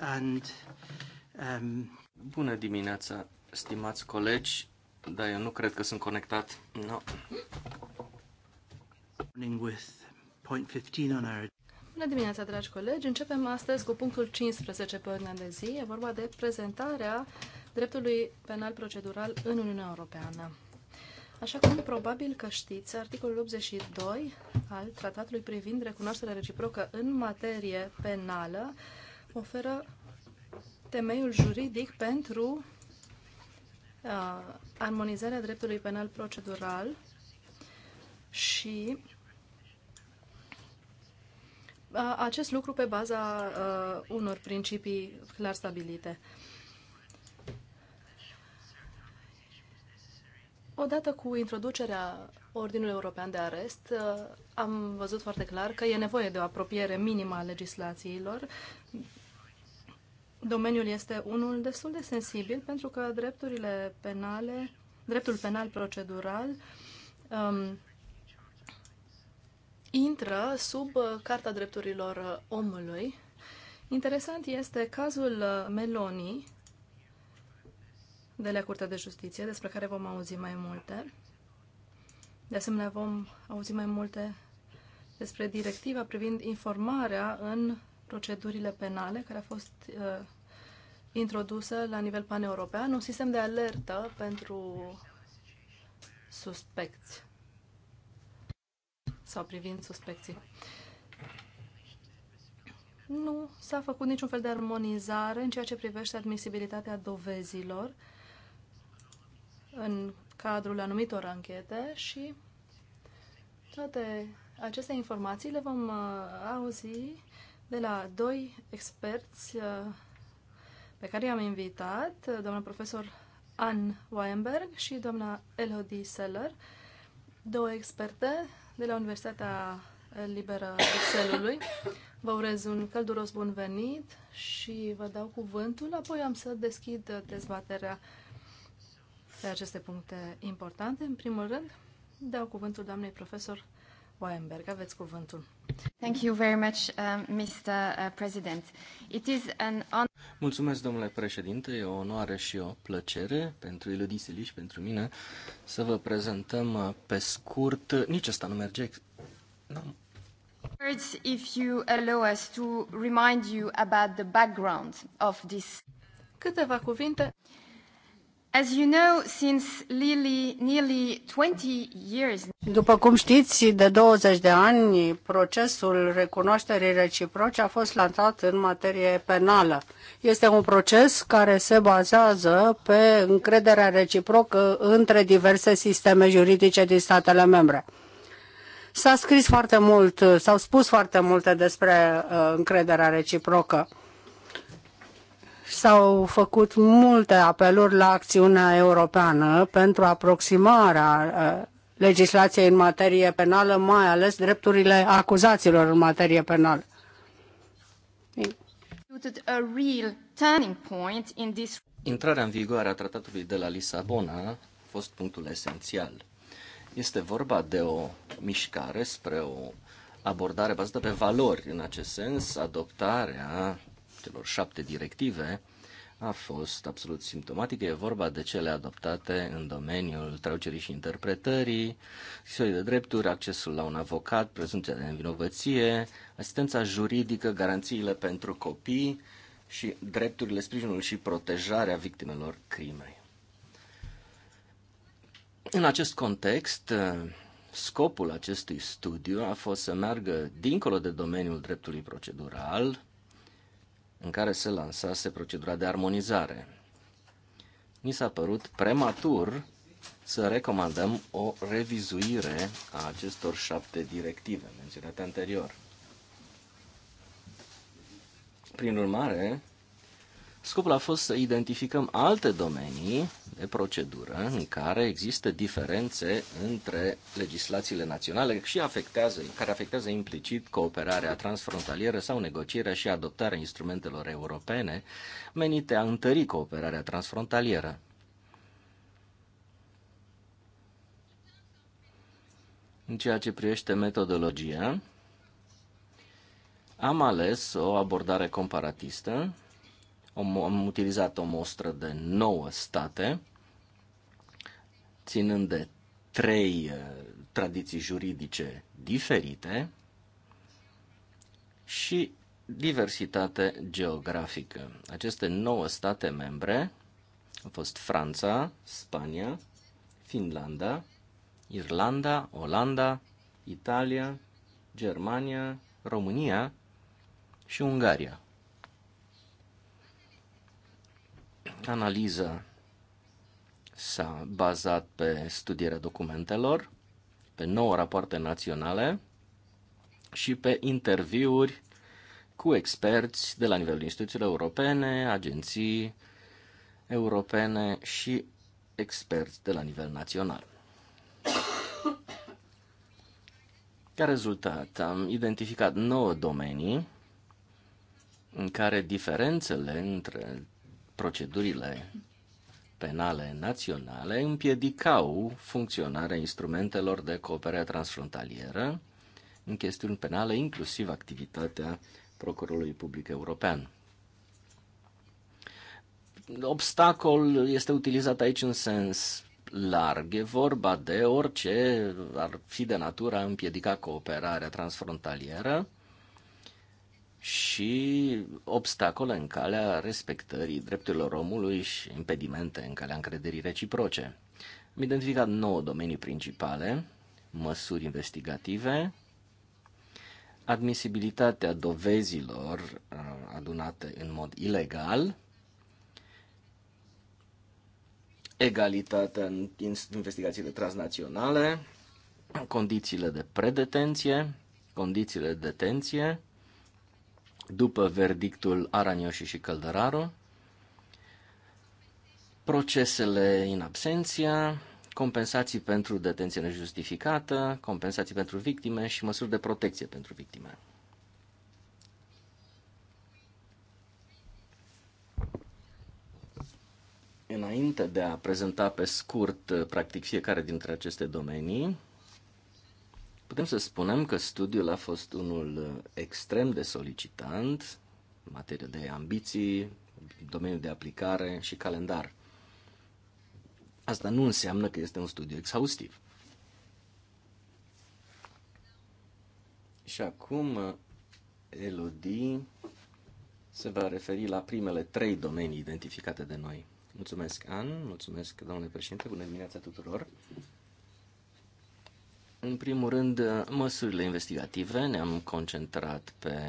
Um, Bună dimineața, stimați colegi, dar eu nu cred că sunt conectat. No. Bună dimineața, dragi colegi! Începem astăzi cu punctul 15 pe ordinea de zi. E vorba de prezentarea dreptului penal procedural în Uniunea Europeană. Așa cum probabil că știți, articolul 82 al Tratatului privind recunoașterea reciprocă în materie penală oferă temeiul juridic pentru uh, armonizarea dreptului penal procedural și uh, acest lucru pe baza uh, unor principii clar stabilite. Odată cu introducerea Ordinului European de Arest, am văzut foarte clar că e nevoie de o apropiere minimă a legislațiilor Domeniul este unul destul de sensibil pentru că drepturile penale, dreptul penal procedural um, intră sub uh, Carta Drepturilor uh, Omului. Interesant este cazul uh, Meloni de la Curtea de Justiție, despre care vom auzi mai multe. De asemenea, vom auzi mai multe despre directiva privind informarea în procedurile penale care a fost uh, introdusă la nivel paneuropean, un sistem de alertă pentru suspecți sau privind suspecții. Nu s-a făcut niciun fel de armonizare în ceea ce privește admisibilitatea dovezilor în cadrul anumitor anchete și toate aceste informații le vom uh, auzi de la doi experți uh, pe care i-am invitat, uh, doamna profesor Ann Weinberg și doamna Elodie Seller, două experte de la Universitatea Liberă Excelului. Vă urez un călduros bun venit și vă dau cuvântul, apoi am să deschid dezbaterea pe aceste puncte importante. În primul rând, dau cuvântul doamnei profesor Weinberg. Aveți cuvântul. Thank you very much, uh, Mr. Uh, President. It is an on- Mulțumesc, domnule președinte. E o onoare și o plăcere pentru Elodie Siliș, pentru mine, să vă prezentăm uh, pe scurt. Nici asta nu merge. No. Words, if you allow us to remind you about the background of this. Câteva cuvinte după cum știți, de 20 de ani, procesul recunoașterii reciproce a fost lansat în materie penală. Este un proces care se bazează pe încrederea reciprocă între diverse sisteme juridice din statele membre. S-a scris foarte mult, s-au spus foarte multe despre uh, încrederea reciprocă S-au făcut multe apeluri la acțiunea europeană pentru aproximarea uh, legislației în materie penală, mai ales drepturile acuzaților în materie penală. Intrarea în vigoare a tratatului de la Lisabona a fost punctul esențial. Este vorba de o mișcare spre o abordare bazată pe valori. În acest sens, adoptarea celor șapte directive a fost absolut simptomatică. E vorba de cele adoptate în domeniul traducerii și interpretării, scrisorii de drepturi, accesul la un avocat, prezumția de învinovăție, asistența juridică, garanțiile pentru copii și drepturile, sprijinul și protejarea victimelor crimei. În acest context, scopul acestui studiu a fost să meargă dincolo de domeniul dreptului procedural, în care se lansase procedura de armonizare. Mi s-a părut prematur să recomandăm o revizuire a acestor șapte directive menționate anterior. Prin urmare, Scopul a fost să identificăm alte domenii de procedură în care există diferențe între legislațiile naționale și afectează, care afectează implicit cooperarea transfrontalieră sau negocierea și adoptarea instrumentelor europene menite a întări cooperarea transfrontalieră. În ceea ce privește metodologia, am ales o abordare comparatistă am, am utilizat o mostră de 9 state, ținând de trei eh, tradiții juridice diferite și diversitate geografică. Aceste 9 state membre au fost Franța, Spania, Finlanda, Irlanda, Olanda, Italia, Germania, România și Ungaria. Analiza s-a bazat pe studierea documentelor, pe nouă rapoarte naționale și pe interviuri cu experți de la nivelul instituțiilor europene, agenții europene și experți de la nivel național. Ca rezultat, am identificat nouă domenii în care diferențele între procedurile penale naționale împiedicau funcționarea instrumentelor de cooperare transfrontalieră în chestiuni penale, inclusiv activitatea Procurorului Public European. Obstacol este utilizat aici în sens larg. E vorba de orice ar fi de natura împiedica cooperarea transfrontalieră, și obstacole în calea respectării drepturilor omului și impedimente în calea încrederii reciproce. Am identificat nouă domenii principale, măsuri investigative, admisibilitatea dovezilor uh, adunate în mod ilegal, egalitatea în investigațiile transnaționale, condițiile de predetenție, condițiile de detenție, după verdictul Aranioși și Căldăraru, procesele în absenția compensații pentru detenție nejustificată, compensații pentru victime și măsuri de protecție pentru victime. Înainte de a prezenta pe scurt, practic, fiecare dintre aceste domenii, Putem să spunem că studiul a fost unul uh, extrem de solicitant în materie de ambiții, domeniul de aplicare și calendar. Asta nu înseamnă că este un studiu exhaustiv. Și acum uh, Elodie se va referi la primele trei domenii identificate de noi. Mulțumesc, An, mulțumesc, domnule președinte, bună dimineața tuturor. În primul rând, uh, măsurile investigative. Ne-am concentrat pe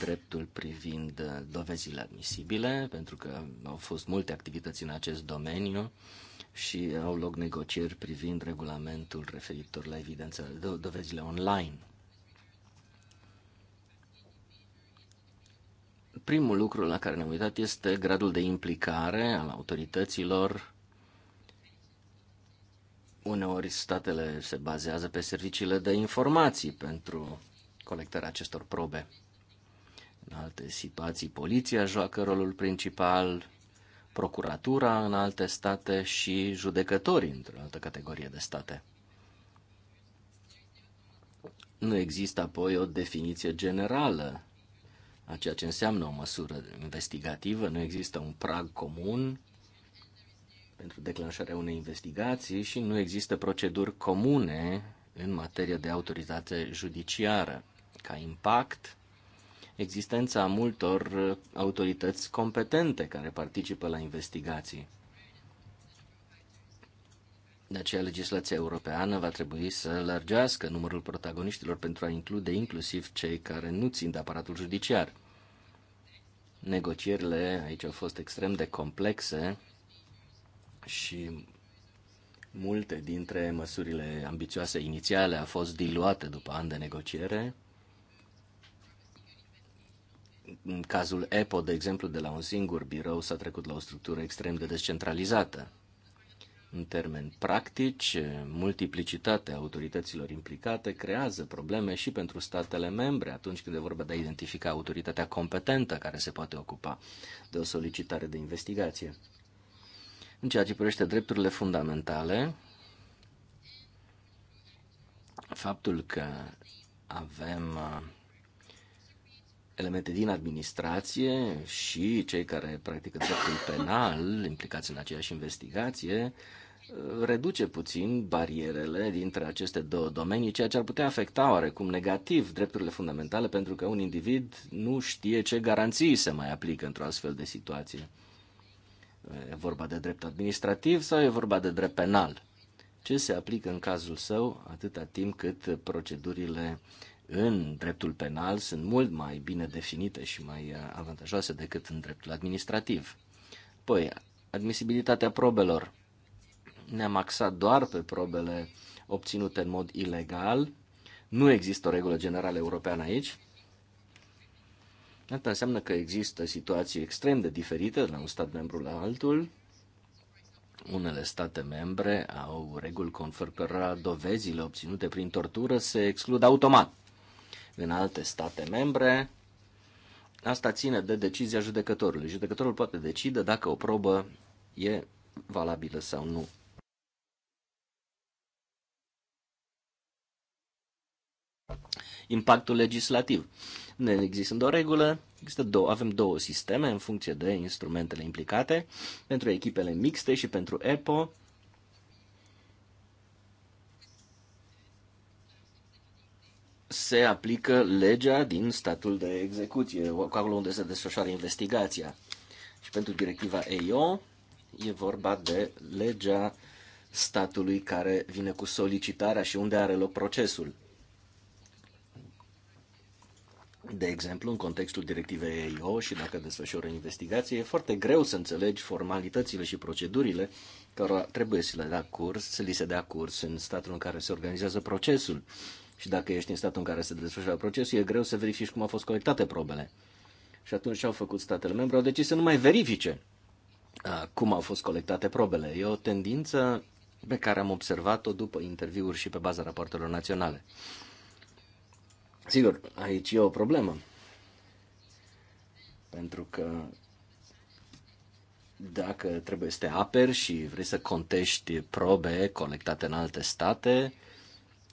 dreptul privind uh, dovezile admisibile, pentru că au fost multe activități în acest domeniu și au loc negocieri privind regulamentul referitor la evidența dovezile online. Primul lucru la care ne-am uitat este gradul de implicare al autorităților Uneori statele se bazează pe serviciile de informații pentru colectarea acestor probe. În alte situații, poliția joacă rolul principal, procuratura în alte state și judecătorii într-o altă categorie de state. Nu există apoi o definiție generală a ceea ce înseamnă o măsură investigativă, nu există un prag comun pentru declanșarea unei investigații și nu există proceduri comune în materie de autorizație judiciară. Ca impact, existența multor uh, autorități competente care participă la investigații. De aceea, legislația europeană va trebui să lărgească numărul protagoniștilor pentru a include inclusiv cei care nu țin de aparatul judiciar. Negocierile aici au fost extrem de complexe și multe dintre măsurile ambițioase inițiale au fost diluate după ani de negociere. În cazul EPO, de exemplu, de la un singur birou s-a trecut la o structură extrem de descentralizată. În termeni practici, multiplicitatea autorităților implicate creează probleme și pentru statele membre atunci când e vorba de a identifica autoritatea competentă care se poate ocupa de o solicitare de investigație. În ceea ce privește drepturile fundamentale, faptul că avem uh, elemente din administrație și cei care practică dreptul penal implicați în aceeași investigație, uh, reduce puțin barierele dintre aceste două domenii, ceea ce ar putea afecta oarecum negativ drepturile fundamentale, pentru că un individ nu știe ce garanții se mai aplică într-o astfel de situație. E vorba de drept administrativ sau e vorba de drept penal? Ce se aplică în cazul său atâta timp cât procedurile în dreptul penal sunt mult mai bine definite și mai uh, avantajoase decât în dreptul administrativ. Păi, admisibilitatea probelor. Ne-am axat doar pe probele obținute în mod ilegal. Nu există o regulă generală europeană aici. Asta înseamnă că există situații extrem de diferite de la un stat membru la altul. Unele state membre au reguli conform cărora dovezile obținute prin tortură se exclud automat. În alte state membre, asta ține de decizia judecătorului. Judecătorul poate decide dacă o probă e valabilă sau nu. Impactul legislativ ne există o regulă, există două, avem două sisteme în funcție de instrumentele implicate, pentru echipele mixte și pentru EPO. Se aplică legea din statul de execuție, acolo unde se desfășoară investigația. Și pentru directiva EIO e vorba de legea statului care vine cu solicitarea și unde are loc procesul de exemplu, în contextul directivei EIO și dacă desfășoară investigație, e foarte greu să înțelegi formalitățile și procedurile care trebuie să le, dea curs, să li se dea curs în statul în care se organizează procesul. Și dacă ești în statul în care se desfășoară procesul, e greu să verifici cum au fost colectate probele. Și atunci ce au făcut statele membre? Au decis să nu mai verifice cum au fost colectate probele. E o tendință pe care am observat-o după interviuri și pe baza rapoartelor naționale. Sigur, aici e o problemă. Pentru că dacă trebuie să te aperi și vrei să contești probe colectate în alte state,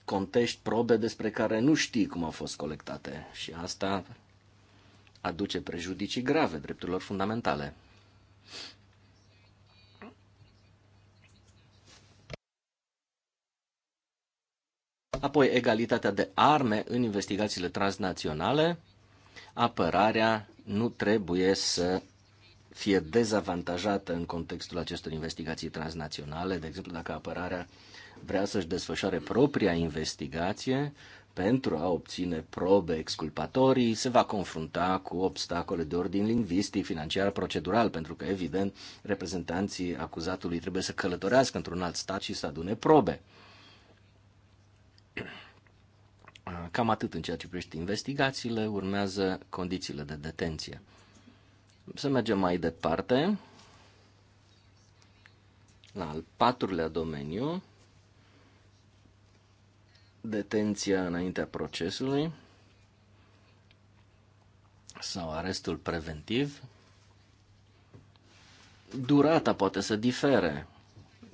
contești probe despre care nu știi cum au fost colectate. Și asta aduce prejudicii grave drepturilor fundamentale. apoi egalitatea de arme în investigațiile transnaționale, apărarea nu trebuie să fie dezavantajată în contextul acestor investigații transnaționale, de exemplu dacă apărarea vrea să-și desfășoare propria investigație pentru a obține probe exculpatorii, se va confrunta cu obstacole de ordin lingvistic, financiar, procedural, pentru că, evident, reprezentanții acuzatului trebuie să călătorească într-un alt stat și să adune probe. Uh, cam atât în ceea ce privește investigațiile, urmează condițiile de detenție. Să mergem mai departe la al patrulea domeniu, detenția înaintea procesului sau arestul preventiv. Durata poate să difere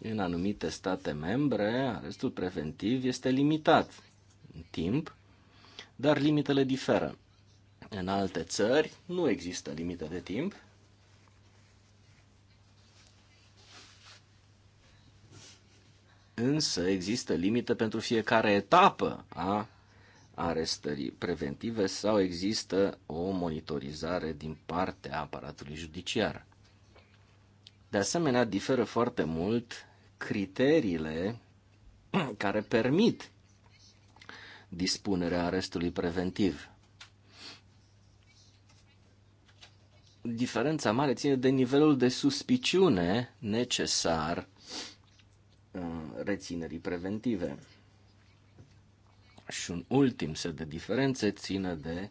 în anumite state membre, arestul preventiv este limitat în timp, dar limitele diferă. În alte țări nu există limite de timp. Însă există limite pentru fiecare etapă a arestării preventive sau există o monitorizare din partea aparatului judiciar. De asemenea, diferă foarte mult criteriile care permit dispunerea arestului preventiv. Diferența mare ține de nivelul de suspiciune necesar uh, reținerii preventive. Și un ultim set de diferențe ține de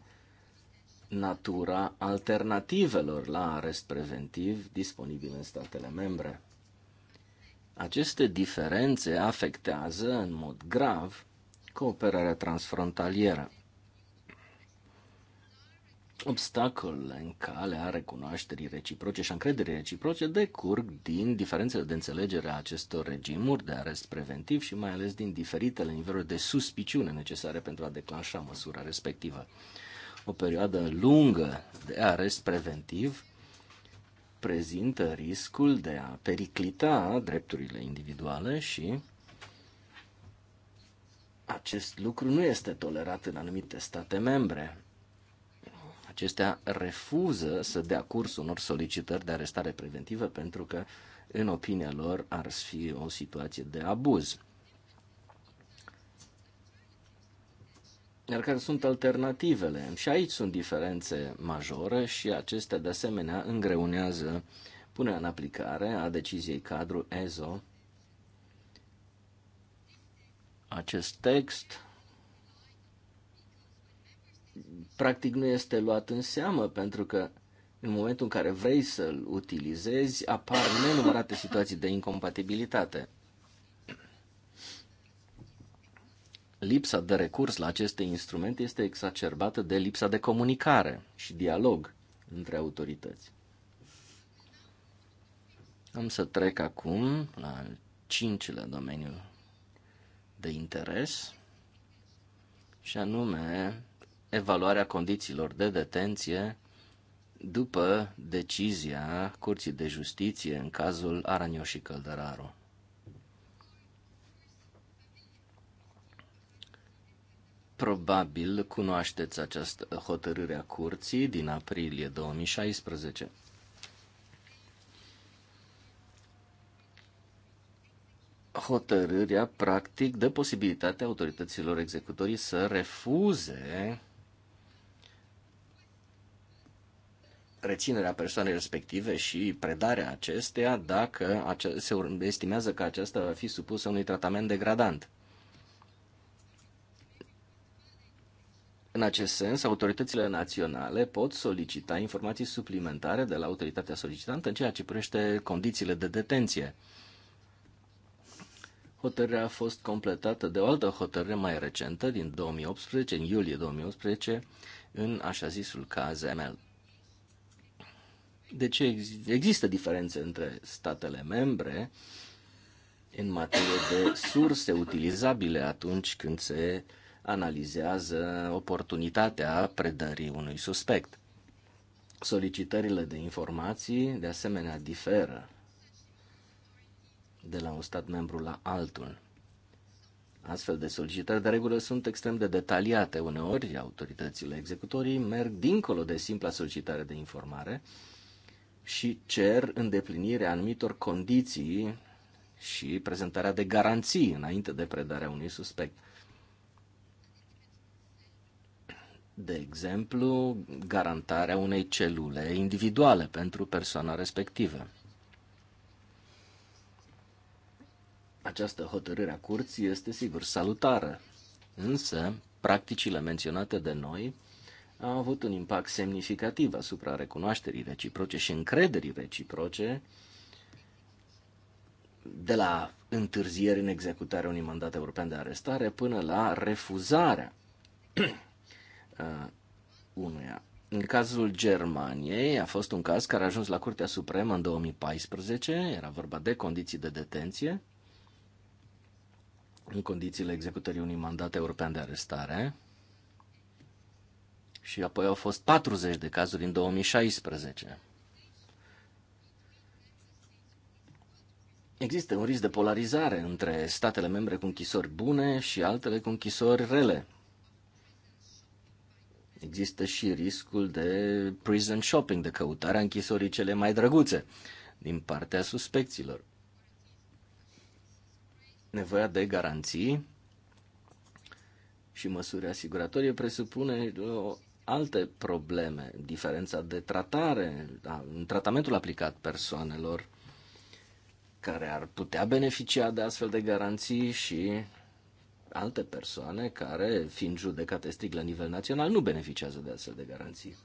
natura alternativelor la arest preventiv disponibile în statele membre. Aceste diferențe afectează în mod grav cooperarea transfrontalieră. Obstacolele în calea recunoașterii reciproce și a încrederii reciproce decurg din diferențele de înțelegere a acestor regimuri de arest preventiv și mai ales din diferitele niveluri de suspiciune necesare pentru a declanșa măsura respectivă. O perioadă lungă de arest preventiv prezintă riscul de a periclita drepturile individuale și acest lucru nu este tolerat în anumite state membre. Acestea refuză să dea curs unor solicitări de arestare preventivă pentru că, în opinia lor, ar fi o situație de abuz. iar care sunt alternativele. Și aici sunt diferențe majore și acestea de asemenea îngreunează punerea în aplicare a deciziei cadru EZO. Acest text practic nu este luat în seamă pentru că în momentul în care vrei să-l utilizezi apar nenumărate situații de incompatibilitate. lipsa de recurs la aceste instrumente este exacerbată de lipsa de comunicare și dialog între autorități. Am să trec acum la al cincilea domeniu de interes, și anume evaluarea condițiilor de detenție după decizia Curții de Justiție în cazul Aranio și Căldăraru. Probabil cunoașteți această hotărâre a curții din aprilie 2016. Hotărârea, practic, dă posibilitatea autorităților executorii să refuze reținerea persoanei respective și predarea acesteia dacă se estimează că aceasta va fi supusă unui tratament degradant. În acest sens, autoritățile naționale pot solicita informații suplimentare de la autoritatea solicitantă în ceea ce privește condițiile de detenție. Hotărârea a fost completată de o altă hotărâre mai recentă din 2018, în iulie 2018, în așa zisul caz ML. De deci ce există diferențe între statele membre în materie de surse utilizabile atunci când se analizează oportunitatea predării unui suspect. Solicitările de informații, de asemenea, diferă de la un stat membru la altul. Astfel de solicitări de regulă sunt extrem de detaliate. Uneori, autoritățile executorii merg dincolo de simpla solicitare de informare și cer îndeplinirea anumitor condiții și prezentarea de garanții înainte de predarea unui suspect. de exemplu, garantarea unei celule individuale pentru persoana respectivă. Această hotărâre a curții este, sigur, salutară, însă practicile menționate de noi au avut un impact semnificativ asupra recunoașterii reciproce și încrederii reciproce de la întârzieri în executarea unui mandat european de arestare până la refuzarea uh, unuia. În cazul Germaniei a fost un caz care a ajuns la Curtea Supremă în 2014, era vorba de condiții de detenție, în condițiile executării unui mandat european de arestare. Și apoi au fost 40 de cazuri în 2016. Există un risc de polarizare între statele membre cu închisori bune și altele cu închisori rele există și riscul de prison shopping, de căutarea închisorii cele mai drăguțe din partea suspecților. Nevoia de garanții și măsuri asiguratorie presupune alte probleme, diferența de tratare, da, tratamentul aplicat persoanelor care ar putea beneficia de astfel de garanții și alte persoane care, fiind judecate strict la nivel național, nu beneficiază de astfel de garanții.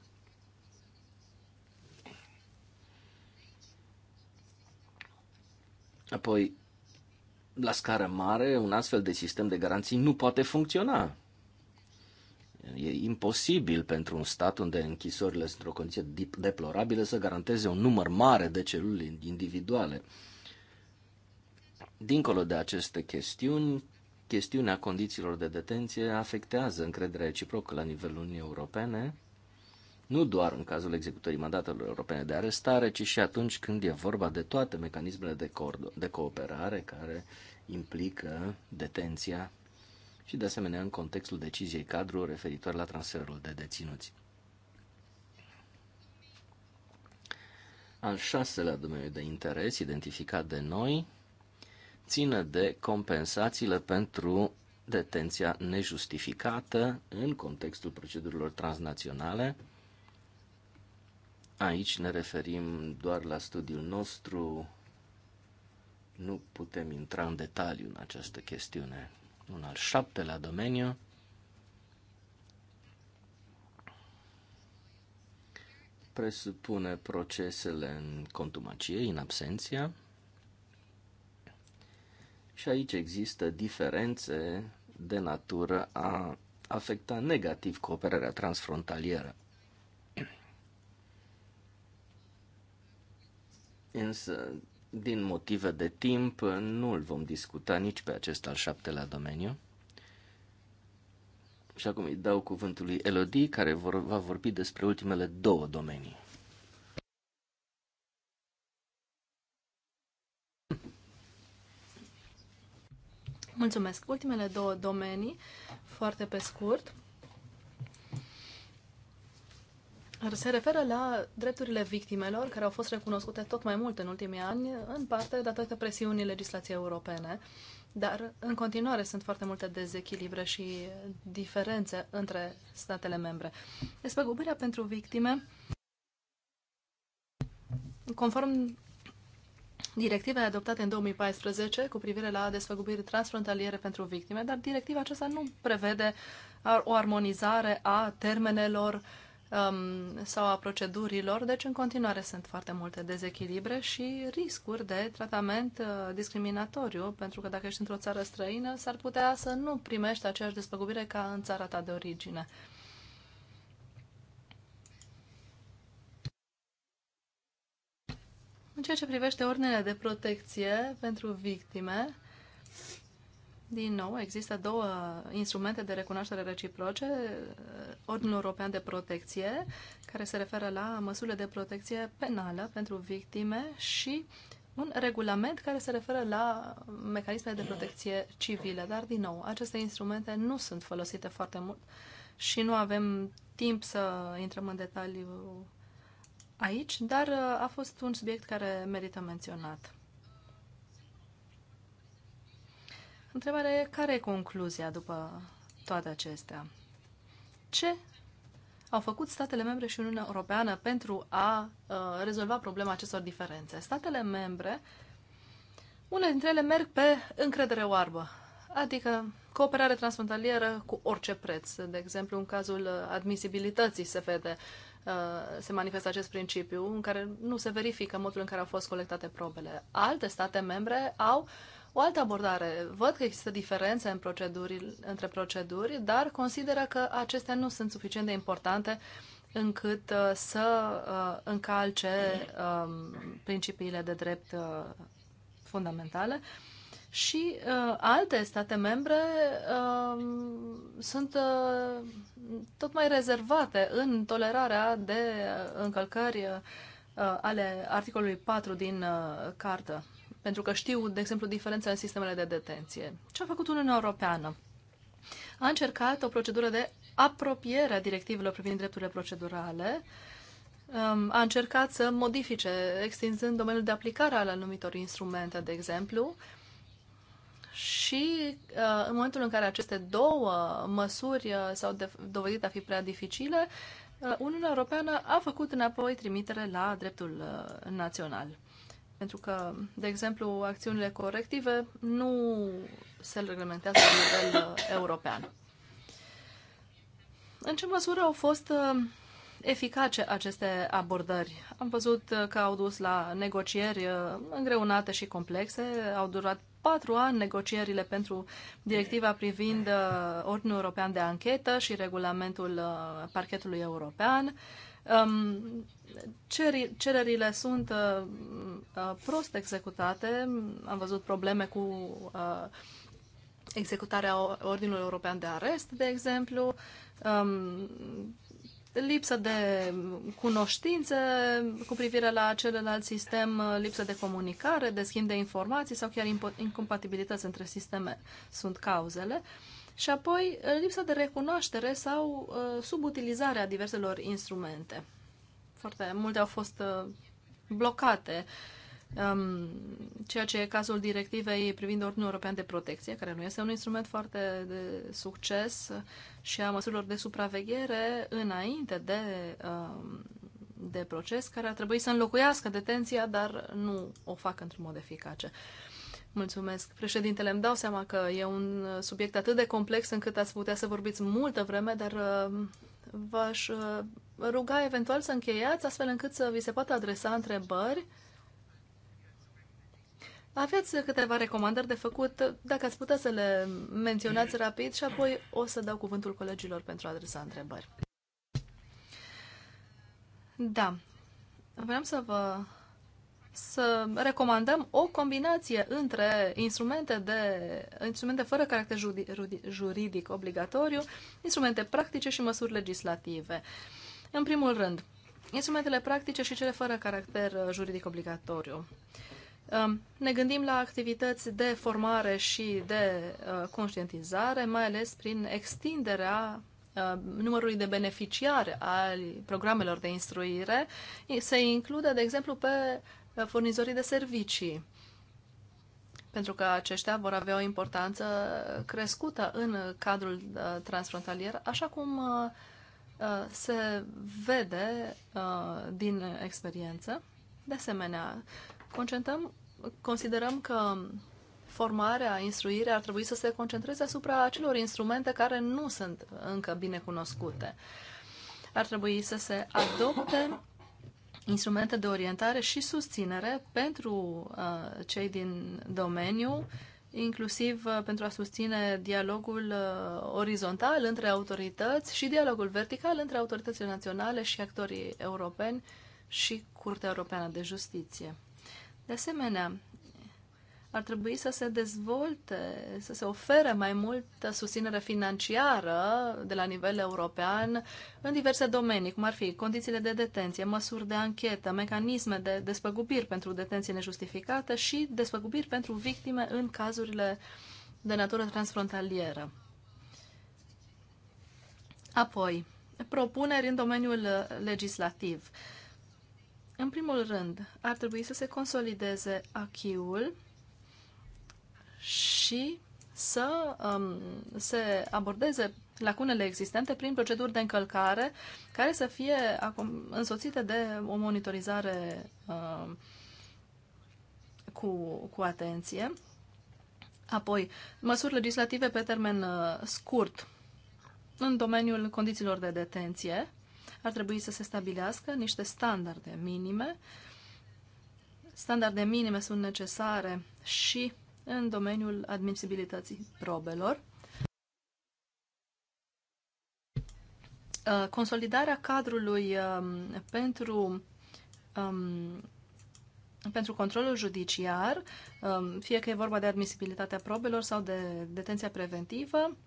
Apoi, la scară mare, un astfel de sistem de garanții nu poate funcționa. E imposibil pentru un stat unde închisorile sunt într-o condiție deplorabilă să garanteze un număr mare de celule individuale. Dincolo de aceste chestiuni, chestiunea condițiilor de detenție afectează încrederea reciprocă la nivelul Uniunii Europene, nu doar în cazul executării mandatelor europene de arestare, ci și atunci când e vorba de toate mecanismele de, co- de cooperare care implică detenția și, de asemenea, în contextul deciziei cadru referitor la transferul de deținuți. Al șaselea domeniu de interes identificat de noi ține de compensațiile pentru detenția nejustificată în contextul procedurilor transnaționale. Aici ne referim doar la studiul nostru. Nu putem intra în detaliu în această chestiune. Un al șaptelea domeniu presupune procesele în contumacie, în absenția, și aici există diferențe de natură a afecta negativ cooperarea transfrontalieră. Însă, din motive de timp, nu îl vom discuta nici pe acest al șaptelea domeniu. Și acum îi dau cuvântul lui Elodie, care vor, va vorbi despre ultimele două domenii. Mulțumesc. Ultimele două domenii, foarte pe scurt, se referă la drepturile victimelor, care au fost recunoscute tot mai mult în ultimii ani, în parte datorită presiunii legislației europene, dar în continuare sunt foarte multe dezechilibre și diferențe între statele membre. Despre pentru victime, conform Directiva adoptată în 2014 cu privire la desfăgubiri transfrontaliere pentru victime, dar directiva aceasta nu prevede o armonizare a termenelor um, sau a procedurilor, deci în continuare sunt foarte multe dezechilibre și riscuri de tratament uh, discriminatoriu, pentru că dacă ești într-o țară străină, s-ar putea să nu primești aceeași desfăgubire ca în țara ta de origine. În ceea ce privește ordinele de protecție pentru victime, din nou, există două instrumente de recunoaștere reciproce. Ordinul European de Protecție, care se referă la măsurile de protecție penală pentru victime și un regulament care se referă la mecanismele de protecție civilă. Dar, din nou, aceste instrumente nu sunt folosite foarte mult și nu avem timp să intrăm în detaliu aici, dar uh, a fost un subiect care merită menționat. Întrebarea e care e concluzia după toate acestea? Ce au făcut statele membre și Uniunea Europeană pentru a uh, rezolva problema acestor diferențe? Statele membre, unele dintre ele merg pe încredere oarbă, adică cooperare transfrontalieră cu orice preț. De exemplu, în cazul uh, admisibilității se vede uh, Uh, se manifestă acest principiu, în care nu se verifică modul în care au fost colectate probele. Alte state membre au o altă abordare. Văd că există diferențe în proceduri, între proceduri, dar consideră că acestea nu sunt suficient de importante încât uh, să uh, încalce um, principiile de drept fundamentale și uh, alte state membre uh, sunt uh, tot mai rezervate în tolerarea de uh, încălcări uh, ale articolului 4 din uh, cartă, pentru că știu, de exemplu, diferențele în sistemele de detenție. Ce a făcut Uniunea Europeană? A încercat o procedură de apropiere a directivelor privind drepturile procedurale um, a încercat să modifice, extinzând domeniul de aplicare al anumitor instrumente, de exemplu, și uh, în momentul în care aceste două măsuri uh, s-au dovedit a fi prea dificile, uh, Uniunea Europeană a făcut înapoi trimitere la dreptul național. Pentru că, de exemplu, acțiunile corective nu se reglementează la nivel european. În ce măsură au fost eficace aceste abordări. Am văzut că au dus la negocieri îngreunate și complexe, au durat patru ani negocierile pentru directiva privind uh, Ordinul European de Anchetă și regulamentul uh, parchetului european. Um, cererile sunt uh, prost executate. Am văzut probleme cu executarea Ordinului European de Arest, de exemplu. Um, lipsă de cunoștințe cu privire la celălalt sistem, lipsă de comunicare, de schimb de informații sau chiar incompatibilități între sisteme sunt cauzele. Și apoi lipsa de recunoaștere sau uh, subutilizarea diverselor instrumente. Foarte multe au fost uh, blocate uh, ceea ce e cazul directivei privind Ordinul European de Protecție, care nu este un instrument foarte de succes, și a măsurilor de supraveghere înainte de, um, de proces, care ar trebui să înlocuiască detenția, dar nu o fac într-un mod eficace. Mulțumesc. Președintele, îmi dau seama că e un subiect atât de complex încât ați putea să vorbiți multă vreme, dar um, v-aș uh, ruga eventual să încheiați astfel încât să vi se poată adresa întrebări aveți câteva recomandări de făcut, dacă ați putea să le menționați rapid și apoi o să dau cuvântul colegilor pentru a adresa întrebări. Da, vreau să vă să recomandăm o combinație între instrumente, de, instrumente fără caracter juridic obligatoriu, instrumente practice și măsuri legislative. În primul rând, instrumentele practice și cele fără caracter juridic obligatoriu. Uh, Um, ne gândim la activități de formare și de uh, conștientizare, mai ales prin extinderea uh, numărului de beneficiari al programelor de instruire. Se include, de exemplu, pe uh, furnizorii de servicii, pentru că aceștia vor avea o importanță crescută în cadrul transfrontalier, așa cum se vede din experiență. De asemenea, concentrăm, considerăm că formarea, instruirea ar trebui să se concentreze asupra acelor instrumente care nu sunt încă bine cunoscute. Ar trebui să se adopte instrumente de orientare și susținere pentru uh, cei din domeniu, inclusiv uh, pentru a susține dialogul uh, orizontal între autorități și dialogul vertical între autoritățile naționale și actorii europeni și Curtea Europeană de Justiție. De asemenea, ar trebui să se dezvolte, să se ofere mai multă susținere financiară de la nivel european în diverse domenii, cum ar fi condițiile de detenție, măsuri de anchetă, mecanisme de despăgubiri pentru detenție nejustificată și despăgubiri pentru victime în cazurile de natură transfrontalieră. Apoi, propuneri în domeniul legislativ. Uh, în primul rând, ar trebui să se consolideze achiul și să um, se abordeze lacunele existente prin proceduri de încălcare care să fie însoțite de o monitorizare um, cu, cu atenție. Apoi, măsuri legislative pe termen uh, scurt în domeniul condițiilor de detenție ar trebui să se stabilească niște standarde minime. Standarde minime sunt necesare și în domeniul admisibilității probelor. Uh, consolidarea cadrului um, pentru um, pentru controlul judiciar, um, fie că e vorba de admisibilitatea probelor sau de detenția preventivă,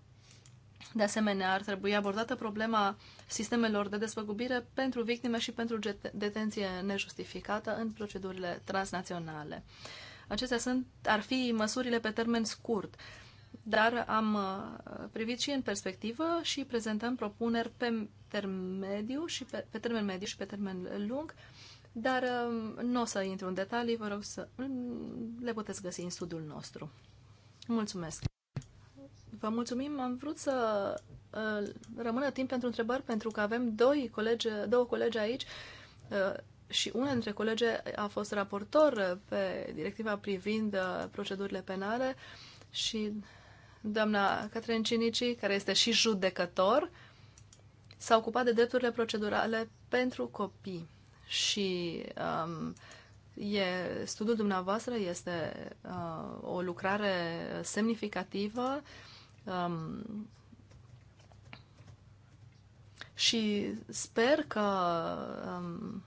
de asemenea, ar trebui abordată problema sistemelor de despăgubire pentru victime și pentru detenție nejustificată în procedurile transnaționale. Acestea sunt, ar fi măsurile pe termen scurt, dar am uh, privit și în perspectivă și prezentăm propuneri pe termen mediu și pe, pe termen mediu și pe termen lung, dar uh, nu o să intru în detalii, vă rog să le puteți găsi în studiul nostru. Mulțumesc! Vă mulțumim. Am vrut să uh, rămână timp pentru întrebări, pentru că avem doi colegi, două colegi aici uh, și una dintre colegi a fost raportor pe directiva privind uh, procedurile penale și doamna Catrin Cinici, care este și judecător, s-a ocupat de drepturile procedurale pentru copii. Și um, e, studiul dumneavoastră este uh, o lucrare semnificativă uh, Um, și sper că um,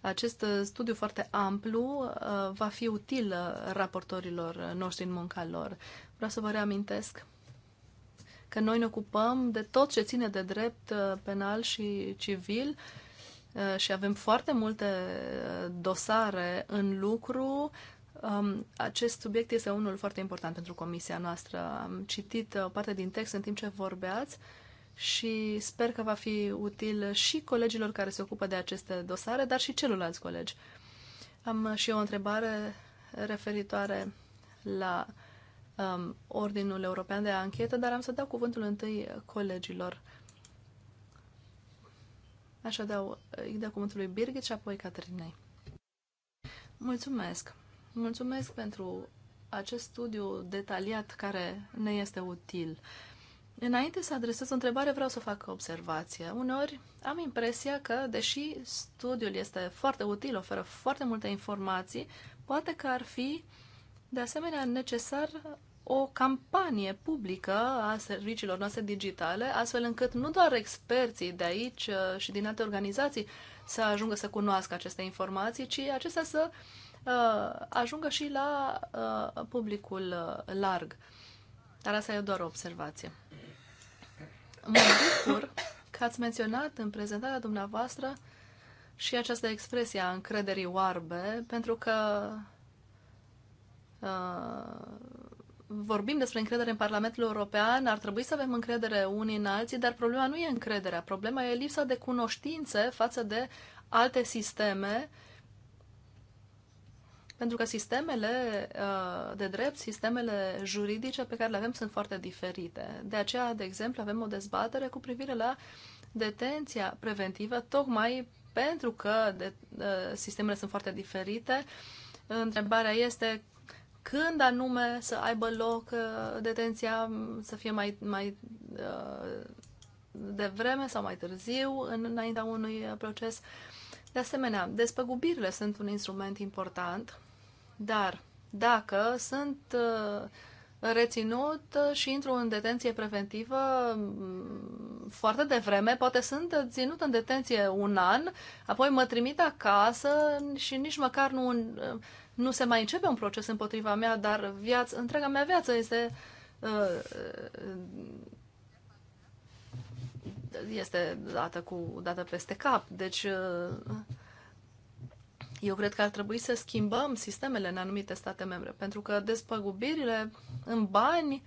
acest studiu foarte amplu uh, va fi util uh, raportorilor noștri în munca lor. Vreau să vă reamintesc că noi ne ocupăm de tot ce ține de drept uh, penal și civil uh, și avem foarte multe dosare în lucru Um, acest subiect este unul foarte important pentru comisia noastră. Am citit uh, o parte din text în timp ce vorbeați și sper că va fi util și colegilor care se ocupă de aceste dosare, dar și celorlalți colegi. Am și eu o întrebare referitoare la um, Ordinul European de Anchetă, dar am să dau cuvântul întâi colegilor. Așa dau, îi dau cuvântul lui Birgit și apoi Caterinei. Mulțumesc! Mulțumesc pentru acest studiu detaliat care ne este util. Înainte să adresez o întrebare, vreau să fac o observație. Uneori am impresia că, deși studiul este foarte util, oferă foarte multe informații, poate că ar fi, de asemenea, necesar o campanie publică a serviciilor noastre digitale, astfel încât nu doar experții de aici uh, și din alte organizații să ajungă să cunoască aceste informații, ci acestea să Uh, ajungă și la uh, publicul uh, larg. Dar asta e doar o observație. Mă bucur că ați menționat în prezentarea dumneavoastră și această expresie a încrederii oarbe, pentru că uh, vorbim despre încredere în Parlamentul European, ar trebui să avem încredere unii în alții, dar problema nu e încrederea, problema e lipsa de cunoștințe față de alte sisteme uh, pentru că sistemele uh, de drept, sistemele juridice pe care le avem sunt foarte diferite. De aceea, de exemplu, avem o dezbatere cu privire la detenția preventivă, tocmai pentru că de, uh, sistemele sunt foarte diferite. Întrebarea este când anume să aibă loc uh, detenția, să fie mai, mai devreme sau mai târziu, înaintea unui proces. De asemenea, despăgubirile sunt un instrument important dar dacă sunt uh, reținut uh, și intru în detenție preventivă mm, foarte devreme, poate sunt ținut în detenție un an, apoi mă trimit acasă și nici măcar nu, uh, nu se mai începe un proces împotriva mea, dar viața, întreaga mea viață este este dată cu dată peste cap. Deci eu cred că ar trebui să schimbăm sistemele în anumite state membre, pentru că despăgubirile în bani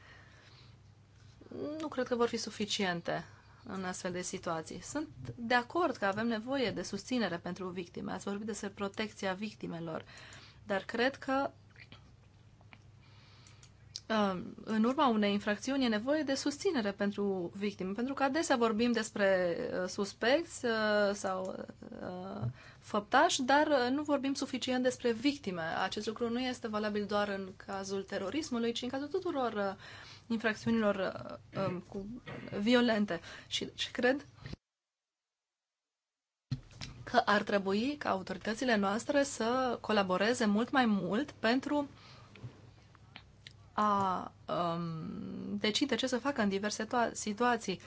nu cred că vor fi suficiente în astfel de situații. Sunt de acord că avem nevoie de susținere pentru victime. Ați vorbit despre protecția victimelor, dar cred că Um, în urma unei infracțiuni e nevoie de susținere pentru victime, pentru că adesea vorbim despre uh, suspecți uh, sau uh, făptași, dar nu vorbim suficient despre victime. Acest lucru nu este valabil doar în cazul terorismului, ci în cazul tuturor infracțiunilor um, cu violente. Și, și cred că ar trebui ca autoritățile noastre să colaboreze mult mai mult pentru a um, decide ce să facă în diverse situații.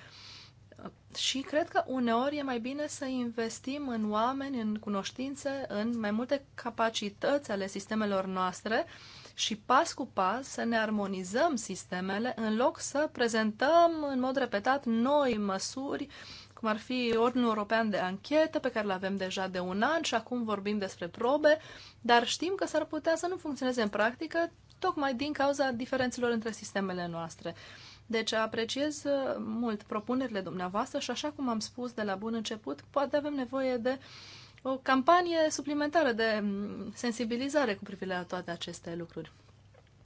Și cred că uneori e mai bine să investim în oameni, în cunoștințe, în mai multe capacități ale sistemelor noastre și pas cu pas să ne armonizăm sistemele în loc să prezentăm în mod repetat noi măsuri, cum ar fi Ordinul European de Anchetă, pe care îl avem deja de un an și acum vorbim despre probe, dar știm că s-ar putea să nu funcționeze în practică tocmai din cauza diferențelor între sistemele noastre. Deci apreciez uh, mult propunerile dumneavoastră și așa cum am spus de la bun început, poate avem nevoie de o campanie suplimentară de mm, sensibilizare cu privire la toate aceste lucruri.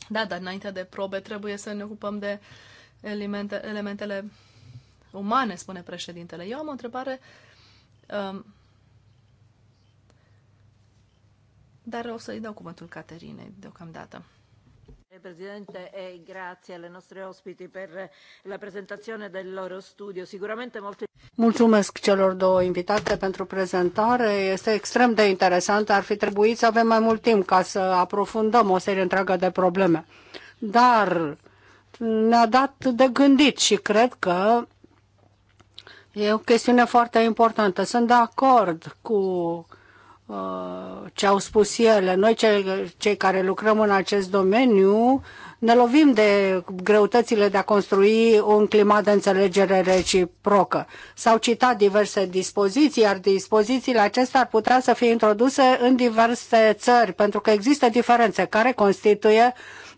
Da, dar înainte de probe trebuie să ne ocupăm de elemente, elementele umane, spune președintele. Eu am o întrebare, um, dar o să-i dau cuvântul Caterinei deocamdată. Presidente, e grazie alle nostre ospiti per la presentazione del loro studio. Sicuramente molti... Mulțumesc celor două invitate pentru prezentare. Este extrem de interesant. Ar fi trebuit să avem mai mult timp ca să aprofundăm o serie întreagă de probleme. Dar ne-a dat de gândit și cred că e o chestiune foarte importantă. Sunt de acord cu Uh, ce au spus ele. Noi, cei care lucrăm în acest domeniu, ne lovim de greutățile de a construi un climat de înțelegere reciprocă. S-au citat diverse dispoziții, iar dispozițiile acestea ar putea să fie introduse în diverse țări, pentru că există diferențe care constituie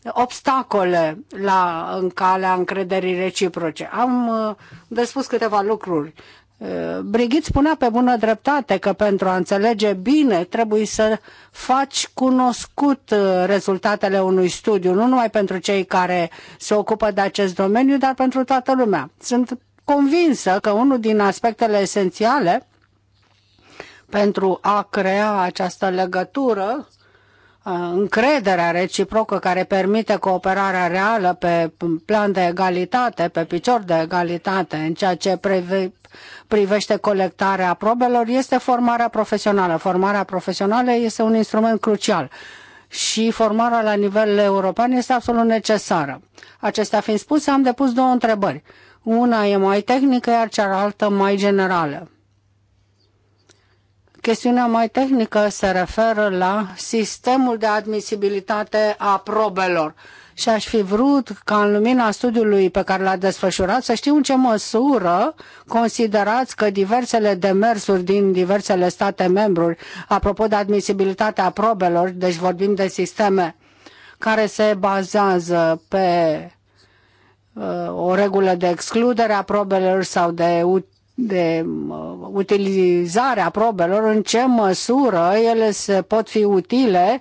obstacole la, în calea încrederii reciproce. Am uh, despus câteva lucruri Eh, Brigit spunea pe bună dreptate că pentru a înțelege bine trebuie să faci cunoscut eh, rezultatele unui studiu, nu numai pentru cei care se ocupă de acest domeniu, dar pentru toată lumea. Sunt convinsă că unul din aspectele esențiale pentru a crea această legătură Uh, încrederea reciprocă care permite cooperarea reală pe plan de egalitate, pe picior de egalitate, în ceea ce privește colectarea probelor, este formarea profesională. Formarea profesională este un instrument crucial și formarea la nivel european este absolut necesară. Acestea fiind spuse, am depus două întrebări. Una e mai tehnică, iar cealaltă mai generală. Chestiunea mai tehnică se referă la sistemul de admisibilitate a probelor și aș fi vrut ca în lumina studiului pe care l-a desfășurat să știu în ce măsură considerați că diversele demersuri din diversele state membruri, apropo de admisibilitatea probelor, deci vorbim de sisteme care se bazează pe uh, o regulă de excludere a probelor sau de de uh, utilizarea probelor, în ce măsură ele se pot fi utile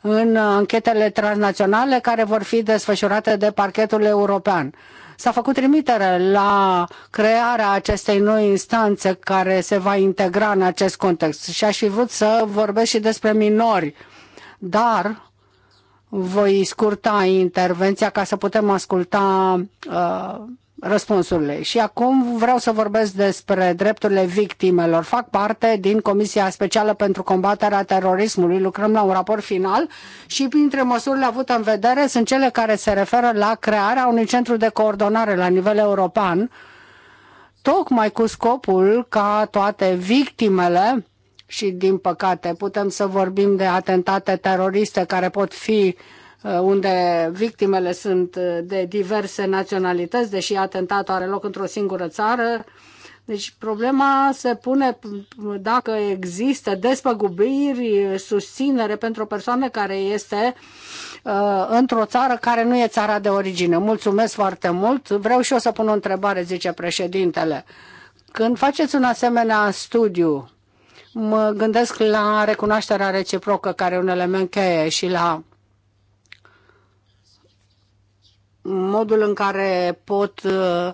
în anchetele transnaționale care vor fi desfășurate de parchetul european. S-a făcut trimitere la crearea acestei noi instanțe care se va integra în acest context și aș fi vrut să vorbesc și despre minori, dar voi scurta intervenția ca să putem asculta uh, răspunsurile. Și acum vreau să vorbesc despre drepturile victimelor. Fac parte din Comisia Specială pentru Combaterea Terorismului. Lucrăm la un raport final și printre măsurile avute în vedere sunt cele care se referă la crearea unui centru de coordonare la nivel european, tocmai cu scopul ca toate victimele și din păcate putem să vorbim de atentate teroriste care pot fi uh, Uh, unde victimele sunt uh, de diverse naționalități, deși atentatul are loc într-o singură țară. Deci problema se pune dacă există despăgubiri, susținere pentru o persoană care este uh, într-o țară care nu e țara de origine. Mulțumesc foarte mult. Vreau și eu să pun o întrebare, zice președintele. Când faceți un asemenea studiu, mă gândesc la recunoașterea reciprocă, care e un element cheie, și la modul în care pot uh,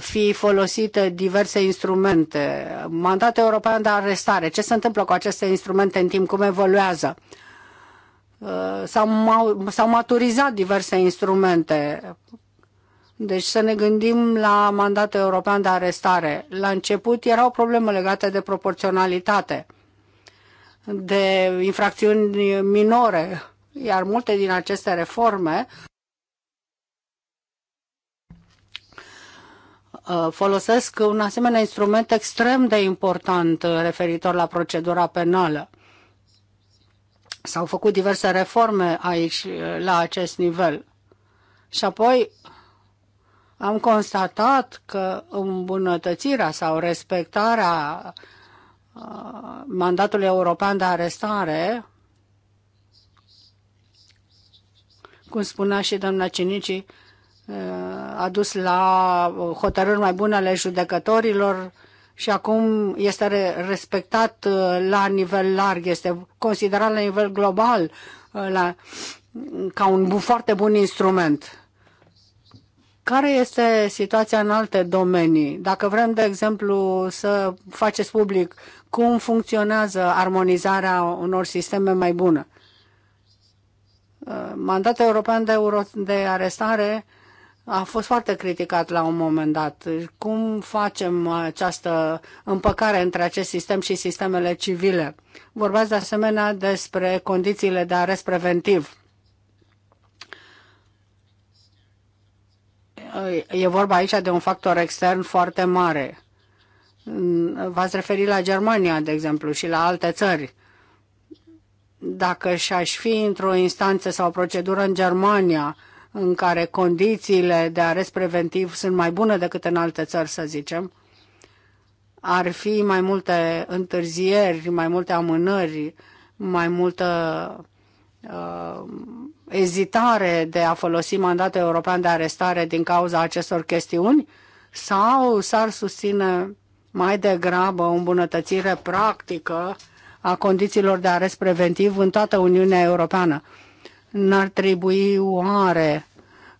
fi folosite diverse instrumente, Mandatul european de arestare, ce se întâmplă cu aceste instrumente în timp, cum evoluează. Uh, s-au, maturizat diverse instrumente. Deci să ne gândim la mandatul european de arestare. La început erau probleme legate de proporționalitate, de infracțiuni minore, iar multe din aceste reforme Uh, folosesc un asemenea instrument extrem de important uh, referitor la procedura penală. S-au făcut diverse reforme aici, uh, la acest nivel. Și apoi am constatat că îmbunătățirea sau respectarea mandatului european de arestare, cum spunea și doamna Cinicii, a dus la hotărâri mai bune ale judecătorilor și acum este respectat uh, la nivel larg, este considerat la nivel global uh, la, ca un foarte bun instrument. Care este situația în alte domenii? Dacă vrem, de exemplu, să faceți public cum funcționează armonizarea unor sisteme mai bune. Uh, mandatul european de, euro, de arestare a fost foarte criticat la un moment dat. Cum facem această împăcare între acest sistem și sistemele civile? Vorbeați de asemenea despre condițiile de arest preventiv. E vorba aici de un factor extern foarte mare. V-ați referit la Germania, de exemplu, și la alte țări. Dacă și-aș fi într-o instanță sau o procedură în Germania, în care condițiile de arest preventiv sunt mai bune decât în alte țări, să zicem, ar fi mai multe întârzieri, mai multe amânări, mai multă uh, ezitare de a folosi mandatul european de arestare din cauza acestor chestiuni sau s-ar susține mai degrabă o îmbunătățire practică a condițiilor de arest preventiv în toată Uniunea Europeană N-ar trebui oare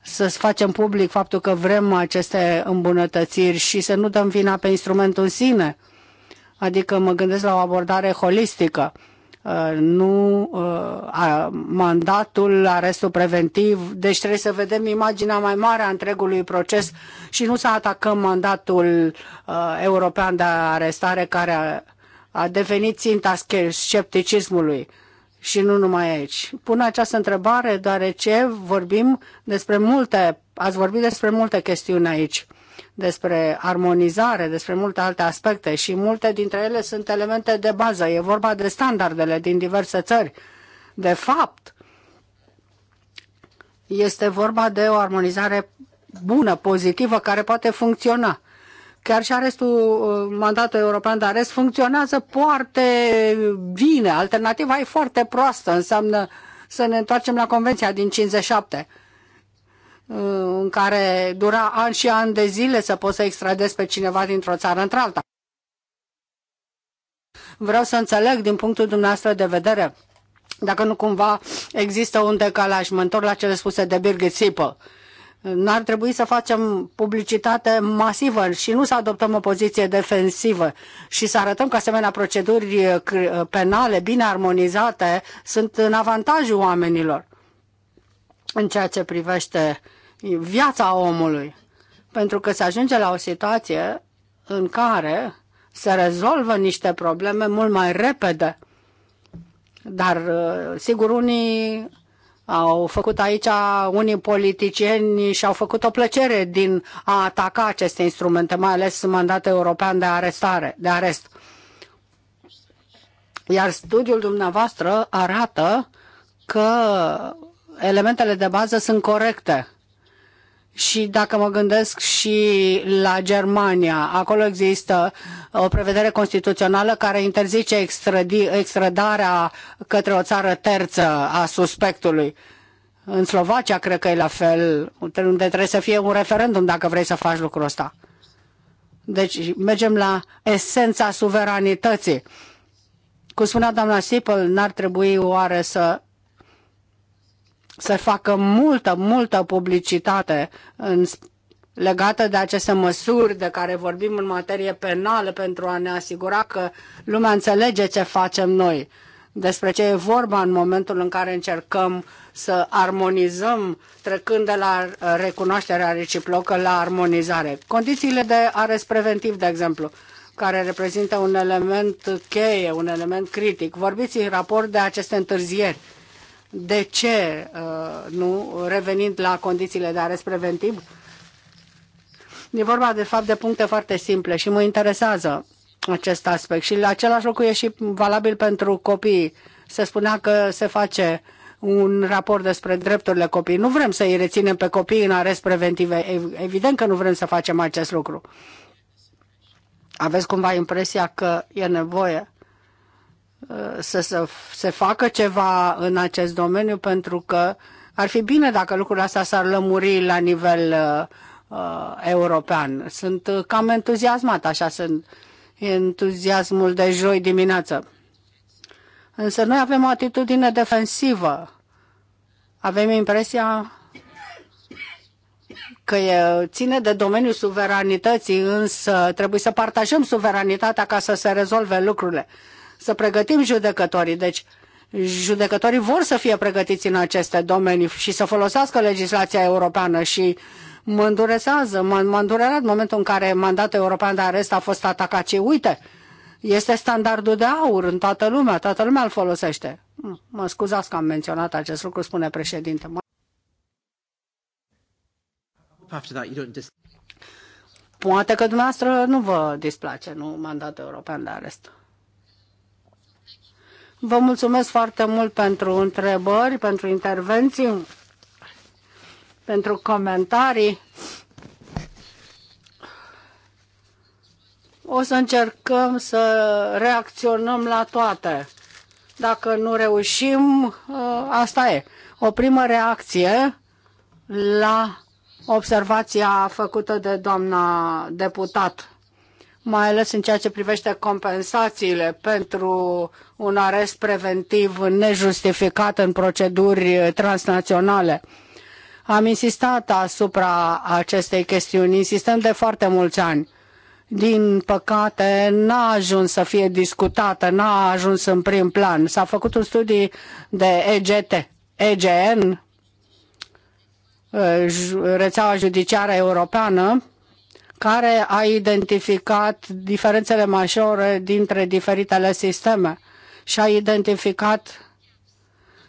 să facem public faptul că vrem aceste îmbunătățiri și să nu dăm vina pe instrumentul în sine? Adică mă gândesc la o abordare holistică uh, nu uh, a, mandatul, arestul preventiv. Deci trebuie să vedem imaginea mai mare a întregului proces și nu să atacăm mandatul a, uh, european de arestare care a, a devenit ținta scepticismului și nu numai aici. Pun această întrebare deoarece vorbim despre multe, ați vorbit despre multe chestiuni aici, despre armonizare, despre multe alte aspecte și multe dintre ele sunt elemente de bază. E vorba de standardele din diverse țări. De fapt, este vorba de o armonizare bună, pozitivă, care poate funcționa chiar și arestul, uh, mandatul european de arest funcționează foarte bine. Alternativa e foarte proastă, înseamnă să ne întoarcem la convenția din 57 uh, în care dura ani și ani de zile să poți să extradezi pe cineva dintr-o țară într-alta. Vreau să înțeleg din punctul dumneavoastră de vedere dacă nu cumva există un decalaj. Mă întorc la cele spuse de Birgit Sipel nu ar trebui să facem publicitate masivă și nu să adoptăm o poziție defensivă și să arătăm că asemenea proceduri eh, eh, penale bine armonizate sunt în avantajul oamenilor în ceea ce privește viața omului. Pentru că se ajunge la o situație în care se rezolvă niște probleme mult mai repede. Dar, eh, sigur, unii au făcut aici unii politicieni și au făcut o plăcere din a ataca aceste instrumente, mai ales mandatul european de arestare, de arest. Iar studiul dumneavoastră arată că elementele de bază sunt corecte și dacă mă gândesc și la Germania, acolo există uh, o prevedere constituțională care interzice extradarea către o țară terță a suspectului. În Slovacia cred că e la fel, unde trebuie să fie un referendum dacă vrei să faci lucrul ăsta. Deci mergem la esența suveranității. Cum spunea doamna Sipel, n-ar trebui oare să să facă multă, multă publicitate în legată de aceste măsuri de care vorbim în materie penală pentru a ne asigura că lumea înțelege ce facem noi, despre ce e vorba în momentul în care încercăm să armonizăm, trecând de la recunoașterea reciprocă la armonizare. Condițiile de arest preventiv, de exemplu, care reprezintă un element cheie, un element critic. Vorbiți în raport de aceste întârzieri de ce uh, nu, revenind la condițiile de arest preventiv? E vorba, de fapt, de puncte foarte simple și mă interesează acest aspect. Și la același lucru e și valabil pentru copii. Se spunea că se face un raport despre drepturile copiii. Nu vrem să îi reținem pe copii în arest preventiv. Evident că nu vrem să facem acest lucru. Aveți cumva impresia că e nevoie Uh, să, să se facă ceva în acest domeniu pentru că ar fi bine dacă lucrurile astea s-ar lămuri la nivel uh, uh european. Sunt cam entuziasmat, așa sunt entuziasmul de joi dimineață. Însă noi avem o atitudine defensivă. Avem impresia că e, ține de domeniul suveranității, însă trebuie să partajăm suveranitatea ca să se rezolve lucrurile să pregătim judecătorii. Deci, judecătorii vor să fie pregătiți în aceste domenii și să folosească legislația europeană și mă înduresează, mă, mă îndurerat în momentul în care mandatul european de arest a fost atacat și uite, este standardul de aur în toată lumea, toată lumea îl folosește. Mă scuzați că am menționat acest lucru, spune președinte. Poate că dumneavoastră nu vă displace, nu mandatul european de arest. Vă mulțumesc foarte mult pentru întrebări, pentru intervenții, pentru comentarii. O să încercăm să reacționăm la toate. Dacă nu reușim, ă, asta e. O primă reacție la observația făcută de doamna deputat mai ales în ceea ce privește compensațiile pentru un arest preventiv nejustificat în proceduri transnaționale. Am insistat asupra acestei chestiuni, insistăm de foarte mulți ani. Din păcate, n-a ajuns să fie discutată, n-a ajuns în prim plan. S-a făcut un studiu de EGT, EGN, eh, rețeaua judiciară europeană, care a identificat diferențele majore dintre diferitele sisteme și a identificat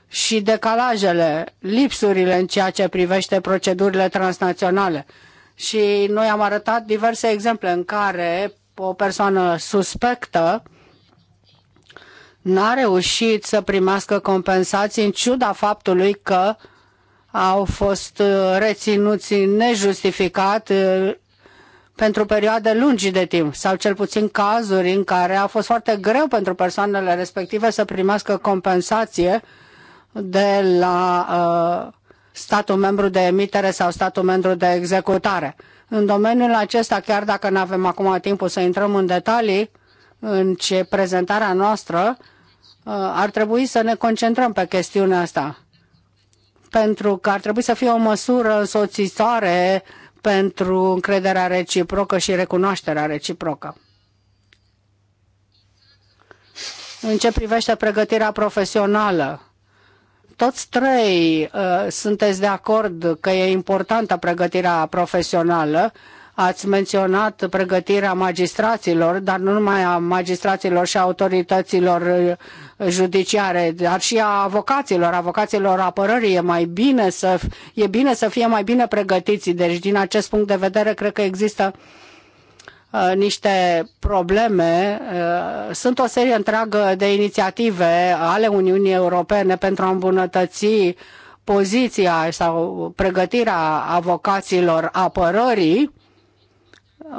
și decalajele, lipsurile în ceea ce privește procedurile transnaționale. Și noi am arătat diverse exemple în care o persoană suspectă n-a reușit să primească compensații în ciuda faptului că au fost reținuți nejustificat pentru perioade lungi de timp sau cel puțin cazuri în care a fost foarte greu pentru persoanele respective să primească compensație de la uh, statul membru de emitere sau statul membru de executare. În domeniul acesta, chiar dacă nu avem acum timpul să intrăm în detalii, în ce prezentarea noastră uh, ar trebui să ne concentrăm pe chestiunea asta. Pentru că ar trebui să fie o măsură soțitoare uh, pentru încrederea reciprocă și recunoașterea reciprocă. În ce privește pregătirea profesională, toți trei uh, sunteți de acord că e importantă pregătirea profesională Ați menționat pregătirea magistraților, dar nu numai a magistraților și a autorităților uh, judiciare, dar și a avocaților, avocaților apărării. E, mai bine să, e bine să fie mai bine pregătiți. Deci, din acest punct de vedere, cred că există uh, niște probleme. Uh, sunt o serie întreagă de inițiative ale Uniunii Europene pentru a îmbunătăți poziția sau pregătirea avocaților apărării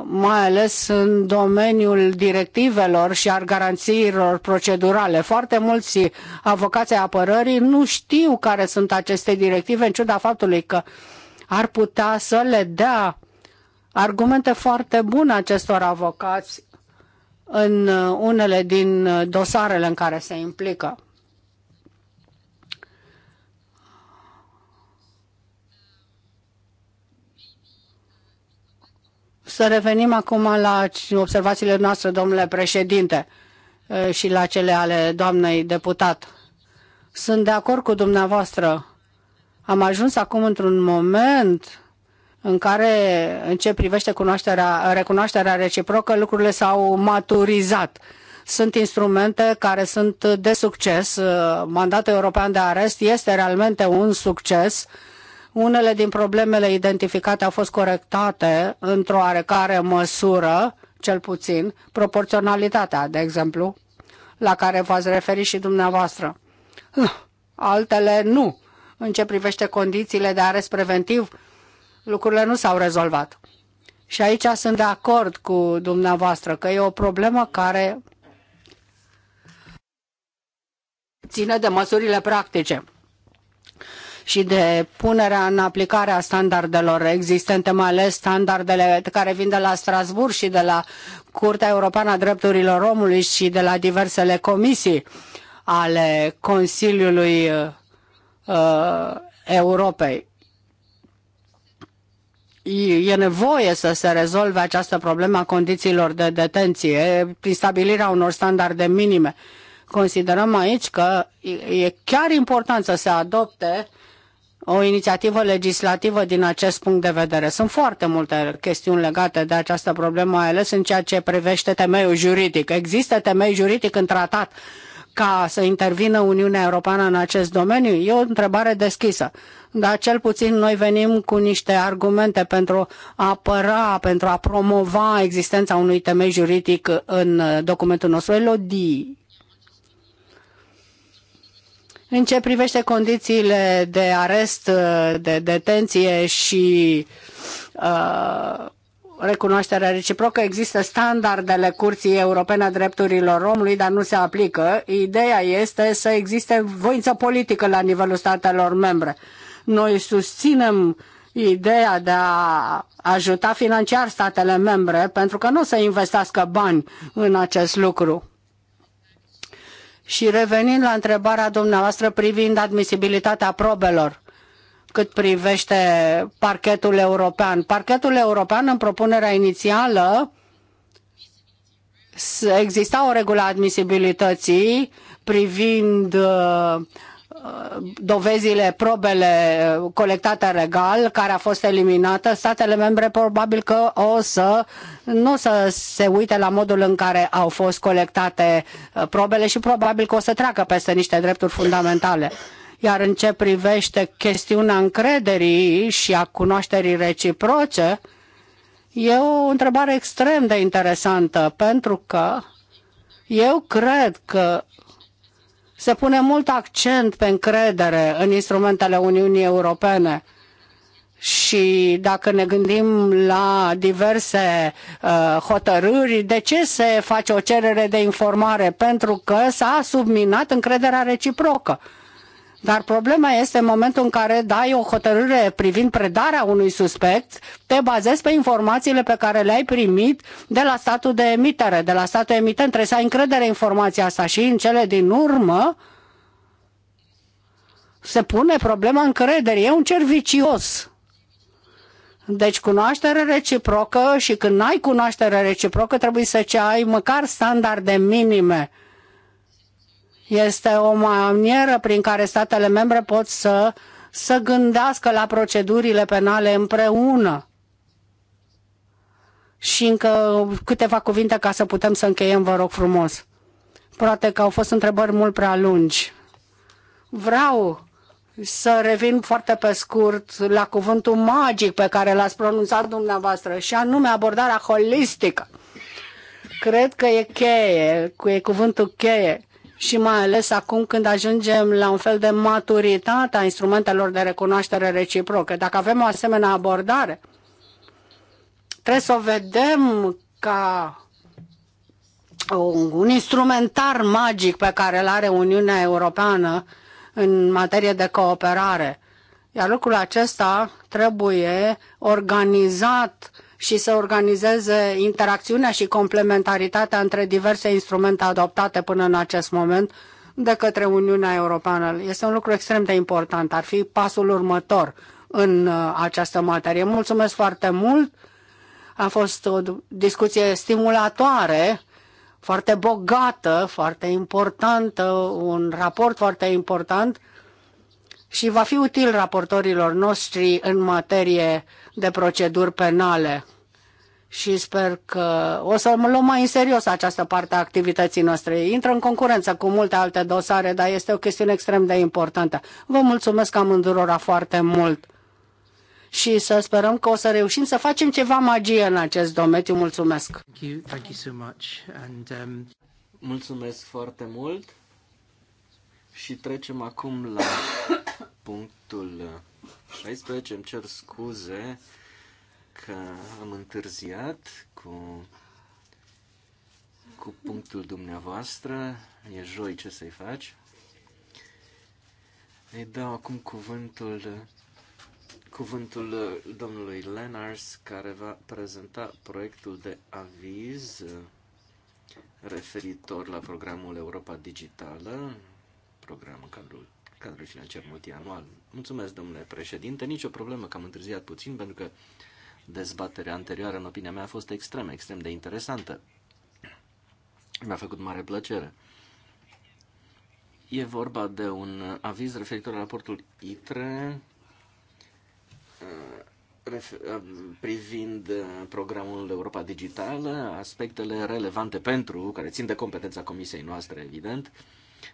mai ales în domeniul directivelor și al garanțiilor procedurale. Foarte mulți avocați ai apărării nu știu care sunt aceste directive, în ciuda faptului că ar putea să le dea argumente foarte bune acestor avocați în unele din dosarele în care se implică. Să revenim acum la observațiile noastre, domnule președinte, eh, și la cele ale doamnei deputat. Sunt de acord cu dumneavoastră. Am ajuns acum într-un moment în care, în ce privește cunoașterea, recunoașterea reciprocă, lucrurile s-au maturizat. Sunt instrumente care sunt de succes. Eh, mandatul european de arest este realmente un succes unele din problemele identificate au fost corectate într-o oarecare măsură, cel puțin, proporționalitatea, de exemplu, la care v-ați referit și dumneavoastră. Altele nu. În ce privește condițiile de arest preventiv, lucrurile nu s-au rezolvat. Și aici sunt de acord cu dumneavoastră că e o problemă care ține de măsurile practice și de punerea în aplicare a standardelor existente, mai ales standardele care vin de la Strasbourg și de la Curtea Europeană a Drepturilor Omului și de la diversele comisii ale Consiliului uh, Europei e nevoie să se rezolve această problemă a condițiilor de detenție prin stabilirea unor standarde minime. Considerăm aici că e chiar important să se adopte o inițiativă legislativă din acest punct de vedere. Sunt foarte multe chestiuni legate de această problemă, mai ales în ceea ce privește temeiul juridic. Există temei juridic în tratat ca să intervină Uniunea Europeană în acest domeniu? E o întrebare deschisă. Dar cel puțin noi venim cu niște argumente pentru a apăra, pentru a promova existența unui temei juridic în documentul nostru. Elodie. În ce privește condițiile de arest, uh, de detenție și uh, recunoașterea reciprocă, există standardele Curții Europene a Drepturilor Omului, dar nu se aplică. Ideea este să existe voință politică la nivelul statelor membre. Noi susținem ideea de a ajuta financiar statele membre pentru că nu o să investească bani în acest lucru. Și revenind la întrebarea dumneavoastră privind admisibilitatea probelor, cât privește parchetul european. Parchetul european, în propunerea inițială, exista o regulă a admisibilității privind uh, dovezile, probele uh, colectate legal, care a fost eliminată, statele membre probabil că o să nu o să se uite la modul în care au fost colectate uh, probele și probabil că o să treacă peste niște drepturi fundamentale. Iar în ce privește chestiunea încrederii și a cunoașterii reciproce, e o întrebare extrem de interesantă, pentru că eu cred că se pune mult accent pe încredere în instrumentele Uniunii Europene și dacă ne gândim la diverse uh, hotărâri, de ce se face o cerere de informare? Pentru că s-a subminat încrederea reciprocă. Dar problema este în momentul în care dai o hotărâre privind predarea unui suspect, te bazezi pe informațiile pe care le-ai primit de la statul de emitere, de la statul emitent. Trebuie să ai încredere în informația asta și în cele din urmă se pune problema încrederii. E un cer vicios. Deci cunoaștere reciprocă și când n-ai cunoaștere reciprocă trebuie să ce ai măcar standarde minime este o manieră prin care statele membre pot să, să gândească la procedurile penale împreună. Și încă câteva cuvinte ca să putem să încheiem, vă rog frumos. Poate că au fost întrebări mult prea lungi. Vreau să revin foarte pe scurt la cuvântul magic pe care l-ați pronunțat dumneavoastră și anume abordarea holistică. Cred că e cheie, e cuvântul cheie și mai ales acum când ajungem la un fel de maturitate a instrumentelor de recunoaștere reciprocă. Dacă avem o asemenea abordare, trebuie să o vedem ca un instrumentar magic pe care îl are Uniunea Europeană în materie de cooperare. Iar lucrul acesta trebuie organizat și să organizeze interacțiunea și complementaritatea între diverse instrumente adoptate până în acest moment de către Uniunea Europeană. Este un lucru extrem de important, ar fi pasul următor în uh, această materie. Mulțumesc foarte mult! A fost o discuție stimulatoare, foarte bogată, foarte importantă, un raport foarte important și va fi util raportorilor noștri în materie de proceduri penale. Și sper că o să luăm mai în serios această parte a activității noastre. Intră în concurență cu multe alte dosare, dar este o chestiune extrem de importantă. Vă mulțumesc amândurora foarte mult și să sperăm că o să reușim să facem ceva magie în acest domeniu. Mulțumesc! Thank you, thank you so much. And, um... Mulțumesc foarte mult și trecem acum la punctul 16. Îmi cer scuze că am întârziat cu, cu punctul dumneavoastră. E joi, ce să-i faci? Îi dau acum cuvântul, cuvântul domnului Lenars, care va prezenta proiectul de aviz referitor la programul Europa Digitală, program în cadrul cadrul financiar multianual. Mulțumesc, domnule președinte. Nici o problemă că am întârziat puțin, pentru că dezbaterea anterioară, în opinia mea, a fost extrem, extrem de interesantă. Mi-a făcut mare plăcere. E vorba de un aviz referitor la raportul ITRE uh, uh, privind uh, programul Europa Digitală, aspectele relevante pentru, care țin de competența comisiei noastre, evident,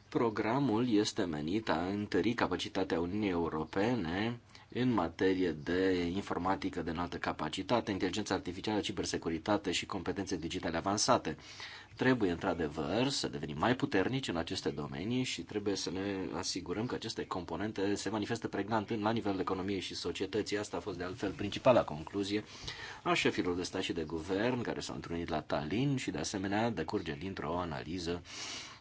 Programul este menit a întări capacitatea Uniunii Europene în materie de informatică de înaltă capacitate, inteligență artificială, cibersecuritate și competențe digitale avansate. Trebuie, într-adevăr, să devenim mai puternici în aceste domenii și trebuie să ne asigurăm că aceste componente se manifestă pregnant la nivelul economiei și societății. Asta a fost, de altfel, principala concluzie a șefilor de stat și de guvern care s-au întrunit la Tallinn și, de asemenea, decurge dintr-o analiză uh,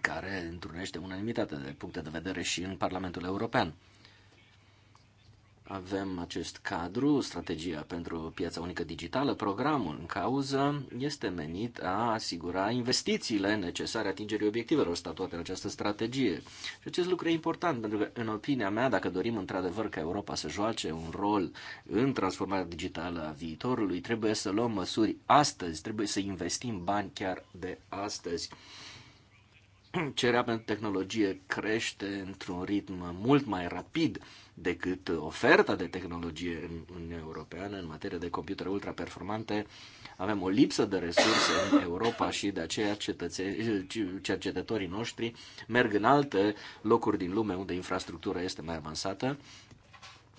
care întrunește unanimitate de puncte de vedere și în Parlamentul European. Avem acest cadru, strategia pentru piața unică digitală, programul în cauză este menit a asigura investițiile necesare atingerii obiectivelor statuate în această strategie. Și acest lucru e important pentru că, în opinia mea, dacă dorim într-adevăr ca Europa să joace un rol în transformarea digitală a viitorului, trebuie să luăm măsuri astăzi, trebuie să investim bani chiar de astăzi cererea pentru tehnologie crește într-un ritm mult mai rapid decât oferta de tehnologie în Uniunea Europeană în materie de computere ultraperformante. Avem o lipsă de resurse în Europa și de aceea cercetătorii noștri merg în alte locuri din lume unde infrastructura este mai avansată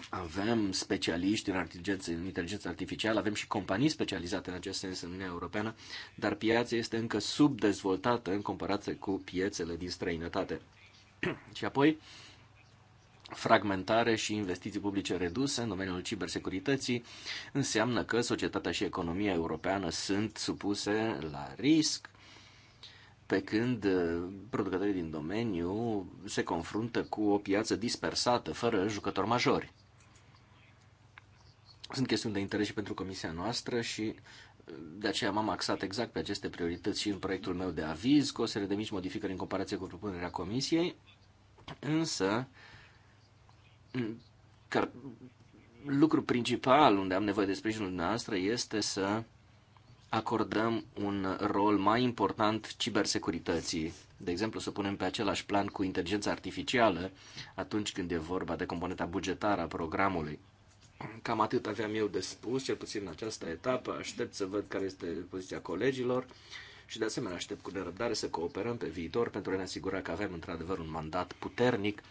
avem specialiști în inteligență, în inteligență artificială, avem și companii specializate în acest sens în Uniunea Europeană, dar piața este încă subdezvoltată în comparație cu piețele din străinătate. și apoi fragmentare și investiții publice reduse în domeniul cibersecurității înseamnă că societatea și economia europeană sunt supuse la risc, pe când uh, producătorii din domeniu se confruntă cu o piață dispersată, fără jucători majori. Sunt chestiuni de interes și pentru comisia noastră și uh, de aceea m-am axat exact pe aceste priorități și în proiectul meu de aviz, cu o serie de mici modificări în comparație cu propunerea comisiei, însă lucru principal unde am nevoie de sprijinul dumneavoastră este să acordăm un rol mai important cibersecurității. De exemplu, să punem pe același plan cu inteligența artificială atunci când e vorba de componenta bugetară a programului. Cam atât aveam eu de spus, cel puțin în această etapă. Aștept să văd care este poziția colegilor și de asemenea aștept cu nerăbdare să cooperăm pe viitor pentru a ne asigura că avem într-adevăr un mandat puternic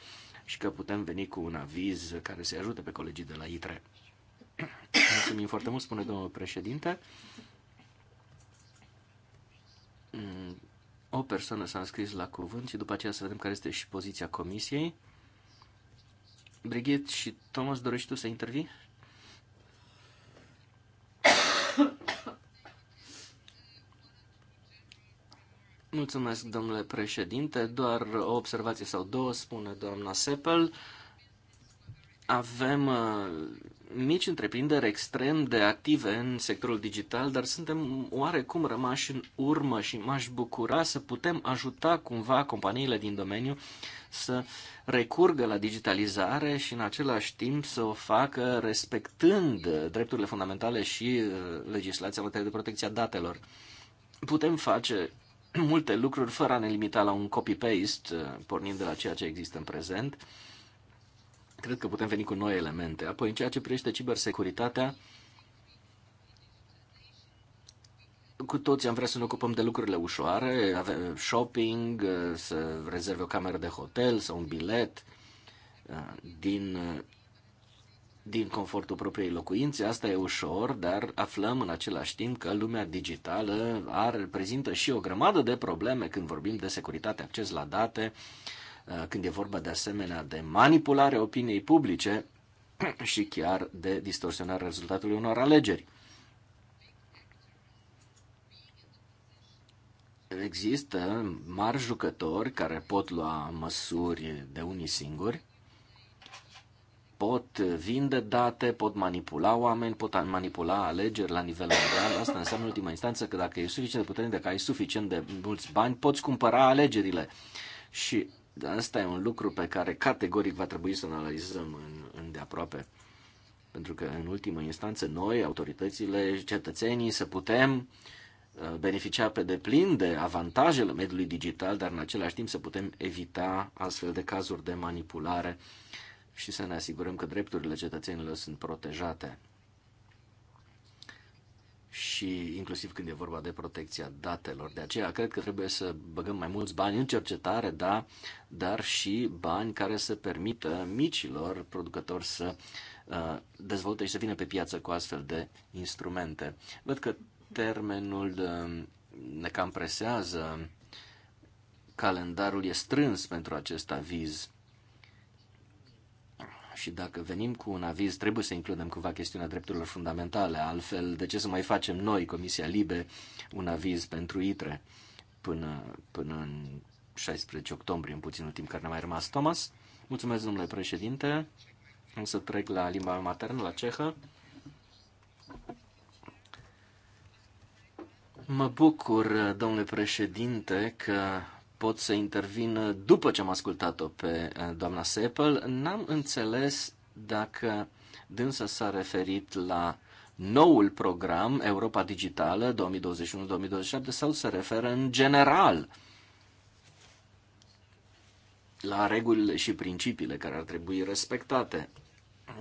și că putem veni cu un aviz care să ajute pe colegii de la ITRE. Mulțumim foarte mult, spune domnul președinte. Mm, o persoană s-a înscris la cuvânt și după aceea să vedem care este și poziția comisiei. Brigitte și Thomas, dorești tu să intervii? Mulțumesc, domnule președinte. Doar o observație sau două, spune doamna Seppel. Avem uh, mici întreprinderi extrem de active în sectorul digital, dar suntem oarecum rămași în urmă și m-aș bucura să putem ajuta cumva companiile din domeniu să recurgă la digitalizare și în același timp să o facă respectând drepturile fundamentale și uh, legislația în materie de protecția datelor. Putem face multe lucruri fără a ne limita la un copy-paste, uh, pornind de la ceea ce există în prezent. Cred că putem veni cu noi elemente. Apoi, în ceea ce privește cibersecuritatea, cu toți am vrea să ne ocupăm de lucrurile ușoare, avem shopping, uh, să rezerve o cameră de hotel sau un bilet. Uh, din din confortul propriei locuințe, asta e ușor, dar aflăm în același timp că lumea digitală ar, prezintă și o grămadă de probleme când vorbim de securitate, acces la date, uh, când e vorba de asemenea de manipulare opiniei publice și chiar de distorsionarea rezultatului unor alegeri. Există mari jucători care pot lua măsuri de unii singuri, pot vinde date, pot manipula oameni, pot manipula alegeri la nivel mondial. Asta înseamnă, în ultima instanță, că dacă e suficient de puternic, dacă ai suficient de mulți bani, poți cumpăra alegerile. Și asta e un lucru pe care categoric va trebui să analizăm în, în de aproape. Pentru că, în ultimă instanță, noi, autoritățile, cetățenii, să putem uh, beneficia pe deplin de avantajele mediului digital, dar în același timp să putem evita astfel de cazuri de manipulare și să ne asigurăm că drepturile cetățenilor sunt protejate. Și inclusiv când e vorba de protecția datelor. De aceea cred că trebuie să băgăm mai mulți bani în cercetare, da, dar și bani care să permită micilor producători să uh, dezvolte și să vină pe piață cu astfel de instrumente. Văd că termenul uh, ne cam presează, calendarul e strâns pentru acest aviz. Și dacă venim cu un aviz, trebuie să includem cumva chestiunea drepturilor fundamentale, altfel de ce să mai facem noi, Comisia Libe, un aviz pentru ITRE până, până în 16 octombrie, în puținul timp care ne-a mai rămas. Thomas, mulțumesc, domnule președinte. O să trec la limba maternă, la cehă. Mă bucur, domnule președinte, că pot să intervin după ce am ascultat-o pe eh, doamna Seppel. N-am înțeles dacă dânsa s-a referit la noul program Europa Digitală 2021-2027 sau se referă în general la regulile și principiile care ar trebui respectate.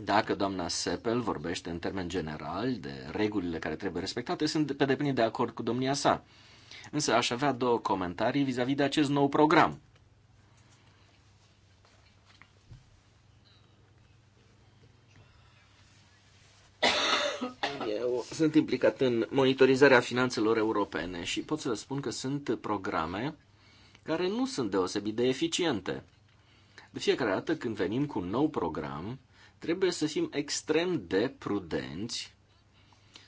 Dacă doamna Seppel vorbește în termen general de regulile care trebuie respectate, sunt pe deplin de acord cu domnia sa. Însă aș avea două comentarii vis-a-vis -vis de acest nou program. Eu sunt implicat în monitorizarea finanțelor europene și pot să vă spun că sunt programe care nu sunt deosebit de eficiente. De fiecare dată când venim cu un nou program, trebuie să fim extrem de prudenți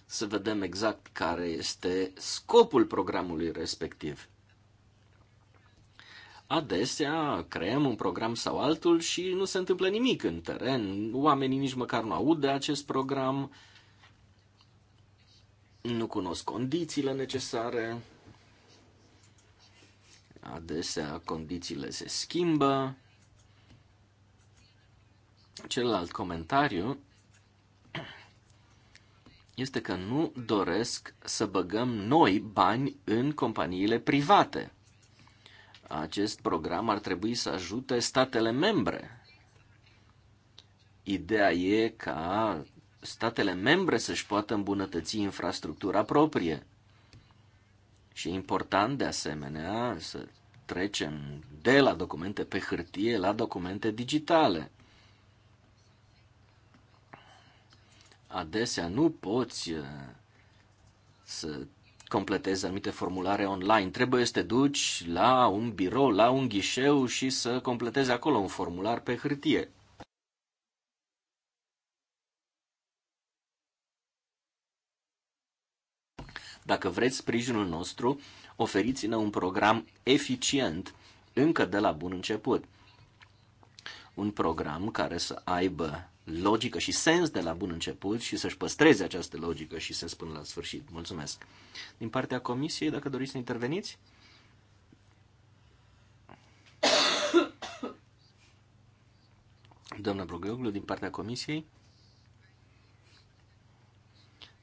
să vedem exact care este scopul programului respectiv. Adesea creăm un program sau altul și nu se întâmplă nimic în teren, oamenii nici măcar nu aud de acest program, nu cunosc condițiile necesare, adesea condițiile se schimbă. Celălalt comentariu este că nu doresc să băgăm noi bani în companiile private. Acest program ar trebui să ajute statele membre. Ideea e ca statele membre să-și poată îmbunătăți infrastructura proprie. Și e important, de asemenea, să trecem de la documente pe hârtie la documente digitale. adesea nu poți uh, să completezi anumite formulare online. Trebuie să te duci la un birou, la un ghișeu și să completezi acolo un formular pe hârtie. Dacă vreți sprijinul nostru, oferiți-ne un program eficient încă de la bun început. Un program care să aibă logică și sens de la bun început și să-și păstreze această logică și sens până la sfârșit. Mulțumesc. Din partea comisiei, dacă doriți să interveniți? Doamna Brogheoglu, din partea comisiei?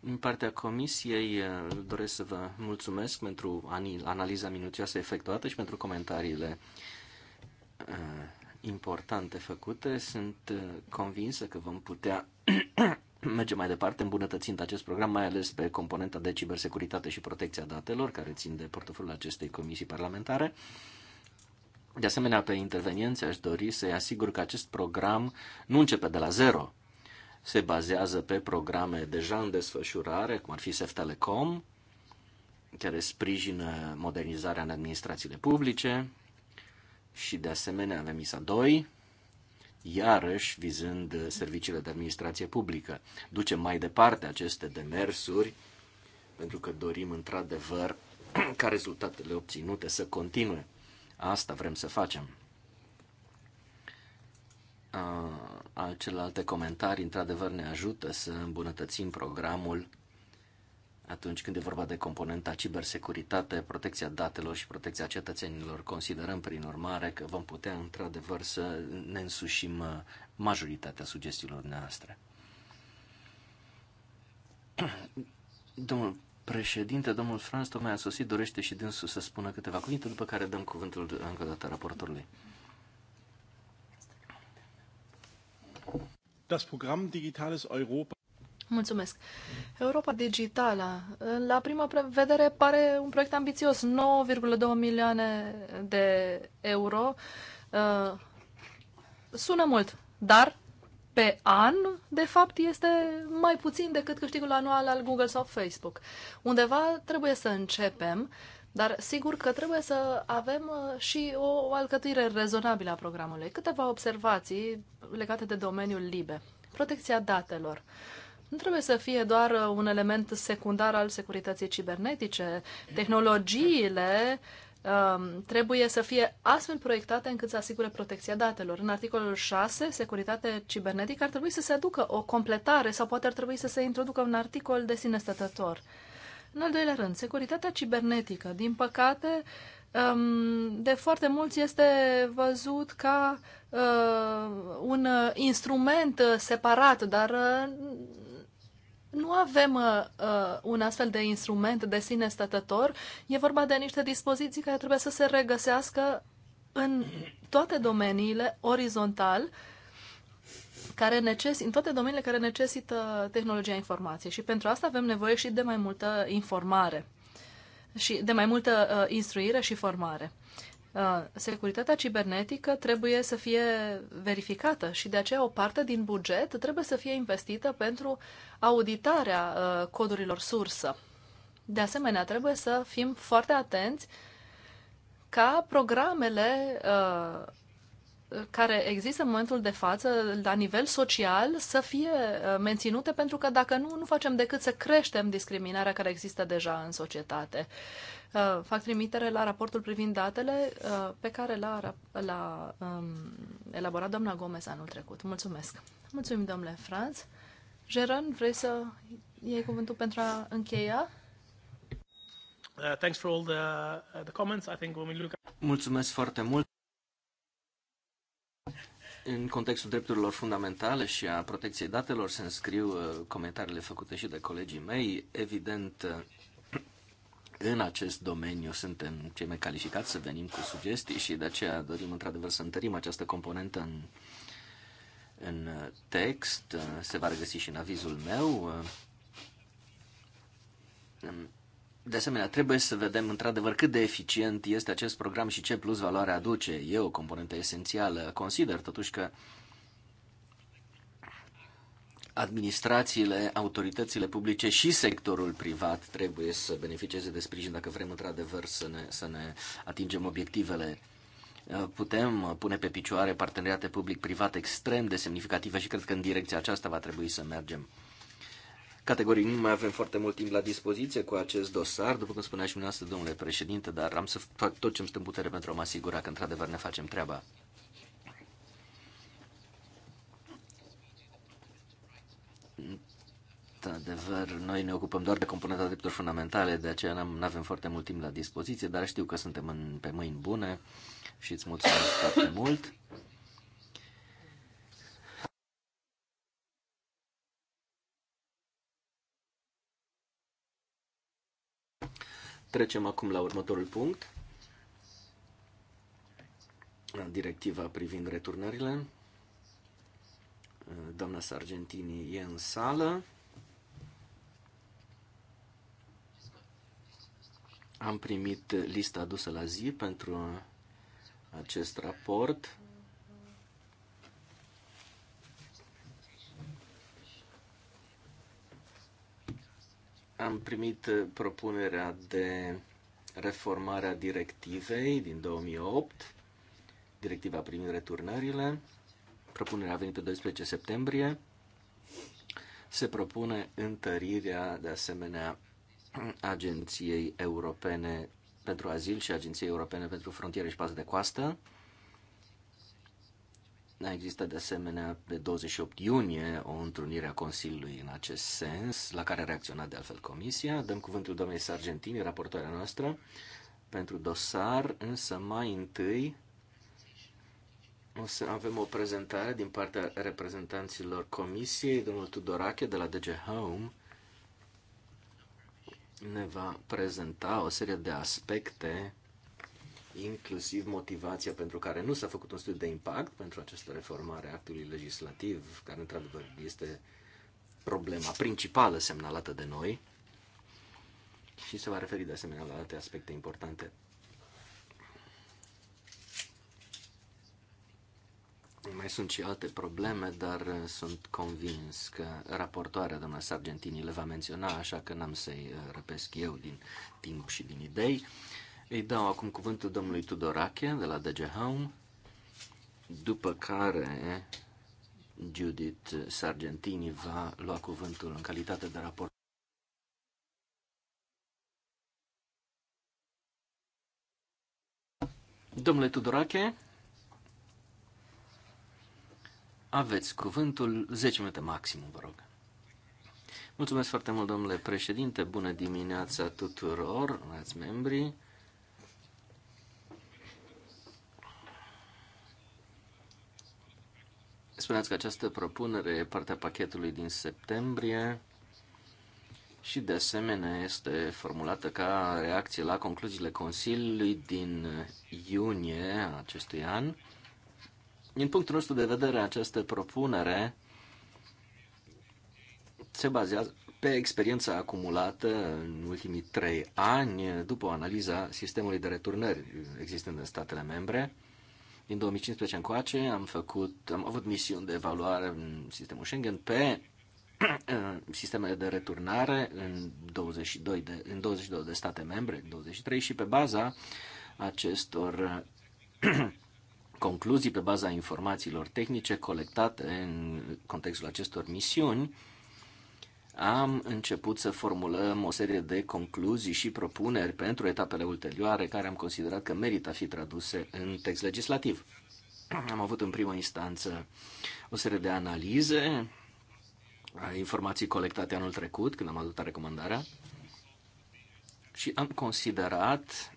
Din partea comisiei eh, doresc să vă mulțumesc pentru analiza minuțioasă efectuată și pentru comentariile eh, importante făcute. Sunt uh, convinsă că vom putea merge mai departe îmbunătățind acest program, mai ales pe componenta de cibersecuritate și protecția datelor, care țin de portofoliul acestei comisii parlamentare. De asemenea, pe intervenienți aș dori să-i asigur că acest program nu începe de la zero. Se bazează pe programe deja în desfășurare, cum ar fi SEF Telecom, care sprijină modernizarea în administrațiile publice, și de asemenea avem ISA 2, iarăși vizând uh, serviciile de administrație publică. Ducem mai departe aceste demersuri pentru că dorim într-adevăr ca rezultatele obținute să continue. Asta vrem să facem. A, celelalte comentarii, într-adevăr, ne ajută să îmbunătățim programul atunci când e vorba de componenta cibersecuritate, protecția datelor și protecția cetățenilor, considerăm prin urmare că vom putea într-adevăr să ne însușim uh, majoritatea sugestiilor noastre. Domnul președinte, domnul Franz, tocmai a sosit, dorește și dânsul să spună câteva cuvinte, după care dăm cuvântul uh, încă o dată raportorului. Das Programm Digitales Europa Mulțumesc. Europa Digitală, la prima vedere, pare un proiect ambițios, 9,2 milioane de euro. Uh, sună mult, dar pe an, de fapt, este mai puțin decât câștigul anual al Google sau Facebook. Undeva trebuie să începem, dar sigur că trebuie să avem uh, și o alcătuire rezonabilă a programului. Câteva observații legate de domeniul LIBE. Protecția datelor. Uh, nu trebuie să fie doar uh, un element secundar al securității cibernetice. Tehnologiile um, trebuie să fie astfel proiectate încât să asigure protecția datelor. În articolul 6, securitate cibernetică, ar trebui să se aducă o completare sau poate ar trebui să se introducă un articol de sine stătător. În al doilea rând, securitatea cibernetică, din păcate, um, de foarte mulți este văzut ca uh, un uh, instrument separat, dar nu avem uh, uh, un astfel de instrument de sine stătător. E vorba de niște dispoziții care trebuie să se regăsească în toate domeniile orizontal, care necesită, în toate domeniile care necesită tehnologia informației. Și pentru asta avem nevoie și de mai multă informare și de mai multă uh, instruire și formare. Uh, securitatea cibernetică trebuie să fie verificată și de aceea o parte din buget trebuie să fie investită pentru auditarea uh, codurilor sursă. De asemenea, trebuie să fim foarte atenți ca programele uh, care există în momentul de față la nivel social să fie uh, menținute, pentru că dacă nu, nu facem decât să creștem discriminarea care există deja în societate. Uh, fac trimitere la raportul privind datele uh, pe care l-a, l-a um, elaborat doamna Gomez anul trecut. Mulțumesc! Mulțumim, domnule Franz. Jeron, vrei să iei cuvântul pentru a încheia? Mulțumesc foarte mult. În contextul drepturilor fundamentale și a protecției datelor se înscriu uh, comentariile făcute și de colegii mei. Evident, uh, în acest domeniu suntem cei mai calificați să venim cu sugestii și de aceea dorim într-adevăr să întărim această componentă în, în uh, text. Se va regăsi și în avizul meu de asemenea, trebuie să vedem într-adevăr cât de eficient este acest program și ce plus valoare aduce. E o componentă esențială. Consider totuși că administrațiile, autoritățile publice și sectorul privat trebuie să beneficieze de sprijin dacă vrem într-adevăr să ne, să ne atingem obiectivele. Putem pune pe picioare parteneriate public-privat extrem de semnificative și cred că în direcția aceasta va trebui să mergem categorii. Nu mai avem foarte mult timp la dispoziție cu acest dosar, după cum spunea și dumneavoastră, domnule președinte, dar am să fac tot ce-mi stă în putere pentru a mă asigura că într-adevăr ne facem treaba. Într-adevăr, noi ne ocupăm doar de componenta drepturi fundamentale, de aceea nu avem foarte mult timp la dispoziție, dar știu că suntem în, pe mâini bune și îți mulțumesc foarte mult. Trecem acum la următorul punct, la directiva privind returnările. Doamna Sargentini e în sală. Am primit lista adusă la zi pentru acest raport. Am primit uh, propunerea de reformare a directivei din 2008, directiva privind returnările. Propunerea a venit pe 12 septembrie. Se propune întărirea, de asemenea, Agenției Europene pentru Azil și Agenției Europene pentru Frontiere și Pază de Coastă. A da, existat de asemenea pe 28 iunie o întrunire a Consiliului în acest sens, la care a reacționat de altfel Comisia. Dăm cuvântul doamnei Sargentini, raportoarea noastră, pentru dosar, însă mai întâi o să avem o prezentare din partea reprezentanților Comisiei. Domnul Tudorache de la DG Home ne va prezenta o serie de aspecte inclusiv motivația pentru care nu s-a făcut un studiu de impact pentru această reformare a actului legislativ, care într-adevăr este problema principală semnalată de noi și se va referi de asemenea la alte aspecte importante. Mai sunt și alte probleme, dar sunt convins că raportoarea doamna Sargentini le va menționa, așa că n-am să-i răpesc eu din timp și din idei. Îi dau acum cuvântul domnului Tudorache de la DG Home, după care Judith Sargentini va lua cuvântul în calitate de raport. Domnule Tudorache, aveți cuvântul 10 minute maximum, vă rog. Mulțumesc foarte mult, domnule președinte. Bună dimineața tuturor, ați membrii. Spuneați că această propunere e partea pachetului din septembrie și de asemenea este formulată ca reacție la concluziile Consiliului din iunie acestui an. Din punctul nostru de vedere, această propunere se bazează pe experiența acumulată în ultimii trei ani după analiza sistemului de returnări existând în statele membre din 2015 încoace am făcut, am avut misiuni de evaluare în sistemul Schengen pe sistemele de returnare în 22 de, în 22 de state membre, în 23 și pe baza acestor concluzii, pe baza informațiilor tehnice colectate în contextul acestor misiuni, am început să formulăm o serie de concluzii și propuneri pentru etapele ulterioare care am considerat că merită a fi traduse în text legislativ. Am avut în primă instanță o serie de analize, informații colectate anul trecut când am adus recomandarea și am considerat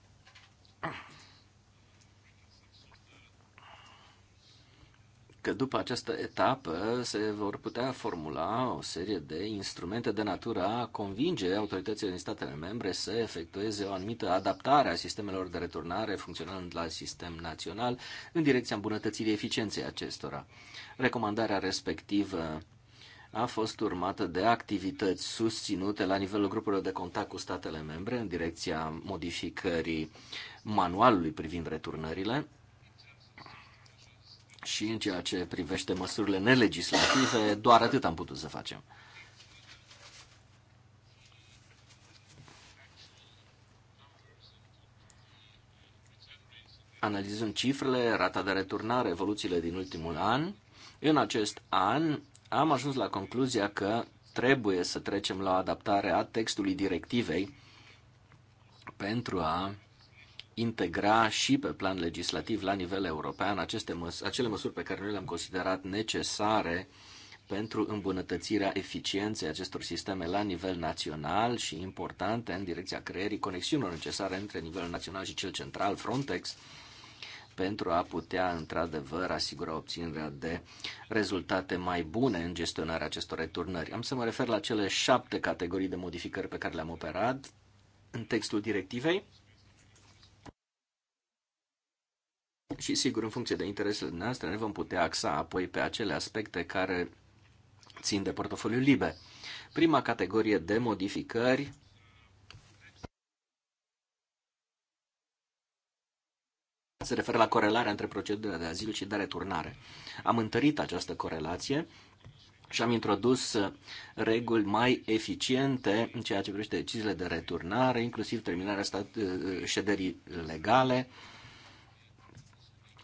că după această etapă se vor putea formula o serie de instrumente de natură a convinge autoritățile din statele membre să efectueze o anumită adaptare a sistemelor de returnare funcționând la sistem național în direcția îmbunătățirii eficienței acestora. Recomandarea respectivă a fost urmată de activități susținute la nivelul grupurilor de contact cu statele membre în direcția modificării manualului privind returnările, și în ceea ce privește măsurile nelegislative, doar atât am putut să facem. Analizând cifrele, rata de returnare, evoluțiile din ultimul an. În acest an am ajuns la concluzia că trebuie să trecem la adaptarea textului directivei pentru a integra și pe plan legislativ la nivel european aceste măs- acele măsuri pe care noi le-am considerat necesare pentru îmbunătățirea eficienței acestor sisteme la nivel național și importante în direcția creierii conexiunilor necesare între nivelul național și cel central, Frontex, pentru a putea într-adevăr asigura obținerea de rezultate mai bune în gestionarea acestor returnări. Am să mă refer la cele șapte categorii de modificări pe care le-am operat în textul directivei Și sigur, în funcție de interesele noastre, ne vom putea axa apoi pe acele aspecte care țin de portofoliu liber. Prima categorie de modificări se referă la corelarea între procedurile de azil și de returnare. Am întărit această corelație și am introdus uh, reguli mai eficiente în ceea ce privește deciziile de returnare, inclusiv terminarea stat, uh, șederii legale,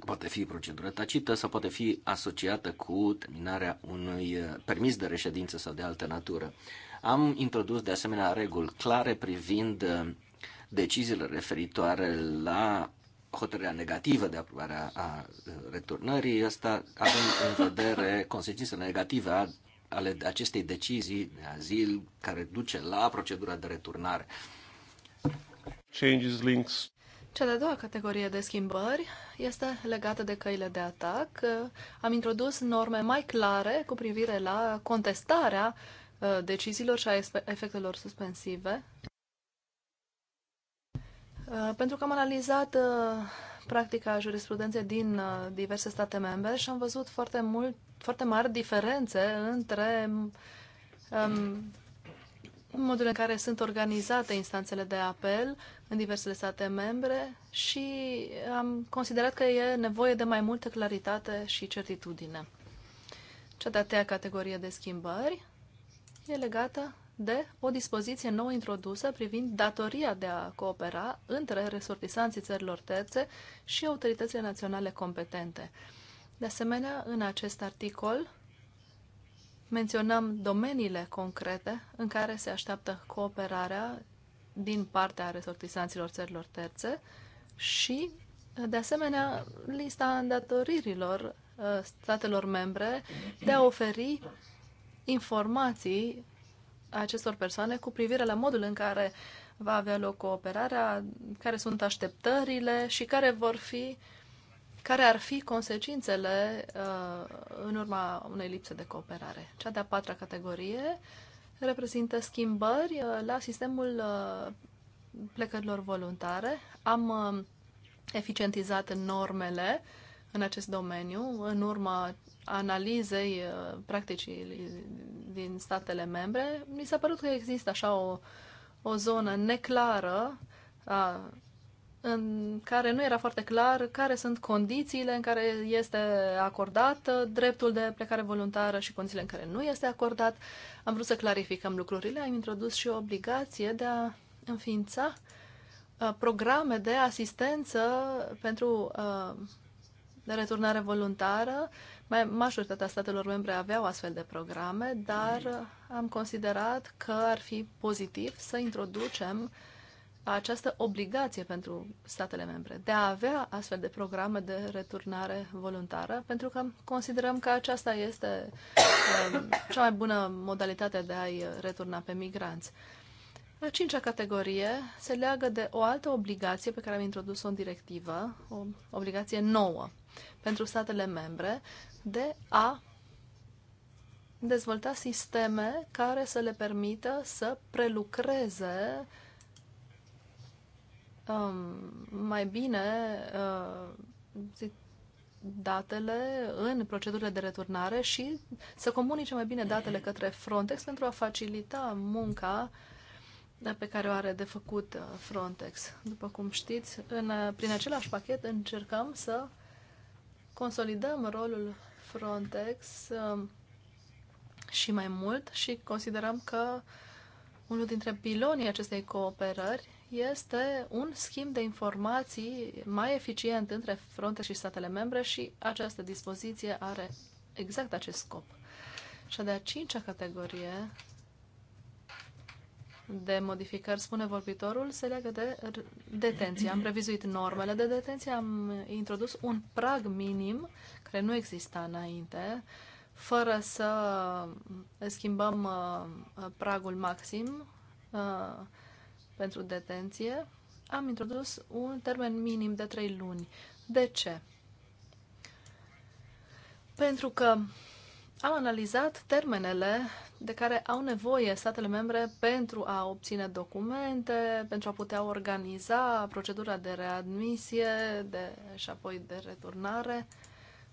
poate fi procedură tacită sau poate fi asociată cu terminarea unui eh, permis de reședință sau de altă natură. Am introdus de asemenea reguli clare privind eh, deciziile referitoare la hotărârea negativă de aprobare a eh, returnării. Asta avem în vedere consecințele negative ale acestei decizii de azil care duce la procedura de returnare. Changes links cea de-a doua categorie de schimbări este legată de căile de atac. Am introdus norme mai clare cu privire la contestarea uh, deciziilor și a efectelor suspensive. Uh, pentru că am analizat uh, practica jurisprudenței din diverse state membre și am văzut foarte, mult, foarte mari diferențe între um, modul în care sunt organizate instanțele de apel în diversele state membre și am considerat că e nevoie de mai multă claritate și certitudine. Cea de-a treia categorie de schimbări e legată de o dispoziție nouă introdusă privind datoria de a coopera între resortisanții țărilor terțe și autoritățile naționale competente. De asemenea, în acest articol menționăm domeniile concrete în care se așteaptă cooperarea din partea resortisanților țărilor terțe și, de asemenea, lista îndatoririlor uh, statelor membre de a oferi informații acestor persoane cu privire la modul în care va avea loc cooperarea, care sunt așteptările și care vor fi uh, care ar fi consecințele uh, în urma unei lipse de cooperare. Cea de-a patra categorie reprezintă schimbări uh, la sistemul uh, plecărilor voluntare. Am uh, eficientizat normele în acest domeniu în urma analizei uh, practicii din statele membre. Mi s-a părut că există așa o, o zonă neclară a uh, în care nu era foarte clar care sunt condițiile în care este acordat uh, dreptul de plecare voluntară și condițiile în care nu este acordat. Am vrut să clarificăm lucrurile, am introdus și o obligație de a înființa uh, programe de asistență pentru de uh, returnare voluntară. Mai, majoritatea statelor membre aveau astfel de programe, dar am considerat că ar fi pozitiv să introducem această obligație pentru statele membre de a avea astfel de programe de returnare voluntară, pentru că considerăm că aceasta este um, cea mai bună modalitate de a-i returna pe migranți. A cincea categorie se leagă de o altă obligație pe care am introdus-o în directivă, o obligație nouă pentru statele membre de a dezvolta sisteme care să le permită să prelucreze Um, mai bine uh, zic, datele în procedurile de returnare și să comunice mai bine datele către Frontex pentru a facilita munca pe care o are de făcut uh, Frontex. După cum știți, în, uh, prin același pachet încercăm să consolidăm rolul Frontex um, și mai mult și considerăm că unul dintre pilonii acestei cooperări este un schimb de informații mai eficient între fronte și statele membre și această dispoziție are exact acest scop. Cea de-a cincea categorie de modificări, spune vorbitorul, se leagă de detenție. Am revizuit normele de detenție, am introdus un prag minim care nu exista înainte, fără să schimbăm uh, pragul maxim uh, pentru detenție, am introdus un termen minim de 3 luni. De ce? Pentru că am analizat termenele de care au nevoie statele membre pentru a obține documente, pentru a putea organiza procedura de readmisie de, și apoi de returnare.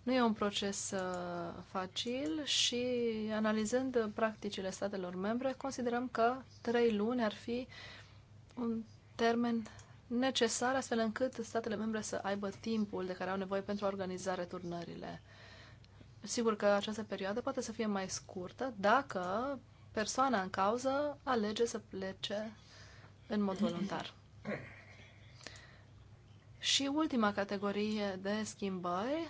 Nu e un proces uh, facil și analizând practicile statelor membre, considerăm că trei luni ar fi uh, un termen necesar astfel încât statele membre să aibă timpul de care au nevoie pentru a organiza returnările. Sigur că această perioadă poate să fie mai scurtă dacă persoana în cauză alege să plece în mod voluntar. Și ultima categorie de schimbări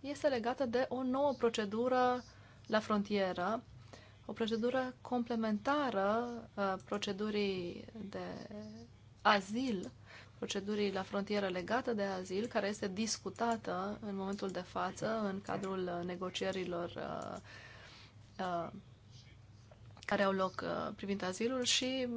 este legată de o nouă procedură la frontieră o procedură complementară uh, procedurii de azil, procedurii la frontieră legată de azil, care este discutată în momentul de față în cadrul uh, negocierilor uh, care au loc privind azilul și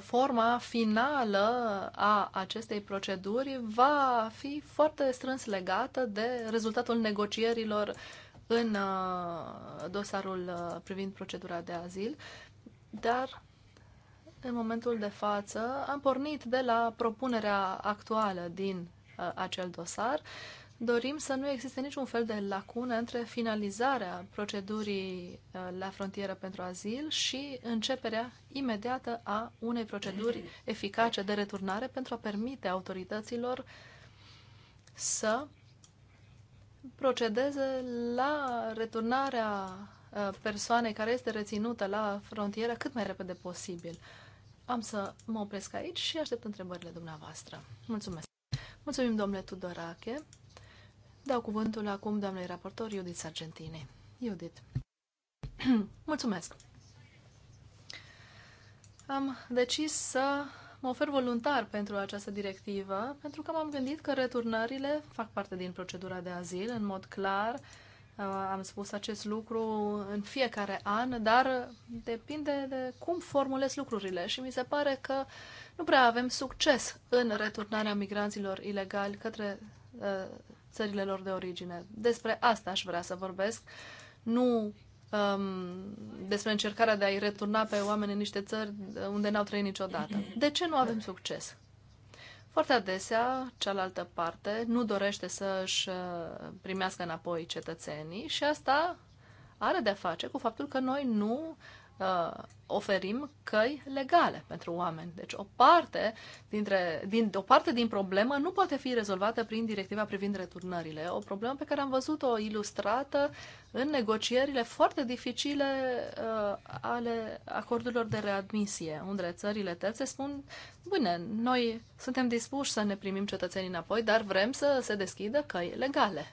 forma finală a acestei proceduri va fi foarte strâns legată de rezultatul negocierilor în uh, dosarul uh, privind procedura de azil, dar în momentul de față am pornit de la propunerea actuală din uh, acel dosar. Dorim să nu existe niciun fel de lacună între finalizarea procedurii la frontieră pentru azil și începerea imediată a unei proceduri eficace de returnare pentru a permite autorităților să procedeze la returnarea uh, persoanei care este reținută la frontieră cât mai repede posibil. Am să mă opresc aici și aștept întrebările dumneavoastră. Mulțumesc! Mulțumim, domnule Tudorache! Dau cuvântul acum doamnei raportor Judith Sargentini. Judith. Mulțumesc! Am decis să mă ofer voluntar pentru această directivă, pentru că m-am gândit că returnările fac parte din procedura de azil, în mod clar. Uh, am spus acest lucru în fiecare an, dar depinde de cum formulez lucrurile și mi se pare că nu prea avem succes în returnarea migranților ilegali către uh, țările lor de origine. Despre asta aș vrea să vorbesc, nu um, despre încercarea de a-i returna pe oameni în niște țări unde n-au trăit niciodată. De ce nu avem succes? Foarte adesea, cealaltă parte nu dorește să își uh, primească înapoi cetățenii și asta are de-a face cu faptul că noi nu uh, oferim căi legale pentru oameni. Deci o parte, dintre, din, o parte din problemă nu poate fi rezolvată prin directiva privind returnările. O problemă pe care am văzut-o ilustrată în negocierile foarte dificile uh, ale acordurilor de readmisie, unde țările terțe spun, bine, noi suntem dispuși să ne primim cetățenii înapoi, dar vrem să se deschidă căi legale.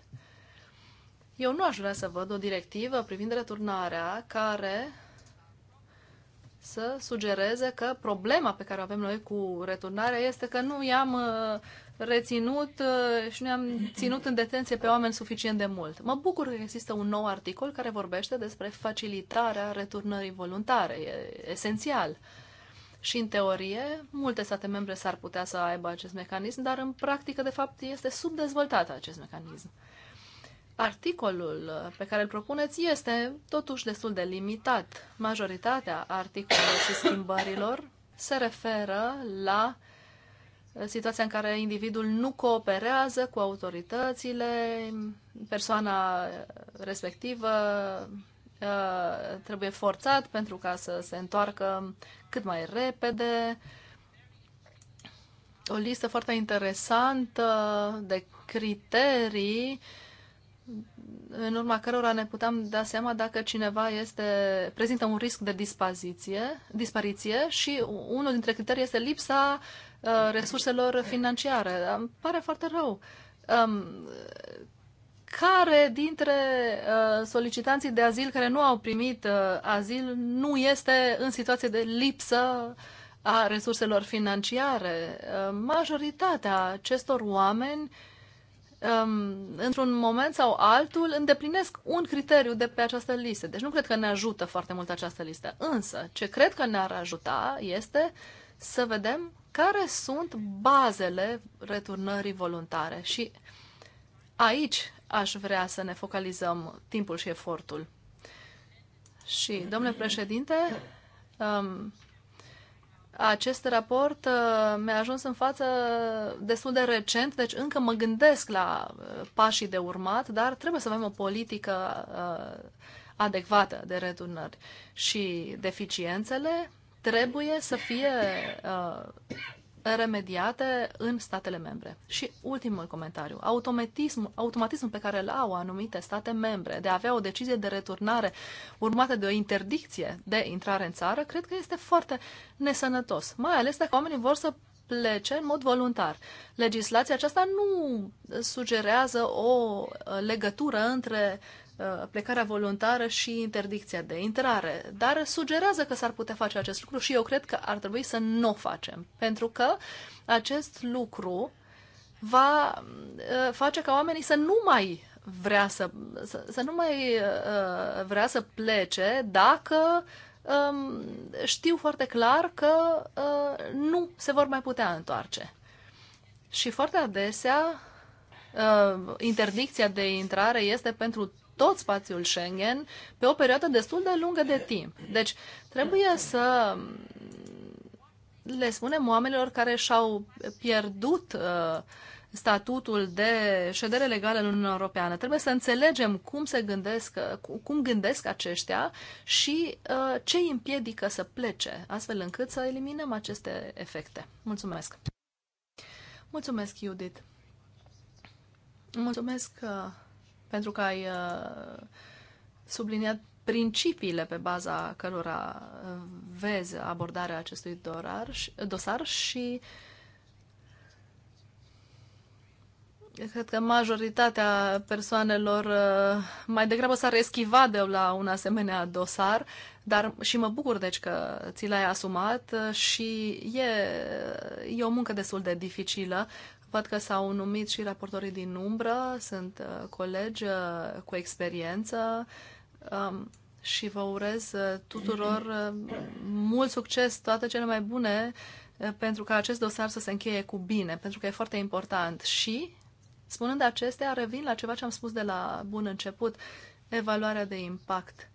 Eu nu aș vrea să văd o directivă privind returnarea care să sugereze că problema pe care o avem noi cu returnarea este că nu i-am uh, reținut uh, și nu i-am ținut în detenție pe oameni suficient de mult. Mă bucur că există un nou articol care vorbește despre facilitarea returnării voluntare. E esențial. Și în teorie, multe state membre s-ar putea să aibă acest mecanism, dar în practică, de fapt, este subdezvoltat acest mecanism. Uh, Articolul uh, pe care îl propuneți este totuși destul de limitat. Majoritatea articolelor și schimbărilor se referă la uh, situația în care individul nu cooperează cu autoritățile, persoana uh, respectivă trebuie forțat pentru ca să se întoarcă cât mai repede. O listă foarte interesantă de criterii uh, în urma cărora ne puteam da seama dacă cineva este, prezintă un risc de dispariție, dispariție și unul dintre criterii este lipsa uh, resurselor financiare. Îmi pare foarte rău. Um, care dintre uh, solicitanții de azil care nu au primit uh, azil nu este în situație de lipsă a resurselor financiare? Uh, majoritatea acestor oameni uh, um, într-un moment sau altul, îndeplinesc un criteriu de pe această listă. Deci nu cred că ne ajută foarte mult această listă. Însă, ce cred că ne-ar ajuta este să vedem care sunt bazele returnării voluntare. Și aici aș vrea să ne focalizăm timpul și efortul. Și, domnule președinte, um, acest raport uh, mi-a ajuns în față destul de recent, deci încă mă gândesc la uh, pașii de urmat, dar trebuie să avem o politică uh, adecvată de returnări și deficiențele trebuie să fie remediate în statele membre. Și ultimul comentariu. Automatism, automatismul pe care îl au anumite state membre de a avea o decizie de returnare urmată de o interdicție de intrare în țară, cred că este foarte nesănătos. Mai ales dacă oamenii vor să plece în mod voluntar. Legislația aceasta nu sugerează o legătură între uh, Uh, plecarea voluntară și interdicția de intrare, dar sugerează că s-ar putea face acest lucru și eu cred că ar trebui să nu o facem, pentru că acest lucru va uh, face ca oamenii să nu mai vrea să, să, să nu mai uh, vrea să plece dacă um, știu foarte clar că uh, nu se vor mai putea întoarce. Și foarte adesea uh, interdicția de intrare este pentru tot spațiul Schengen pe o perioadă destul de lungă de timp. Deci trebuie să le spunem oamenilor care și-au pierdut uh, statutul de ședere legală în Uniunea Europeană. Trebuie să înțelegem cum se gândesc, uh, cum gândesc aceștia și uh, ce îi împiedică să plece, astfel încât să eliminăm aceste efecte. Mulțumesc! Mulțumesc, Judith! Mulțumesc uh, pentru că ai uh, subliniat principiile pe baza cărora uh, vezi abordarea acestui dosar și cred că majoritatea persoanelor uh, mai degrabă s-ar eschiva de la un asemenea dosar, dar și mă bucur deci că ți l-ai asumat și e, e o muncă destul de dificilă Văd că s-au numit și raportorii din umbră, sunt uh, colegi uh, cu experiență um, și vă urez uh, tuturor mult succes, toate cele mai bune pentru ca acest dosar să se încheie cu bine, pentru că e foarte important. Și, spunând acestea, revin la ceva ce am spus de la bun început, evaluarea de impact.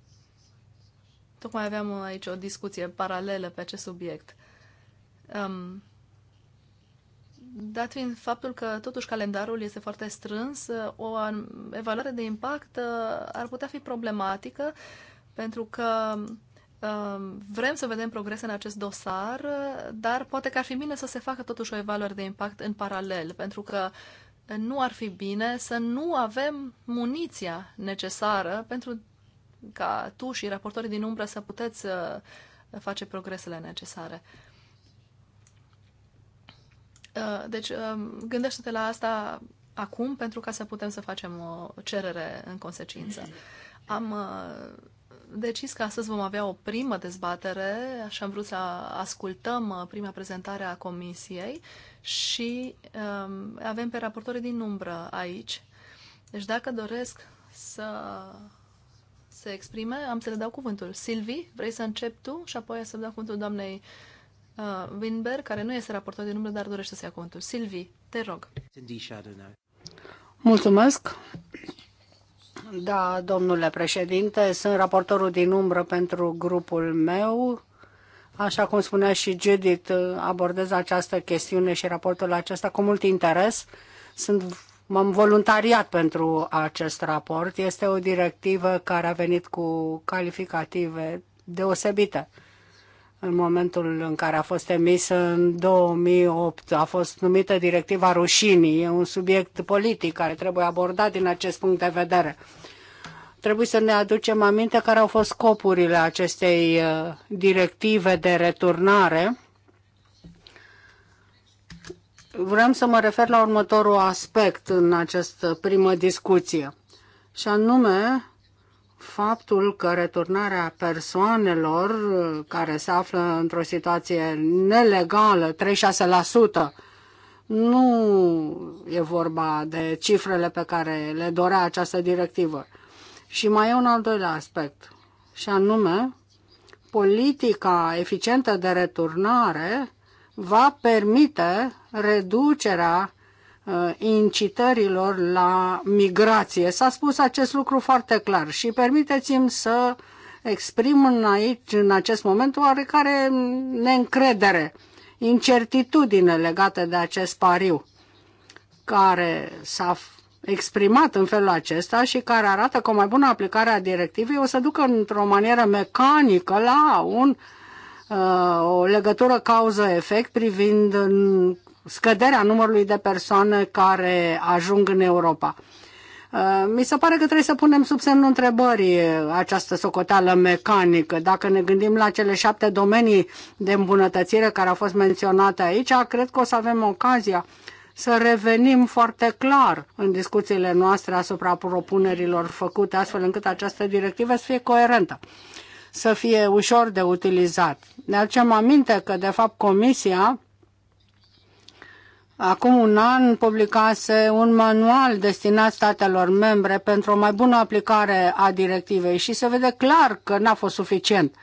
Tocmai aveam aici o discuție paralelă pe acest subiect. Um, Dat fiind faptul că totuși calendarul este foarte strâns, o evaluare de impact uh, ar putea fi problematică pentru că uh, vrem să vedem progrese în acest dosar, dar poate că ar fi bine să se facă totuși o evaluare de impact în paralel, pentru că nu ar fi bine să nu avem muniția necesară pentru ca tu și raportorii din umbră să puteți uh, face progresele necesare. Uh, deci, um, gândește-te la asta acum pentru ca să putem să facem o cerere în consecință. Am uh, decis că astăzi vom avea o primă dezbatere așa am vrut să ascultăm uh, prima prezentare a comisiei și um, avem pe raportorii din umbră aici. Deci dacă doresc să se exprime, am să le dau cuvântul. Silvi, vrei să încep tu și apoi să dau cuvântul doamnei uh, Winberg, care nu este raportat din număr, dar dorește să ia contul. Silvi, te rog. Mulțumesc. Da, domnule președinte, sunt raportorul din umbră pentru grupul meu. Așa cum spunea și Judith, abordez această chestiune și raportul acesta cu mult interes. Sunt M-am voluntariat pentru acest raport. Este o directivă care a venit cu calificative deosebite în momentul în care a fost emisă în 2008, a fost numită directiva rușinii. E un subiect politic care trebuie abordat din acest punct de vedere. Trebuie să ne aducem aminte care au fost scopurile acestei uh, directive de returnare. Vreau să mă refer la următorul aspect în această primă discuție, și anume faptul că returnarea persoanelor uh, care se află într-o situație nelegală, 36%, nu e vorba de cifrele pe care le dorea această directivă. Și mai e un al doilea aspect, și anume, politica eficientă de returnare va permite reducerea Uh, incitărilor la migrație. S-a spus acest lucru foarte clar și permiteți-mi să exprim în aici, în acest moment, oarecare neîncredere, incertitudine legată de acest pariu care s-a exprimat în felul acesta și care arată că o mai bună aplicare a directivei o să ducă într-o manieră mecanică la un, uh, o legătură cauză-efect privind scăderea numărului de persoane care ajung în Europa. Uh, mi se pare că trebuie să punem sub semnul întrebării această socoteală mecanică. Dacă ne gândim la cele șapte domenii de îmbunătățire care au fost menționate aici, cred că o să avem ocazia să revenim foarte clar în discuțiile noastre asupra propunerilor făcute, astfel încât această directivă să fie coerentă, să fie ușor de utilizat. Ne aducem aminte că, de fapt, Comisia Acum un an publicase un manual destinat statelor membre pentru o mai bună aplicare a directivei și se vede clar că n-a fost suficient.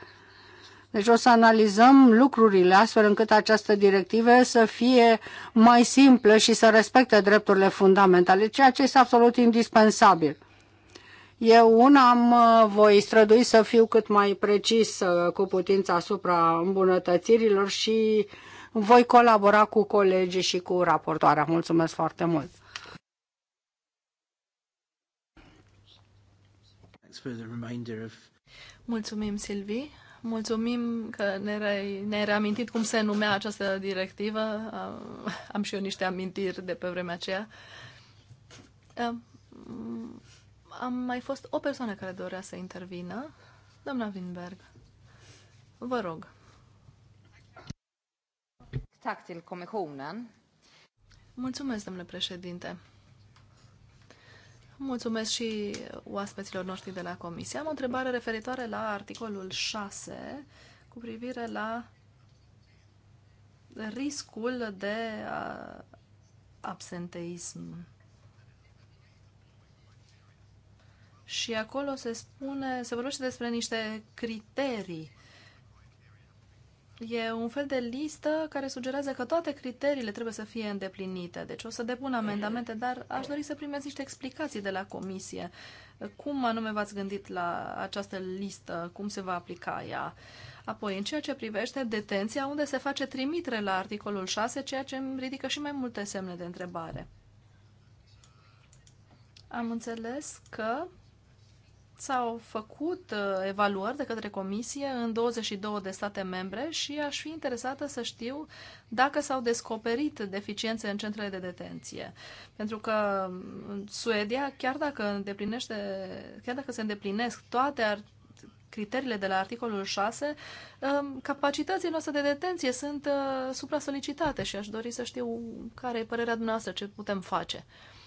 Deci o să analizăm lucrurile astfel încât această directivă să fie mai simplă și să respecte drepturile fundamentale, ceea ce este absolut indispensabil. Eu una am, uh, voi strădui să fiu cât mai precis cu putința asupra îmbunătățirilor și uh, voi colabora cu colegii și cu raportoarea. Mulțumesc foarte mult! Mulțumim, Silvi. Mulțumim că ne-ai ne reamintit cum se numea această directivă. Am și eu niște amintiri de pe vremea aceea. Am mai fost o persoană care dorea să intervină. Doamna Winberg, vă rog. Tack till kommissionen. Mulțumesc, domnule președinte. Mulțumesc și oaspeților noștri de la comisie. Am o întrebare referitoare la articolul 6 cu privire la riscul de absenteism. Și acolo se spune, se vorbește despre niște criterii E un fel de listă care sugerează că toate criteriile trebuie să fie îndeplinite. Deci o să depun amendamente, dar aș dori să primesc niște explicații de la comisie. Cum anume v-ați gândit la această listă? Cum se va aplica ea? Apoi, în ceea ce privește detenția, unde se face trimitere la articolul 6, ceea ce îmi ridică și mai multe semne de întrebare. Am înțeles că s-au făcut uh, evaluări de către comisie în 22 de state membre și aș fi interesată să știu dacă s-au descoperit deficiențe în centrele de detenție. Pentru că mm, Suedia, chiar dacă, îndeplinește, chiar dacă se îndeplinesc toate ar criteriile de la articolul 6, um, capacitățile noastre de detenție sunt uh, supra-solicitate și aș dori să știu care e părerea dumneavoastră, ce putem face.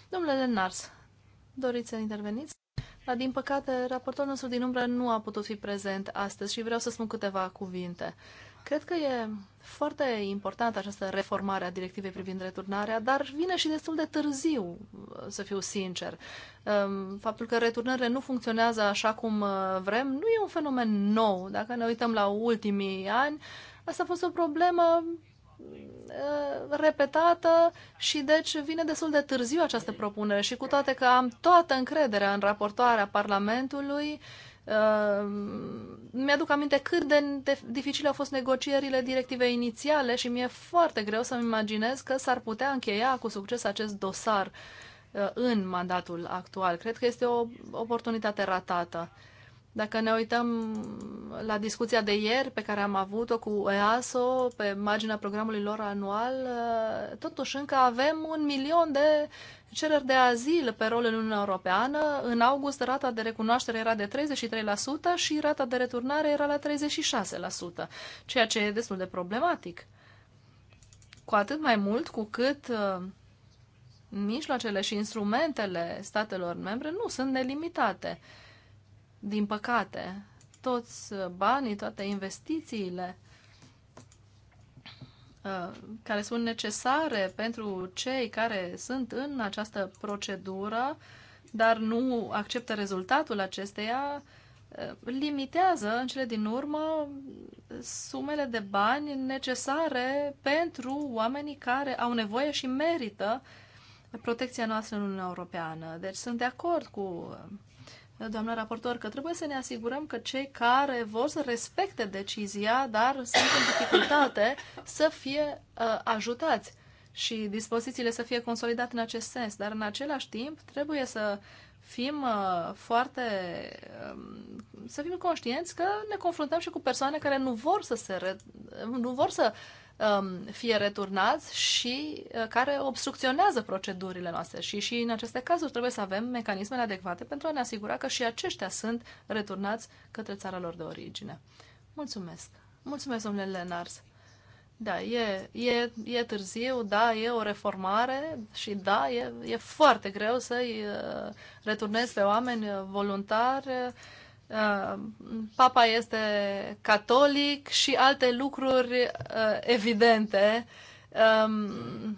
Domnule Lenars, doriți să interveniți? Din păcate, raportorul nostru din umbră nu a putut fi prezent astăzi și vreau să spun câteva cuvinte. Cred că e foarte importantă această reformare a directivei privind returnarea, dar vine și destul de târziu, să fiu sincer. Ehm, faptul că returnările nu funcționează așa cum uh, vrem nu e un fenomen nou. Dacă ne uităm la ultimii ani, asta a fost o problemă Uh, repetată și deci vine destul de târziu această propunere și cu toate că am toată încrederea în raportoarea Parlamentului, uh, mi-aduc aminte cât de dificile au fost negocierile directivei inițiale și mi-e foarte greu să-mi imaginez că s-ar putea încheia cu succes acest dosar uh, în mandatul actual. Cred că este o oportunitate ratată. Dacă ne uităm la discuția de ieri pe care am avut-o cu EASO pe marginea programului lor anual, eh, totuși încă avem un milion de cereri de azil pe rol în Uniunea Europeană. În august rata de recunoaștere era de 33% și rata de returnare era la 36%, ceea ce e destul de problematic. Cu atât mai mult cu cât eh, mijloacele și instrumentele statelor membre nu sunt nelimitate. Din păcate, toți banii, toate investițiile uh, care sunt necesare pentru cei care sunt în această procedură, dar nu acceptă rezultatul acesteia, uh, limitează în cele din urmă sumele de bani necesare pentru oamenii care au nevoie și merită protecția noastră în Uniunea Europeană. Deci sunt de acord cu doamnă raportor, că trebuie să ne asigurăm că cei care vor să respecte decizia, dar sunt în dificultate, să fie uh, ajutați și dispozițiile să fie consolidate în acest sens. Dar în același timp trebuie să fim uh, foarte. Uh, să fim conștienți că ne confruntăm și cu persoane care nu vor să se. Re, nu vor să uh, Um, fie returnați și uh, care obstrucționează procedurile noastre. Și, și în aceste cazuri trebuie să avem mecanismele adecvate pentru a ne asigura că și aceștia sunt returnați către țara lor de origine. Mulțumesc! Mulțumesc, domnule Lenars! Da, e, e, e târziu, da, e o reformare și da, e, e foarte greu să-i uh, returnezi pe oameni uh, voluntari Uh, papa este catolic și alte lucruri uh, evidente. Um,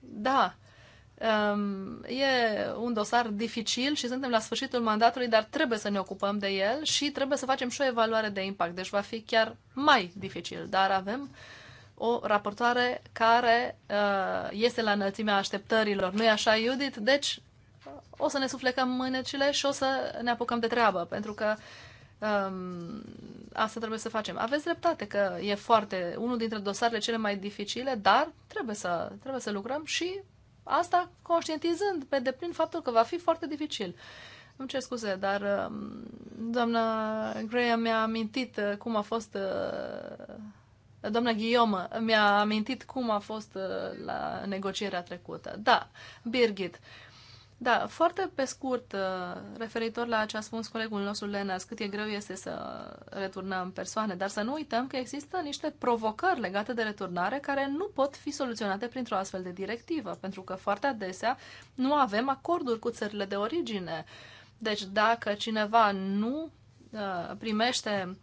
da, um, e un dosar dificil și suntem la sfârșitul mandatului, dar trebuie să ne ocupăm de el și trebuie să facem și o evaluare de impact. Deci va fi chiar mai dificil, dar avem o raportoare care uh, este la înălțimea așteptărilor. Nu-i așa, Judith? Deci o să ne suflecăm mânecile și o să ne apucăm de treabă, pentru că um, asta trebuie să facem. Aveți dreptate că e foarte unul dintre dosarele cele mai dificile, dar trebuie să, trebuie să lucrăm și asta conștientizând pe deplin faptul că va fi foarte dificil. Îmi cer scuze, dar um, doamna Graham mi-a amintit cum a fost uh, Doamna Ghiomă, mi-a amintit cum a fost uh, la negocierea trecută. Da, Birgit, da, foarte pe scurt, uh, referitor la ce a spus colegul nostru Lenas, cât e greu este să returnăm persoane, dar să nu uităm că există niște provocări legate de returnare care nu pot fi soluționate printr-o astfel de directivă, pentru că foarte adesea nu avem acorduri cu țările de origine. Deci dacă cineva nu uh, primește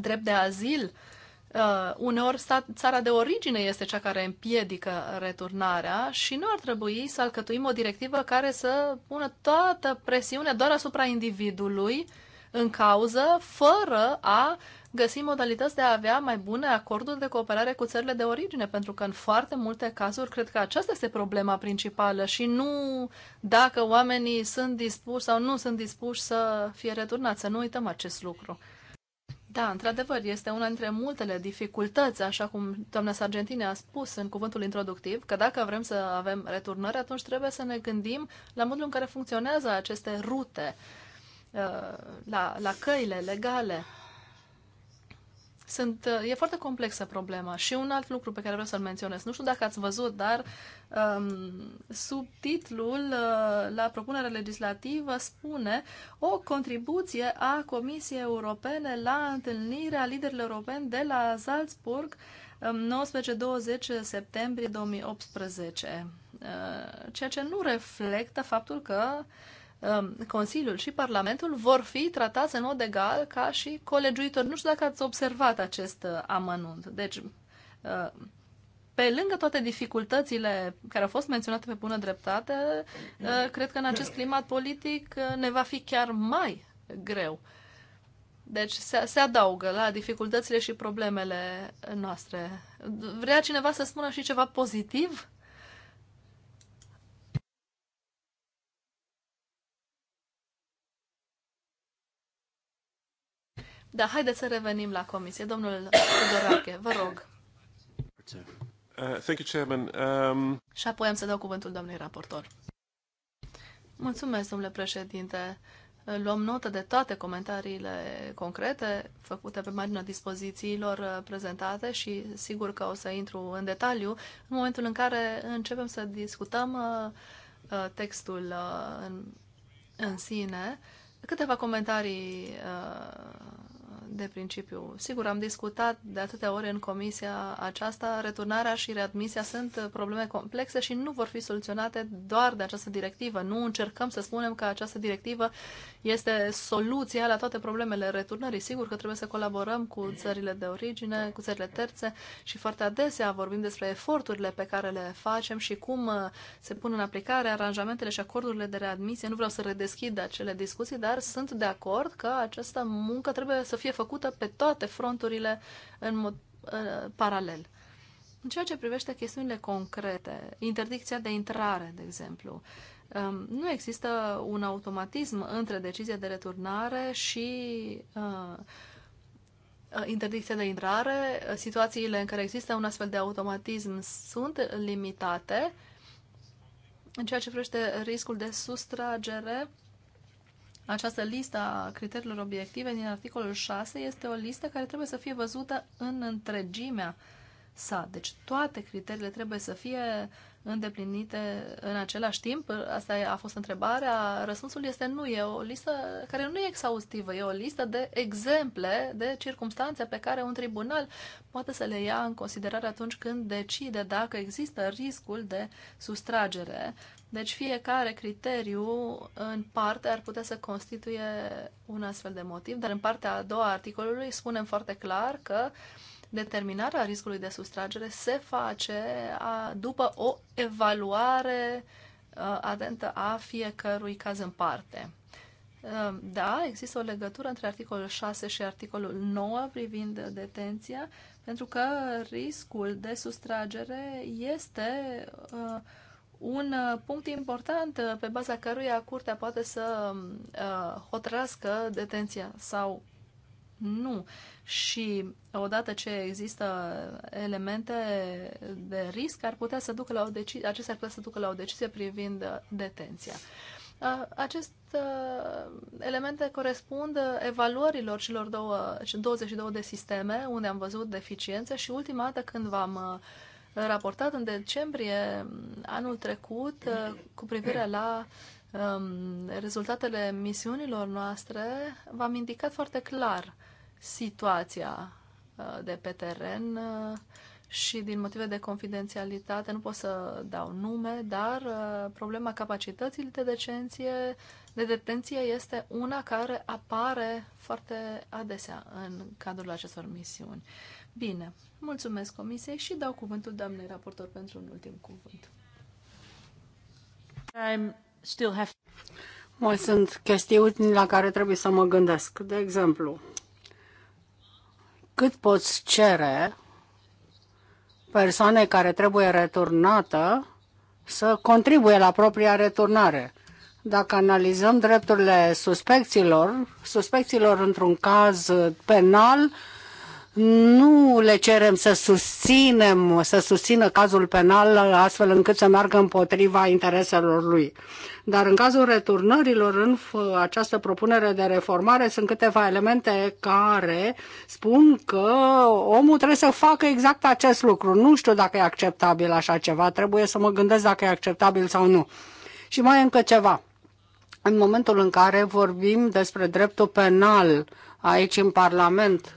drept de azil, uh, Uh, uneori țara de origine este cea care împiedică returnarea și nu ar trebui să alcătuim o directivă care să pună toată presiunea doar asupra individului în cauză, fără a găsi modalități de a avea mai bune acorduri de cooperare cu țările de origine, pentru că în foarte multe cazuri cred că aceasta este problema principală și nu dacă oamenii sunt dispuși sau nu sunt dispuși să fie returnați, să nu uităm acest lucru. Da, într-adevăr, este una dintre multele dificultăți, așa cum doamna Sargentine a spus în cuvântul introductiv, că dacă vrem să avem returnări, atunci trebuie să ne gândim la modul în care funcționează aceste rute, uh, la, la căile legale sunt, uh, e foarte complexă problema. Și un alt lucru pe care vreau să-l menționez, nu știu dacă ați văzut, dar um, subtitlul uh, la propunerea legislativă spune o contribuție a Comisiei Europene la întâlnirea liderilor europeni de la Salzburg 19-20 um, septembrie 2018, uh, ceea ce nu reflectă faptul că uh, Um, Consiliul și Parlamentul vor fi tratați în mod egal ca și colegiuitori. Nu știu dacă ați observat acest uh, amănunt. Deci, uh, pe lângă toate dificultățile care au fost menționate pe bună dreptate, uh, cred că în acest climat politic ne va fi chiar mai greu. Deci se, se adaugă la dificultățile și problemele noastre. Vrea cineva să spună și ceva pozitiv? Da, haideți să revenim la comisie. Domnul Tudorache, vă rog. Uh, thank you, Chairman. Um... Și apoi am să dau cuvântul domnului raportor. Mulțumesc, domnule președinte. Luăm notă de toate comentariile concrete făcute pe marginea dispozițiilor uh, prezentate și sigur că o să intru în detaliu în momentul în care începem să discutăm uh, uh, textul în, în sine. Câteva comentarii de principiu. Sigur, am discutat de atâtea ori în comisia aceasta, returnarea și readmisia sunt uh, probleme complexe și nu vor fi soluționate doar de această directivă. Nu încercăm să spunem că această directivă este soluția la toate problemele returnării. Sigur că trebuie să colaborăm cu țările de origine, cu țările terțe și foarte adesea vorbim despre eforturile pe care le facem și cum uh, se pun în aplicare aranjamentele și acordurile de readmisie. Nu vreau să redeschid acele discuții, dar sunt de acord că această muncă trebuie să fie făcută făcută pe toate fronturile în mod uh, paralel. În ceea ce privește chestiunile concrete, interdicția de intrare, de exemplu, um, nu există un automatism între decizia de returnare și uh, interdicția de intrare. Situațiile în care există un astfel de automatism sunt limitate. În ceea ce privește riscul de sustragere, această listă a criteriilor obiective din articolul 6 este o listă care trebuie să fie văzută în întregimea sa. Deci toate criteriile trebuie să fie îndeplinite în același timp? Asta a fost întrebarea. Răspunsul este nu. E o listă care nu e exhaustivă. E o listă de exemple, de circumstanțe pe care un tribunal poate să le ia în considerare atunci când decide dacă există riscul de sustragere deci fiecare criteriu în parte ar putea să constituie un astfel de motiv, dar în partea a doua articolului spunem foarte clar că determinarea riscului de sustragere se face a, după o evaluare a, atentă a fiecărui caz în parte. da, există o legătură între articolul 6 și articolul 9 privind detenția, pentru că riscul de sustragere este uh, un uh, punct important uh, pe baza căruia curtea poate să uh, hotărască detenția sau nu. Și odată ce există elemente de risc, ar putea să ducă la o decizie, acestea ar putea să ducă la o decizie privind detenția. Aceste elemente corespund evaluărilor celor două, 22 de sisteme unde am văzut deficiențe și ultima dată când v-am uh, raportat în decembrie anul trecut uh, cu privire la um, rezultatele misiunilor noastre, v-am indicat foarte clar situația uh, de pe teren uh, și din motive de confidențialitate nu pot să dau nume, dar uh, problema capacității de detenție, de detenție este una care apare foarte adesea în cadrul acestor misiuni. Uh, Bine, mulțumesc comisiei și dau cuvântul doamnei raportor pentru un ultim cuvânt. I'm still have... Mai sunt chestiuni la care trebuie să mă gândesc. De exemplu, cât poți cere persoane care trebuie returnată să contribuie la propria returnare. Dacă analizăm drepturile suspecților, suspecților într-un caz penal, nu le cerem să susținem, să susțină cazul penal astfel încât să meargă împotriva intereselor lui. Dar în cazul returnărilor, în această propunere de reformare, sunt câteva elemente care spun că omul trebuie să facă exact acest lucru. Nu știu dacă e acceptabil așa ceva, trebuie să mă gândesc dacă e acceptabil sau nu. Și mai încă ceva. În momentul în care vorbim despre dreptul penal aici în Parlament,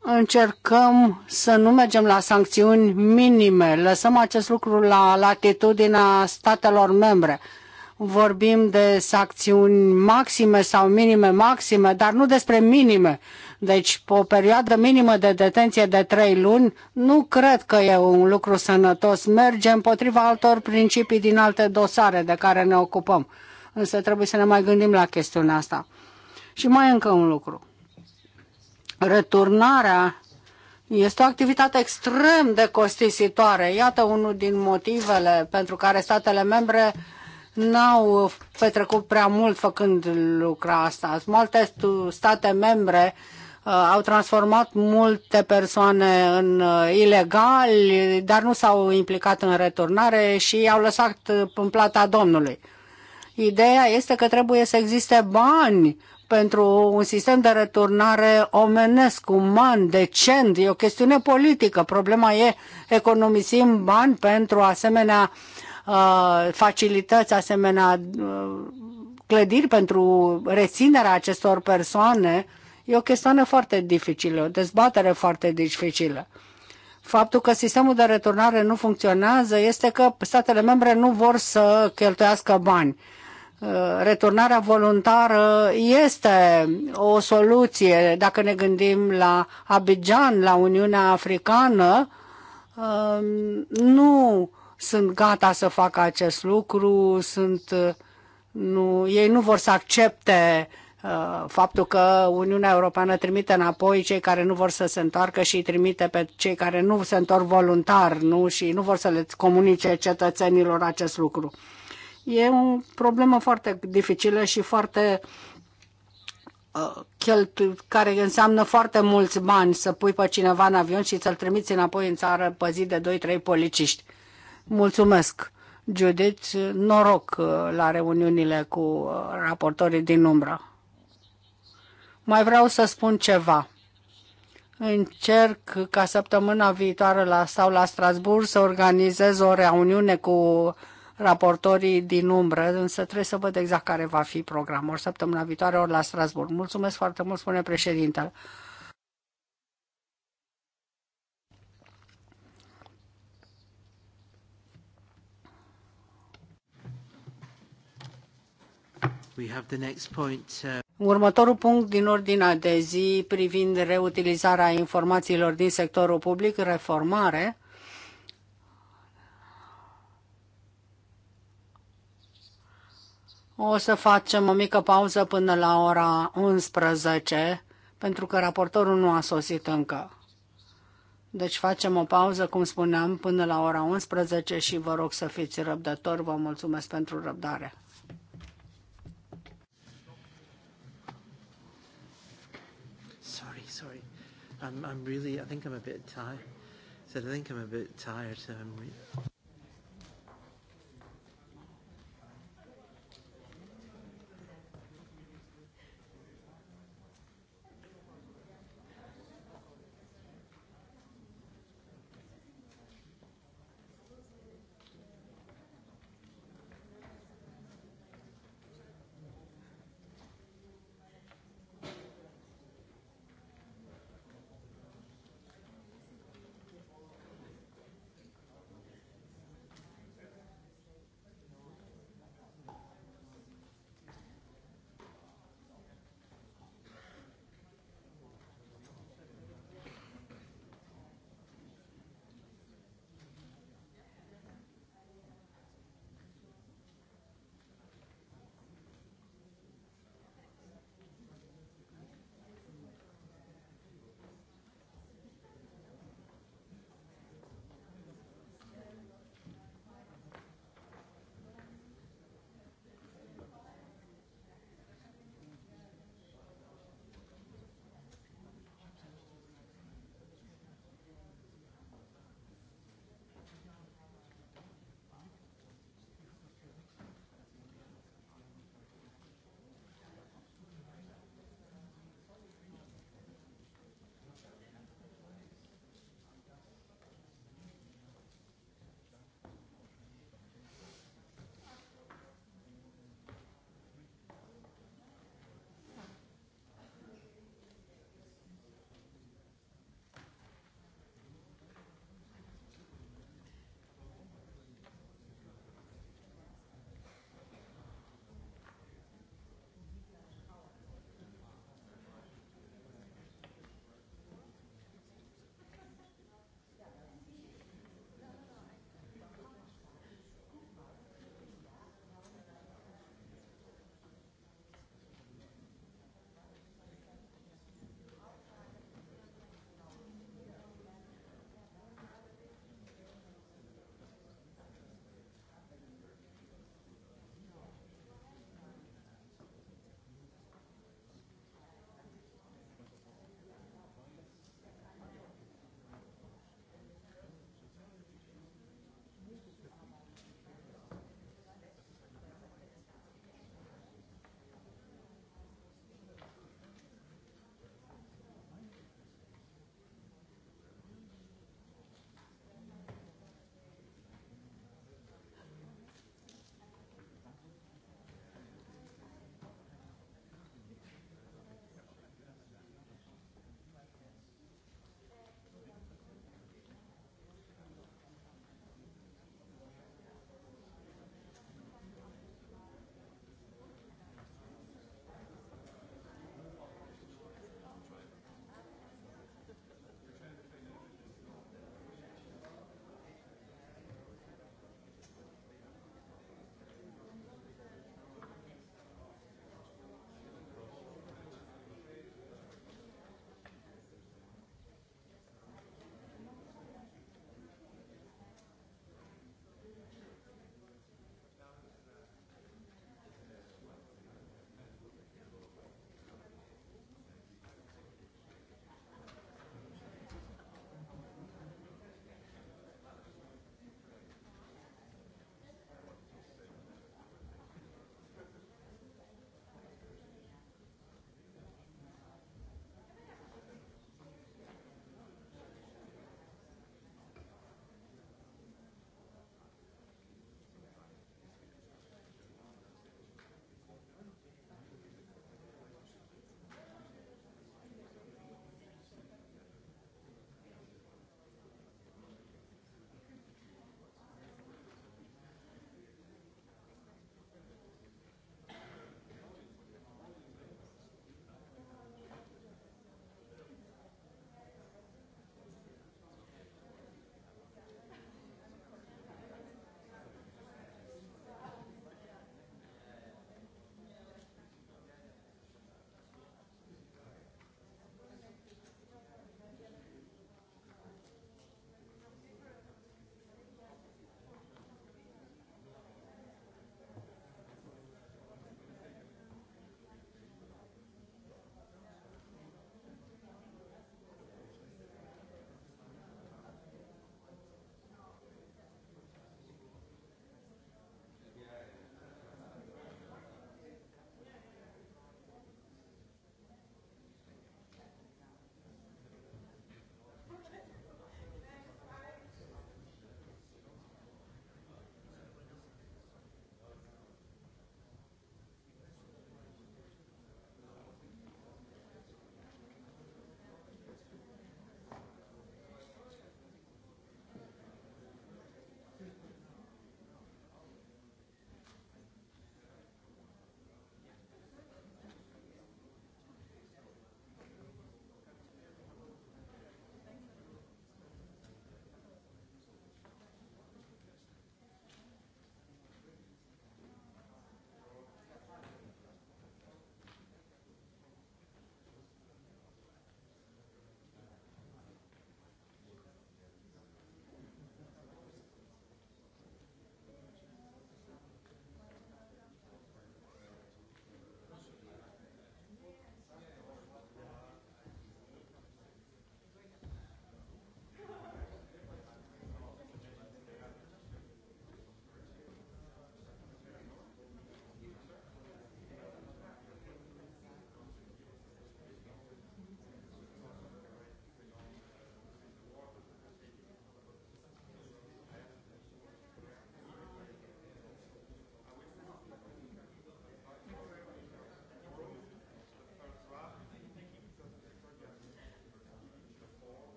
încercăm să nu mergem la sancțiuni minime, lăsăm acest lucru la latitudinea statelor membre. Vorbim de sancțiuni maxime sau minime maxime, dar nu despre minime. Deci, pe o perioadă minimă de detenție de trei luni, nu cred că e un lucru sănătos. Merge împotriva altor principii din alte dosare de care ne ocupăm. Însă trebuie să ne mai gândim la chestiunea asta. Și mai încă un lucru Returnarea este o activitate extrem de costisitoare. Iată unul din motivele pentru care statele membre n-au petrecut prea mult făcând lucra asta. Multe state membre uh, au transformat multe persoane în uh, ilegali, dar nu s-au implicat în returnare și i-au lăsat uh, în plata Domnului. Ideea este că trebuie să existe bani pentru un sistem de returnare omenesc, uman, decent. E o chestiune politică. Problema e economisim bani pentru asemenea uh, facilități, asemenea uh, clădiri pentru reținerea acestor persoane. E o chestiune foarte dificilă, o dezbatere foarte dificilă. Faptul că sistemul de returnare nu funcționează este că statele membre nu vor să cheltuiască bani Eh, returnarea voluntară este o soluție. Dacă ne gândim la Abidjan, la Uniunea Africană, eh, nu sunt gata să facă acest lucru, sunt, eh, nu, ei nu vor să accepte faptul că Uniunea Europeană trimite înapoi cei care nu vor să se întoarcă și îi trimite pe cei care nu se întorc voluntar nu? și nu vor să le comunice cetățenilor acest lucru. E o problemă foarte dificilă și foarte uh, chelt care înseamnă foarte mulți bani să pui pe cineva în avion și să-l trimiți înapoi în țară păzit de 2-3 polițiști. Mulțumesc, Judith. Noroc uh, la reuniunile cu uh, raportorii din umbră. Mai vreau să spun ceva. Încerc ca săptămâna viitoare la, sau la Strasburg să organizez o reuniune cu raportorii din umbră, însă trebuie să văd exact care va fi programul. Săptămâna viitoare ori la Strasburg. Mulțumesc foarte mult, spune președintele. We have the next point, uh... Următorul punct din ordinea de zi privind reutilizarea informațiilor din sectorul public, reformare, O să facem o mică pauză până la ora 11, pentru că raportorul nu a sosit încă. Deci facem o pauză, cum spuneam, până la ora 11 și vă rog să fiți răbdători. Vă mulțumesc pentru răbdare. Sorry, sorry. I'm, I'm really, I think I'm a bit tired. So I think I'm a bit tired, so I'm... really...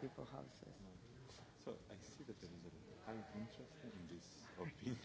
people houses. So I see that there is kind of interest in this opinion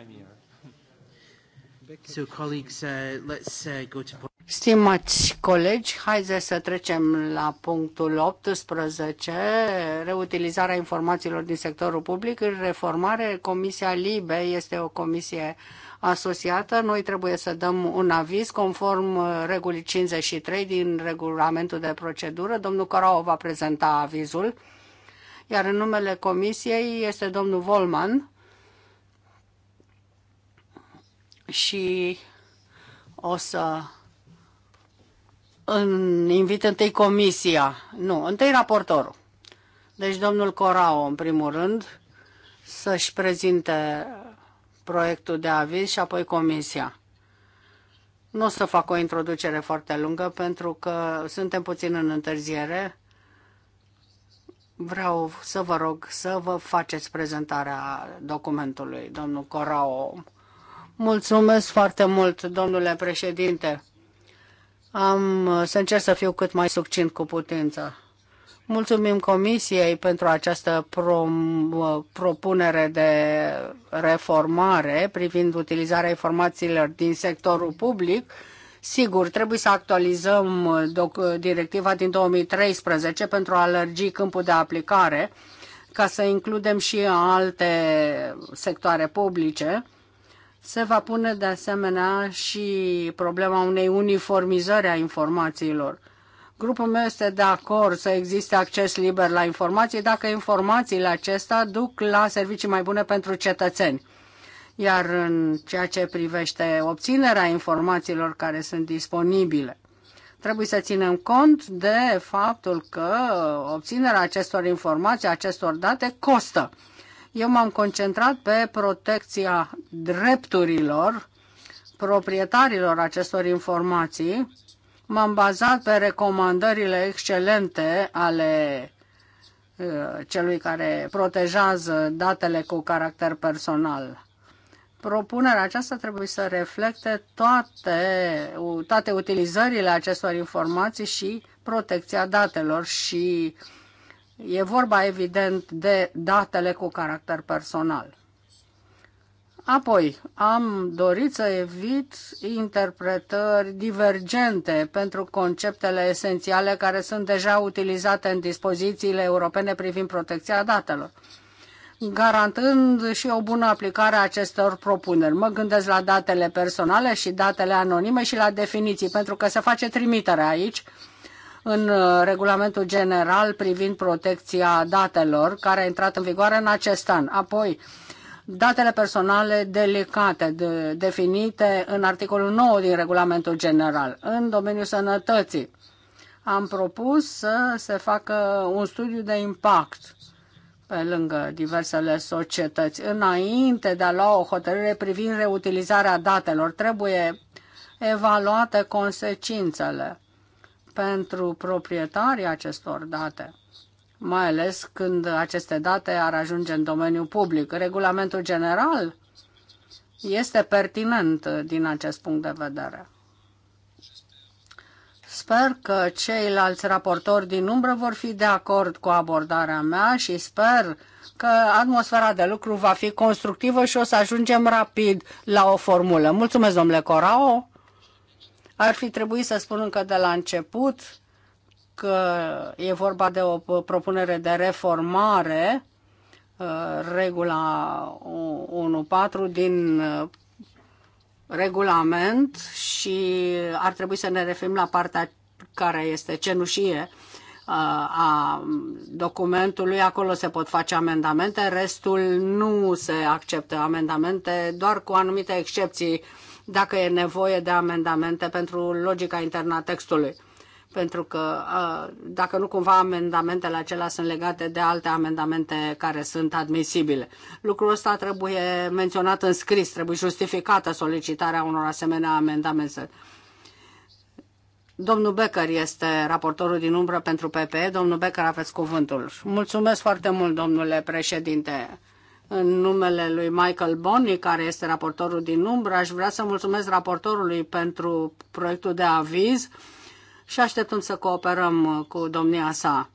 I'm here. So, colleagues, uh, let's uh, go to... Stimați colegi, haideți să trecem la punctul 18, reutilizarea informațiilor din sectorul public, reformare. Comisia LIBE este o comisie asociată. Noi trebuie să dăm un aviz conform uh, regulii 53 din regulamentul de procedură. Domnul Corau va prezenta avizul, iar în numele comisiei este domnul Volman și o să invit întâi comisia, nu, întâi raportorul. Deci domnul Corao, în primul rând, să-și prezinte proiectul de aviz și apoi comisia. Nu o să fac o introducere foarte lungă pentru că suntem puțin în întârziere. Vreau să vă rog să vă faceți prezentarea documentului, domnul Corao. Mulțumesc foarte mult, domnule președinte. Am să încerc să fiu cât mai succint cu putință. Mulțumim Comisiei pentru această propunere de reformare privind utilizarea informațiilor din sectorul public. Sigur, trebuie să actualizăm directiva din 2013 pentru a lărgi câmpul de aplicare ca să includem și alte sectoare publice se va pune de asemenea și problema unei uniformizări a informațiilor. Grupul meu este de acord să existe acces liber la informații dacă informațiile acestea duc la servicii mai bune pentru cetățeni. Iar în ceea ce privește obținerea informațiilor care sunt disponibile, trebuie să ținem cont de faptul că obținerea acestor informații, acestor date, costă. Eu m-am concentrat pe protecția drepturilor proprietarilor acestor informații. M-am bazat pe recomandările excelente ale uh, celui care protejează datele cu caracter personal. Propunerea aceasta trebuie să reflecte toate, toate utilizările acestor informații și protecția datelor și uh, E vorba, evident, de datele cu caracter personal. Apoi, am dorit să evit interpretări divergente pentru conceptele esențiale care sunt deja utilizate în dispozițiile europene privind protecția datelor, garantând și o bună aplicare a acestor propuneri. Mă gândesc la datele personale și datele anonime și la definiții, pentru că se face trimitere aici în uh, regulamentul general privind protecția datelor, care a intrat în vigoare în acest an. Apoi, datele personale delicate, de, definite în articolul 9 din regulamentul general, în domeniul sănătății. Am propus să se facă un studiu de impact pe lângă diversele societăți. Înainte de a lua o hotărâre privind reutilizarea datelor, trebuie evaluate consecințele pentru proprietarii acestor date, mai ales când aceste date ar ajunge în domeniul public. Regulamentul general este pertinent din acest punct de vedere. Sper că ceilalți raportori din umbră vor fi de acord cu abordarea mea și sper că atmosfera de lucru va fi constructivă și o să ajungem rapid la o formulă. Mulțumesc, domnule Corao! Ar fi trebuit să spun încă de la început că e vorba de o propunere de reformare, uh, regula 1.4 din uh, regulament și ar trebui să ne referim la partea care este cenușie uh, a documentului. Acolo se pot face amendamente, restul nu se acceptă amendamente, doar cu anumite excepții dacă e nevoie de amendamente pentru logica internă a textului. Pentru că dacă nu cumva amendamentele acelea sunt legate de alte amendamente care sunt admisibile. Lucrul ăsta trebuie menționat în scris, trebuie justificată solicitarea unor asemenea amendamente. Domnul Becker este raportorul din umbră pentru PPE. Domnul Becker, aveți cuvântul. Mulțumesc foarte mult, domnule președinte în numele lui Michael Bonni, care este raportorul din umbră. Aș vrea să mulțumesc raportorului pentru proiectul de aviz și așteptăm să cooperăm uh, cu domnia sa.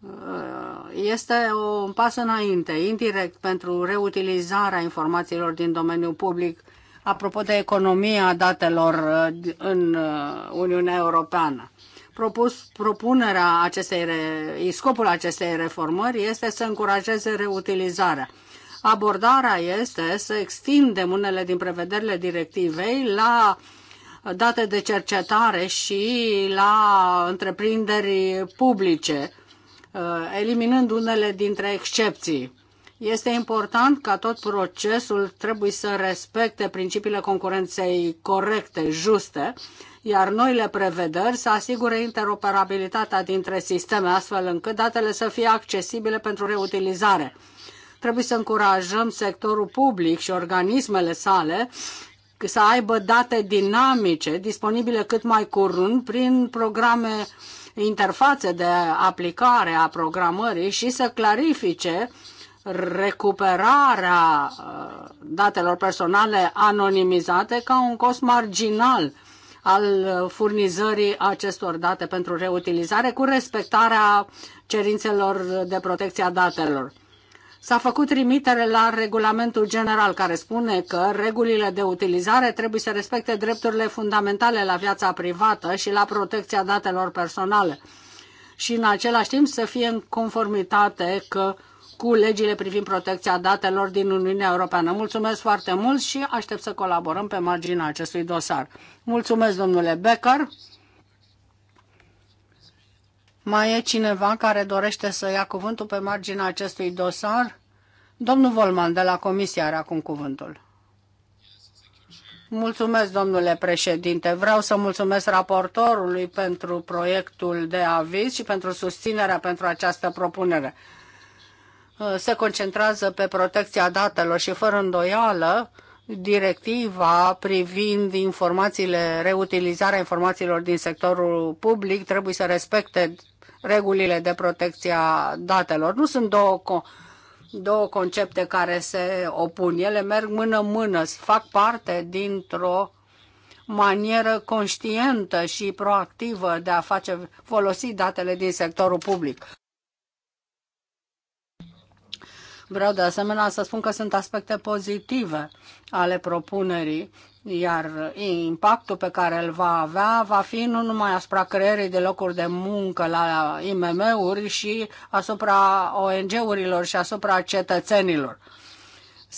Uh, este un pas înainte, indirect, pentru reutilizarea informațiilor din domeniul public apropo de economia datelor uh, în Uniunea Europeană propus, propunerea acestei, scopul acestei reformări este să încurajeze reutilizarea. Abordarea este să extindem unele din prevederile directivei la date de cercetare și la întreprinderi publice, eliminând unele dintre excepții. Este important ca tot procesul trebuie să respecte principiile concurenței corecte, juste, iar noile prevederi să asigure interoperabilitatea dintre sisteme, astfel încât datele să fie accesibile pentru reutilizare. Trebuie să încurajăm sectorul public și organismele sale să aibă date dinamice disponibile cât mai curând prin programe interfațe de aplicare a programării și să clarifice recuperarea uh, datelor personale anonimizate ca un cost marginal al furnizării acestor date pentru reutilizare cu respectarea cerințelor de protecție a datelor. S-a făcut trimitere la regulamentul general care spune că regulile de utilizare trebuie să respecte drepturile fundamentale la viața privată și la protecția datelor personale și în același timp să fie în conformitate că cu legile privind protecția datelor din Uniunea Europeană. Mulțumesc foarte mult și aștept să colaborăm pe marginea acestui dosar. Mulțumesc, domnule Becker. Mai e cineva care dorește să ia cuvântul pe marginea acestui dosar? Domnul Volman de la Comisie are acum cuvântul. Mulțumesc, domnule președinte. Vreau să mulțumesc raportorului pentru proiectul de aviz și pentru susținerea pentru această propunere. Uh, se concentrează pe protecția datelor și fără îndoială directiva privind informațiile, reutilizarea informațiilor din sectorul public trebuie să respecte regulile de protecție a datelor. Nu sunt două, două concepte care se opun. Ele merg mână-mână, fac parte dintr-o manieră conștientă și proactivă de a face folosi datele din sectorul public. Vreau de asemenea să spun că sunt aspecte pozitive ale propunerii, iar impactul pe care îl va avea va fi nu numai asupra creierii de locuri de muncă la IMM-uri și asupra ONG-urilor și asupra cetățenilor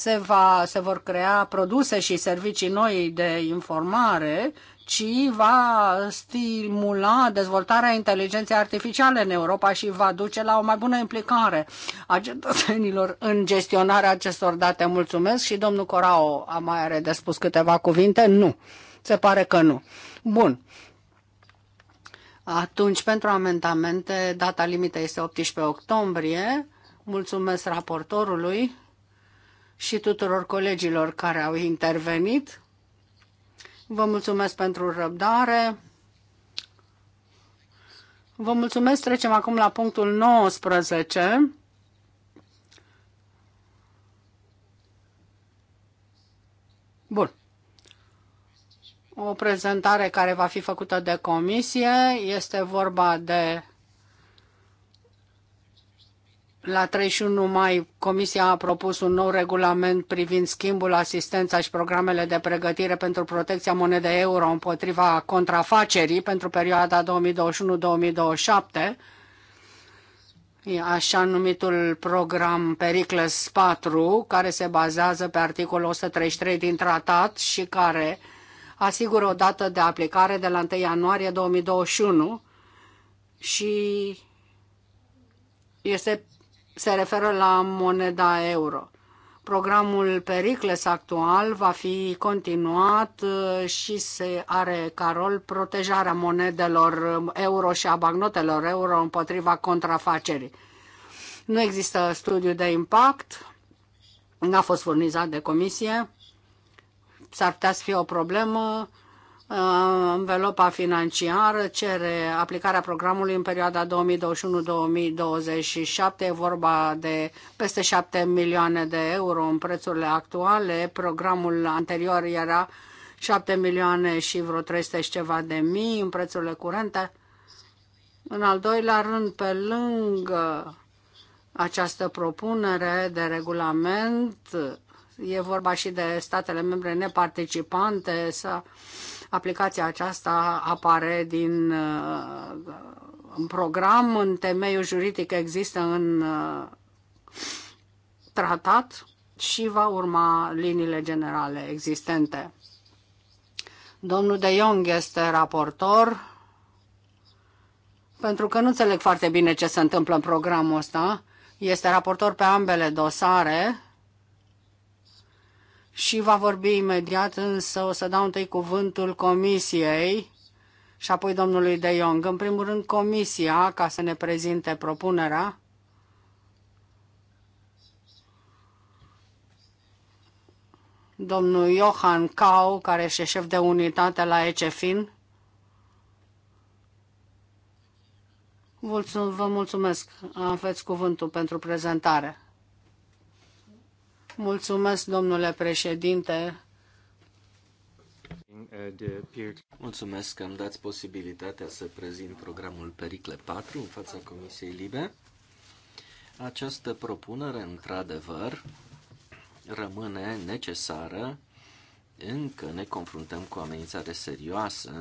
se, va, se vor crea produse și servicii noi de informare, ci va stimula dezvoltarea inteligenței artificiale în Europa și va duce la o mai bună implicare a cetățenilor în gestionarea acestor date. Mulțumesc și domnul Corao a mai are de spus câteva cuvinte? Nu. Se pare că nu. Bun. Atunci, pentru amendamente, data limită este 18 octombrie. Mulțumesc raportorului și tuturor colegilor care au intervenit. Vă mulțumesc pentru răbdare. Vă mulțumesc. Trecem acum la punctul 19. Bun. O prezentare care va fi făcută de comisie. Este vorba de la 31 mai, Comisia a propus un nou regulament privind schimbul, asistența și programele de pregătire pentru protecția monedei euro împotriva contrafacerii pentru perioada 2021-2027, așa numitul program Pericles 4, care se bazează pe articolul 133 din tratat și care asigură o dată de aplicare de la 1 ianuarie 2021 și este se referă la moneda euro. Programul Pericles actual va fi continuat uh, și se are ca rol protejarea monedelor uh, euro și a bagnotelor euro împotriva contrafacerii. Nu există studiu de impact, n-a fost furnizat de comisie, s-ar putea să fie o problemă Uh, învelopa financiară cere aplicarea programului în perioada 2021-2027. E vorba de peste 7 milioane de euro în prețurile actuale. Programul anterior era 7 milioane și vreo 300 și ceva de mii în prețurile curente. În al doilea rând, pe lângă această propunere de regulament, e vorba și de statele membre neparticipante să Aplicația aceasta apare din uh, în program, în temeiul juridic există în uh, tratat și va urma liniile generale existente. Domnul De Jong este raportor, pentru că nu înțeleg foarte bine ce se întâmplă în programul ăsta. Este raportor pe ambele dosare și va vorbi imediat, însă o să dau întâi cuvântul comisiei și apoi domnului De Jong. În primul rând, comisia, ca să ne prezinte propunerea. Domnul Johan Kau, care este șef de unitate la ECFIN. Vă mulțumesc, aveți cuvântul pentru prezentare. Mulțumesc, domnule președinte. Mulțumesc că îmi dați posibilitatea să prezint programul Pericle 4 în fața Comisiei Libe. Această propunere, într-adevăr, rămâne necesară. Încă ne confruntăm cu o amenințare serioasă în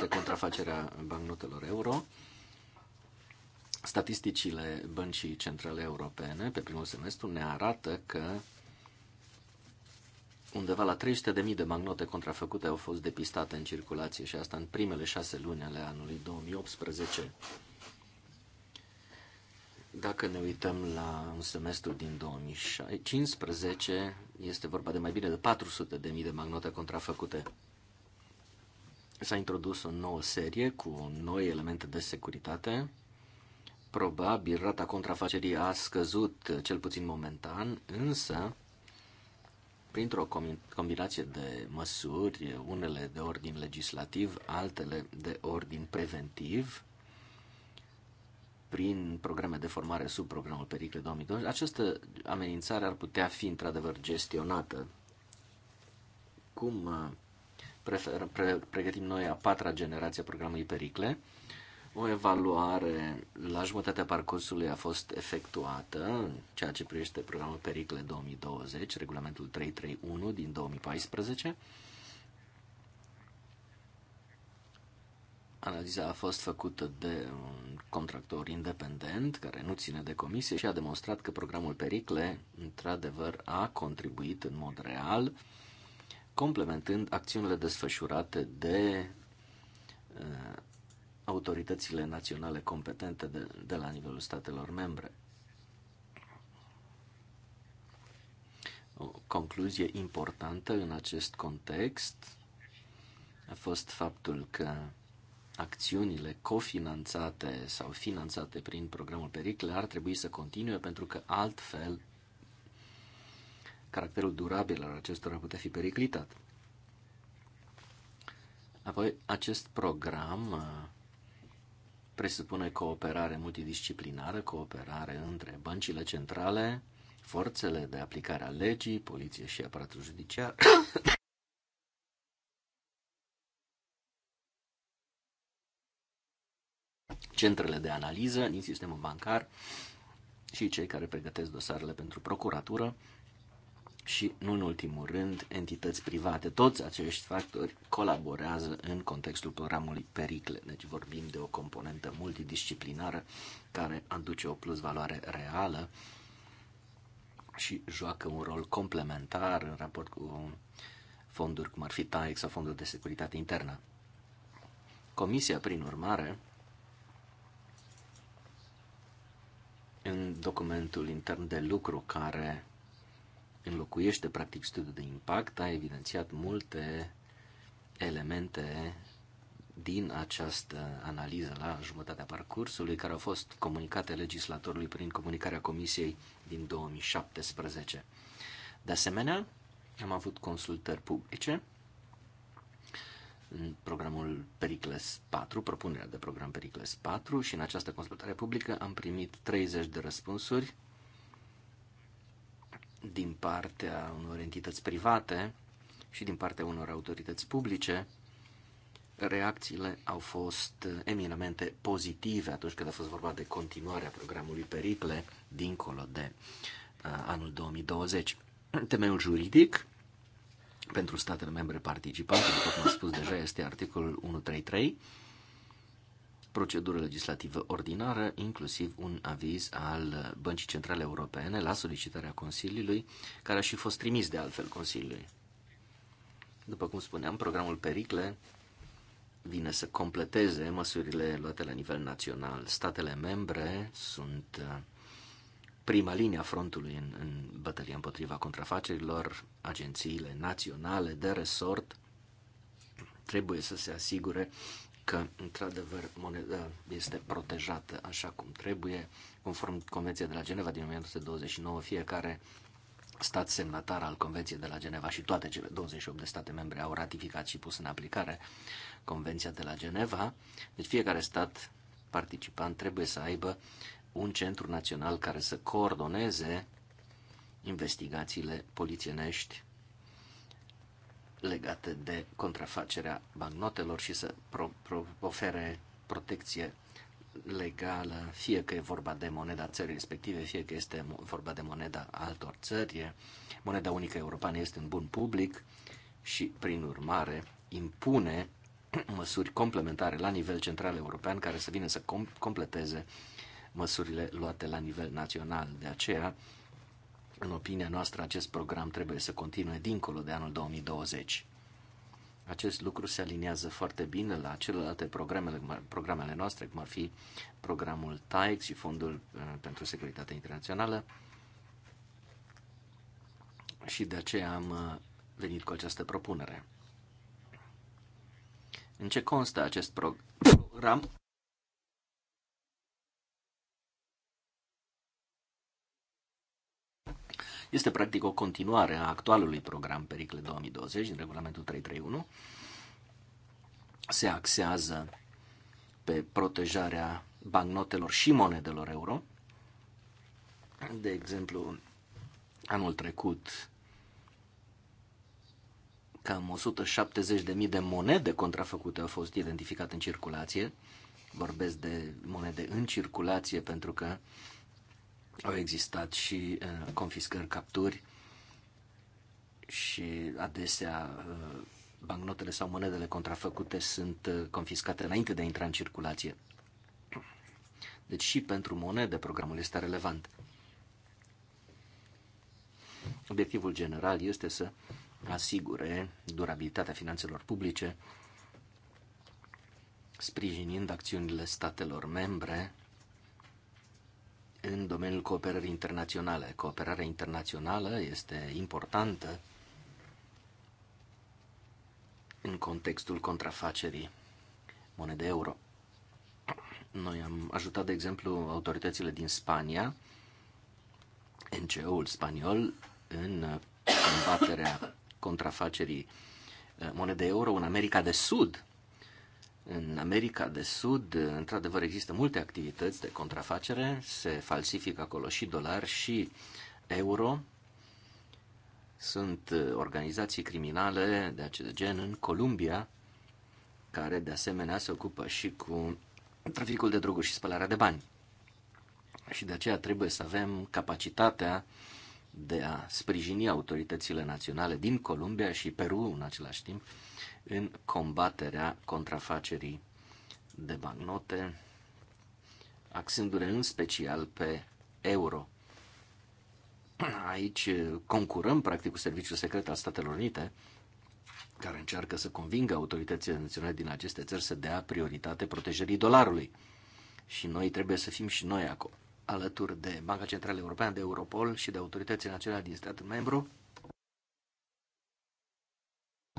ce contrafacerea bancnotelor euro. Statisticile Băncii Centrale Europene pe primul semestru ne arată că undeva la 300.000 de magnote contrafăcute au fost depistate în circulație și asta în primele șase luni ale anului 2018. Dacă ne uităm la un semestru din 2015, este vorba de mai bine de 400.000 de magnote contrafăcute. S-a introdus o nouă serie cu noi elemente de securitate. Probabil rata contrafacerii a scăzut cel puțin momentan, însă printr-o combinație de măsuri, unele de ordin legislativ, altele de ordin preventiv, prin programe de formare sub programul Pericle 2020, această amenințare ar putea fi într-adevăr gestionată. Cum uh, prefer, pre, pregătim noi a patra generație a programului Pericle? O evaluare la jumătatea parcursului a fost efectuată în ceea ce privește programul Pericle 2020, regulamentul 331 din 2014. Analiza a fost făcută de un contractor independent care nu ține de comisie și a demonstrat că programul Pericle într-adevăr a contribuit în mod real, complementând acțiunile desfășurate de uh, autoritățile naționale competente de, de la nivelul statelor membre. O concluzie importantă în acest context a fost faptul că acțiunile cofinanțate sau finanțate prin programul Pericle ar trebui să continue pentru că altfel caracterul durabil al ar putea fi periclitat. Apoi, acest program uh, presupune cooperare multidisciplinară, cooperare între băncile centrale, forțele de aplicare a legii, poliție și aparatul judiciar. centrele de analiză din sistemul bancar și cei care pregătesc dosarele pentru procuratură și, nu în ultimul rând, entități private. Toți acești factori colaborează în contextul programului Pericle, deci vorbim de o componentă multidisciplinară care aduce o plus valoare reală și joacă un rol complementar în raport cu fonduri cum ar fi TAEX sau fondul de securitate internă. Comisia, prin urmare, în documentul intern de lucru care înlocuiește practic studiul de impact, a evidențiat multe elemente din această analiză la jumătatea parcursului, care au fost comunicate legislatorului prin comunicarea Comisiei din 2017. De asemenea, am avut consultări publice în programul Pericles 4, propunerea de program Pericles 4 și în această consultare publică am primit 30 de răspunsuri din partea unor entități private și din partea unor autorități publice, reacțiile au fost eminamente pozitive atunci când a fost vorba de continuarea programului Pericle dincolo de uh, anul 2020. Temeiul juridic pentru statele membre participante, după cum am spus deja, este articolul 133 procedură legislativă ordinară, inclusiv un aviz al Băncii Centrale Europene la solicitarea Consiliului, care a și fost trimis de altfel Consiliului. După cum spuneam, programul Pericle vine să completeze măsurile luate la nivel național. Statele membre sunt uh, prima linie a frontului în, în bătălia împotriva contrafacerilor, agențiile naționale de resort trebuie să se asigure că, într-adevăr, moneda este protejată așa cum trebuie, conform Convenției de la Geneva din 1929, fiecare stat semnatar al Convenției de la Geneva și toate cele 28 de state membre au ratificat și pus în aplicare Convenția de la Geneva. Deci fiecare stat participant trebuie să aibă un centru național care să coordoneze investigațiile polițienești legate de contrafacerea bannotelor și să pro, pro, ofere protecție legală, fie că e vorba de moneda țării respective, fie că este vorba de moneda altor țări. Moneda unică europeană este în bun public și, prin urmare, impune măsuri complementare la nivel central european care să vină să com- completeze măsurile luate la nivel național. De aceea, în opinia noastră, acest program trebuie să continue dincolo de anul 2020. Acest lucru se aliniază foarte bine la celelalte programele, programele noastre, cum ar fi programul TAEX și Fondul uh, pentru Securitatea Internațională. Și de aceea am uh, venit cu această propunere. În ce constă acest program? Este practic o continuare a actualului program Pericle 2020 din regulamentul 331. Se axează pe protejarea bancnotelor și monedelor euro. De exemplu, anul trecut cam 170.000 de monede contrafăcute au fost identificate în circulație. Vorbesc de monede în circulație pentru că au existat și uh, confiscări, capturi și adesea uh, bancnotele sau monedele contrafăcute sunt uh, confiscate înainte de a intra în circulație. Deci și pentru monede programul este relevant. Obiectivul general este să asigure durabilitatea finanțelor publice, sprijinind acțiunile statelor membre în domeniul cooperării internaționale. Cooperarea internațională este importantă în contextul contrafacerii monede euro. Noi am ajutat, de exemplu, autoritățile din Spania, NGO-ul spaniol, în combaterea contrafacerii eh, monede euro în America de Sud, în America de Sud, într-adevăr, există multe activități de contrafacere, se falsifică acolo și dolari și euro. Sunt uh, organizații criminale de acest gen în Columbia, care de asemenea se ocupă și cu traficul de droguri și spălarea de bani. Și de aceea trebuie să avem capacitatea de a sprijini autoritățile naționale din Columbia și Peru în același timp în combaterea contrafacerii de bancnote, axându le în special pe euro. Aici concurăm, practic, cu Serviciul Secret al Statelor Unite, care încearcă să convingă autoritățile naționale din aceste țări să dea prioritate protejării dolarului. Și noi trebuie să fim și noi acolo, alături de Banca Centrală Europeană, de Europol și de autoritățile naționale din statul membru,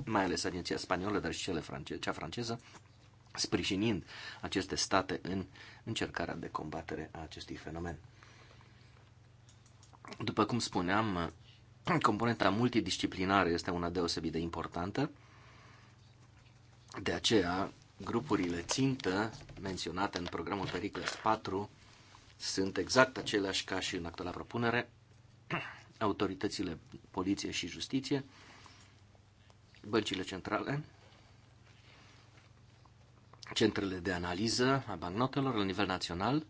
mai ales agenția spaniolă, dar și cele france- cea franceză, sprijinind aceste state în încercarea de combatere a acestui fenomen. După cum spuneam, componenta multidisciplinară este una deosebit de importantă, de aceea grupurile țintă menționate în programul Pericles 4 sunt exact aceleași ca și în actuala propunere, autoritățile poliție și justiție, băncile centrale, centrele de analiză a bancnotelor la nivel național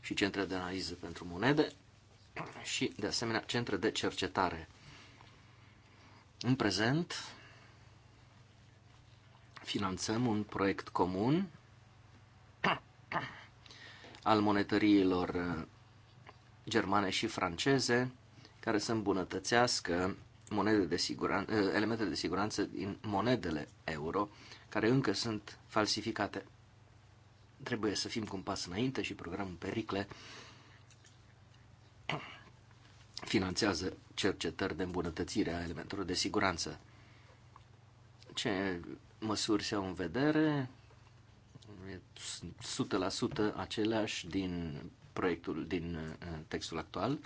și centre de analiză pentru monede și, de asemenea, centre de cercetare. În prezent, finanțăm un proiect comun al monetăriilor germane și franceze care să îmbunătățească monede de siguranță, eh, elemente de siguranță din monedele euro, care încă sunt falsificate. Trebuie să fim cu un pas înainte și programul Pericle finanțează cercetări de îmbunătățire a elementelor de siguranță. Ce măsuri se au în vedere? 100% aceleași din proiectul, din eh, textul actual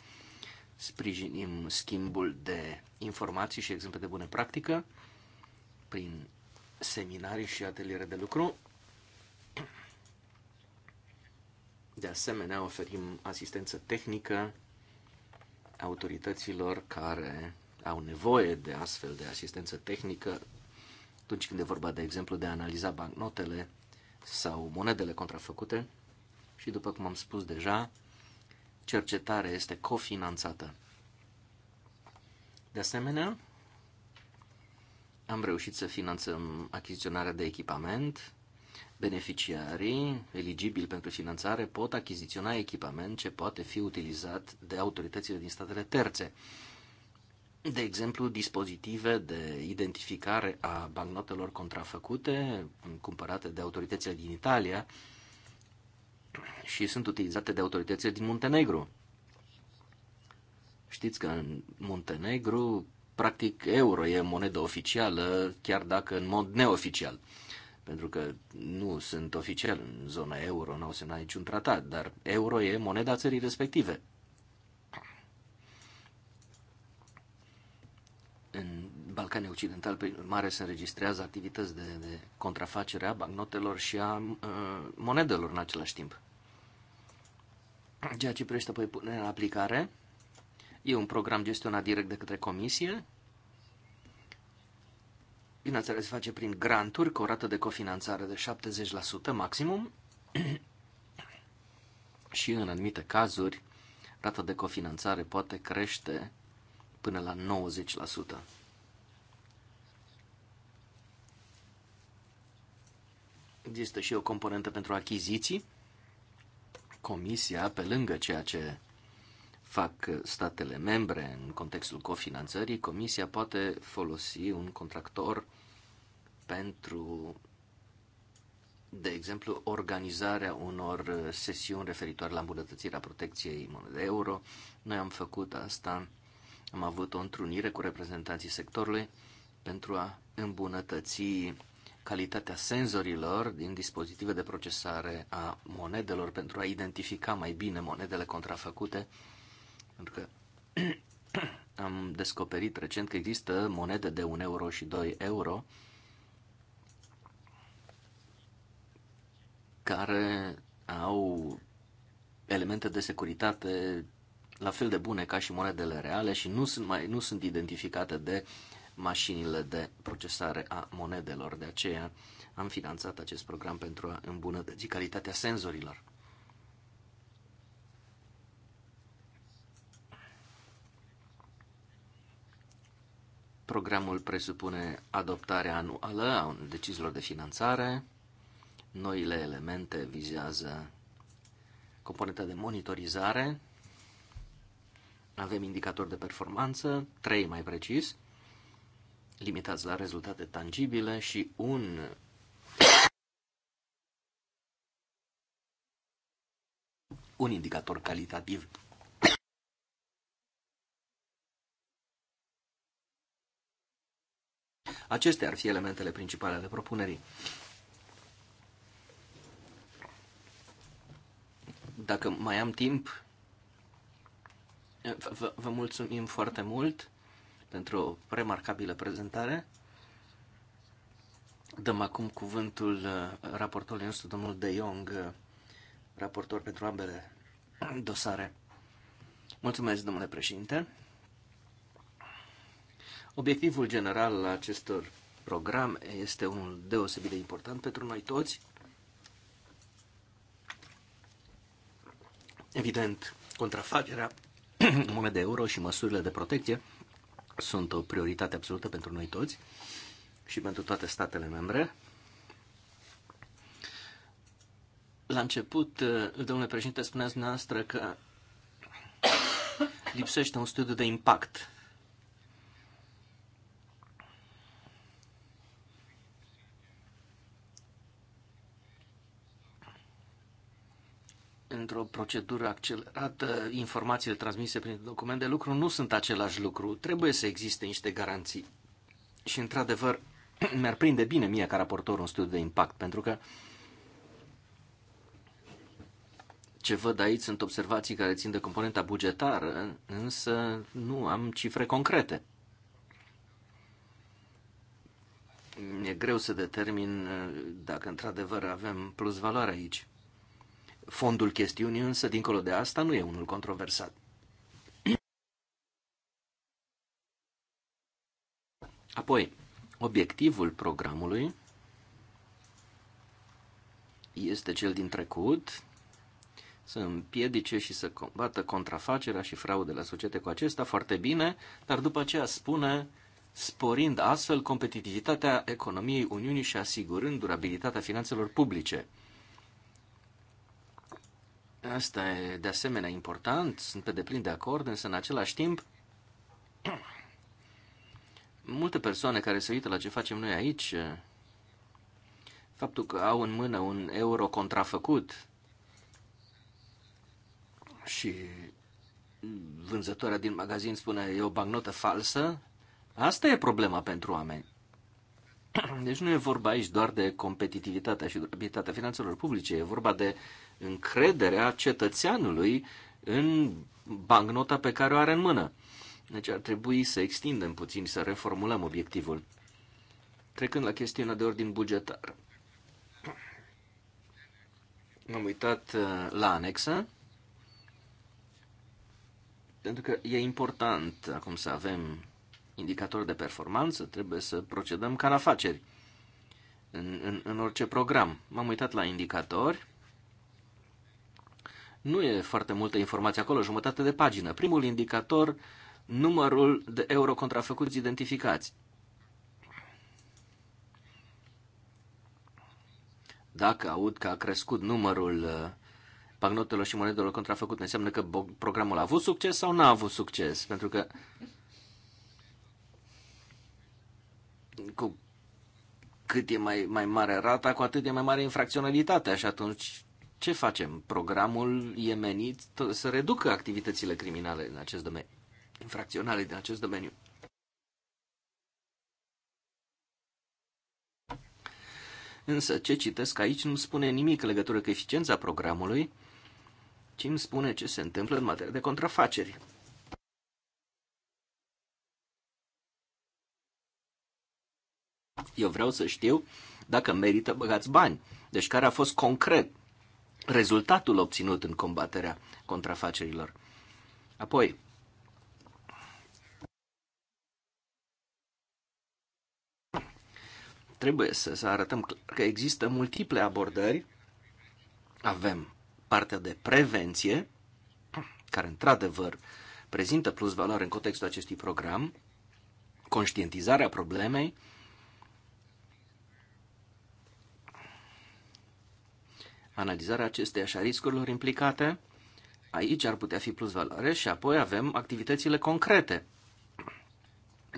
sprijinim schimbul de informații și exemple de bună practică prin seminarii și ateliere de lucru. De asemenea, oferim asistență tehnică autorităților care au nevoie de astfel de asistență tehnică atunci când e vorba, de exemplu, de a analiza bancnotele sau monedele contrafăcute. Și după cum am spus deja, cercetare este cofinanțată. De asemenea, am reușit să finanțăm achiziționarea de echipament. Beneficiarii eligibili pentru finanțare pot achiziționa echipament ce poate fi utilizat de autoritățile din statele terțe. De exemplu, dispozitive de identificare a bancnotelor contrafăcute cumpărate de autoritățile din Italia și sunt utilizate de autoritățile din Muntenegru. Știți că în Muntenegru, practic, euro e monedă oficială, chiar dacă în mod neoficial. Pentru că nu sunt oficial în zona euro, nu au semnat niciun tratat, dar euro e moneda țării respective. Balcanii Occidentali, pe mare, se înregistrează activități de, de contrafacere a bagnotelor și a uh, monedelor în același timp. Ceea ce privește apoi punerea în aplicare, e un program gestionat direct de către Comisie. Bineînțeles, se face prin granturi cu o rată de cofinanțare de 70% maximum și în anumite cazuri rata de cofinanțare poate crește până la 90%. Există și o componentă pentru achiziții. Comisia, pe lângă ceea ce fac statele membre în contextul cofinanțării, Comisia poate folosi un contractor pentru, de exemplu, organizarea unor sesiuni referitoare la îmbunătățirea protecției monedei euro. Noi am făcut asta, am avut o întrunire cu reprezentanții sectorului pentru a îmbunătăți calitatea senzorilor din dispozitive de procesare a monedelor pentru a identifica mai bine monedele contrafăcute, pentru că am descoperit recent că există monede de 1 euro și 2 euro care au elemente de securitate la fel de bune ca și monedele reale și nu sunt, mai, nu sunt identificate de uh, mașinile de procesare a monedelor. De aceea am finanțat acest program pentru a îmbunătăți calitatea senzorilor. Programul presupune adoptarea anuală a deciziilor de finanțare. Noile elemente vizează componenta de monitorizare. Avem indicatori de performanță, trei mai precis, limitați la rezultate tangibile și un un indicator calitativ Acestea ar fi elementele principale ale propunerii. Dacă mai am timp, vă, vă mulțumim foarte mult pentru o remarcabilă prezentare. Dăm acum cuvântul uh, raportorului nostru, domnul De Jong, uh, raportor pentru ambele dosare. Mulțumesc, domnule președinte. Obiectivul general al acestor programe este unul deosebit de important pentru noi toți. Evident, contrafacerea monedei euro și măsurile de protecție sunt o prioritate absolută pentru noi toți și pentru toate statele membre. La început, eh, domnule președinte, spuneați dumneavoastră că lipsește un studiu de impact într-o procedură accelerată, informațiile transmise prin document de lucru nu sunt același lucru. Trebuie să existe niște garanții. Și, într-adevăr, mi-ar prinde bine mie ca raportor un studiu de impact, pentru că ce văd aici sunt observații care țin de componenta bugetară, însă nu am cifre concrete. E greu să determin uh, dacă într-adevăr avem plus valoare aici. Fondul chestiunii însă, dincolo de asta, nu e unul controversat. Apoi, obiectivul programului este cel din trecut, să împiedice și să combată contrafacerea și fraudele asociate cu acesta foarte bine, dar după aceea spune, sporind astfel competitivitatea economiei Uniunii și asigurând durabilitatea finanțelor publice. Asta e de asemenea important, sunt pe deplin de acord, însă în același timp multe persoane care se uită la ce facem noi aici, faptul că au în mână un euro contrafăcut și vânzătoarea din magazin spune e o bagnotă falsă, asta e problema pentru oameni. Deci nu e vorba aici doar de competitivitatea și durabilitatea finanțelor publice, e vorba de încrederea cetățeanului în bancnota pe care o are în mână. Deci ar trebui să extindem puțin, să reformulăm obiectivul. Trecând la chestiunea de ordin bugetar. M-am uitat uh, la anexă, pentru că e important acum să avem indicatori de performanță, trebuie să procedăm ca în afaceri, în, în, în orice program. M-am uitat la indicatori nu e foarte multă informație acolo, jumătate de pagină. Primul indicator, numărul de euro contrafăcuți identificați. Dacă aud că a crescut numărul uh, bagnotelor și monedelor contrafăcute, înseamnă că programul a avut succes sau n-a avut succes? Pentru că cu cât e mai, mai mare rata, cu atât e mai mare infracționalitatea și atunci ce facem? Programul e menit să reducă activitățile criminale în acest domeniu, infracționale din acest domeniu. Însă ce citesc aici nu spune nimic în legătură cu eficiența programului, ci îmi spune ce se întâmplă în materie de contrafaceri. Eu vreau să știu dacă merită băgați bani. Deci care a fost concret rezultatul obținut în combaterea contrafacerilor. Apoi, trebuie să, să arătăm că există multiple abordări. Avem partea de prevenție, care într-adevăr prezintă plus valoare în contextul acestui program, conștientizarea problemei, analizarea acesteia și a riscurilor implicate. Aici ar putea fi plus valoare și apoi avem activitățile concrete.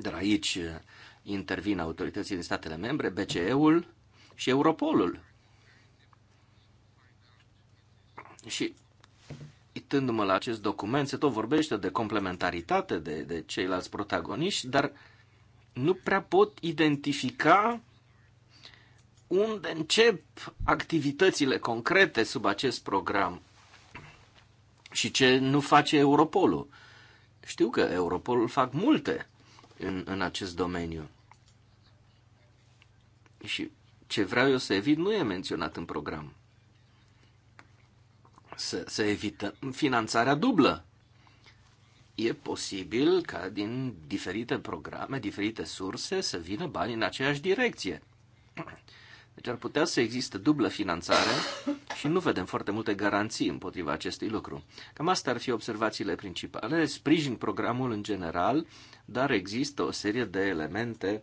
Dar aici eh, intervin autoritățile din statele membre, BCE-ul și Europolul. Și uitându-mă la acest document, se tot vorbește de complementaritate de, de ceilalți protagoniști, dar nu prea pot identifica unde încep activitățile concrete sub acest program și ce nu face Europolul. Știu că Europolul fac multe în, în acest domeniu. Și ce vreau eu să evit nu e menționat în program. Să, să evită finanțarea dublă. E posibil ca din diferite programe, diferite surse să vină bani în aceeași direcție. Deci ar putea să existe dublă finanțare și nu vedem foarte multe garanții împotriva acestui lucru. Cam asta ar fi observațiile principale. Sprijin programul în general, dar există o serie de elemente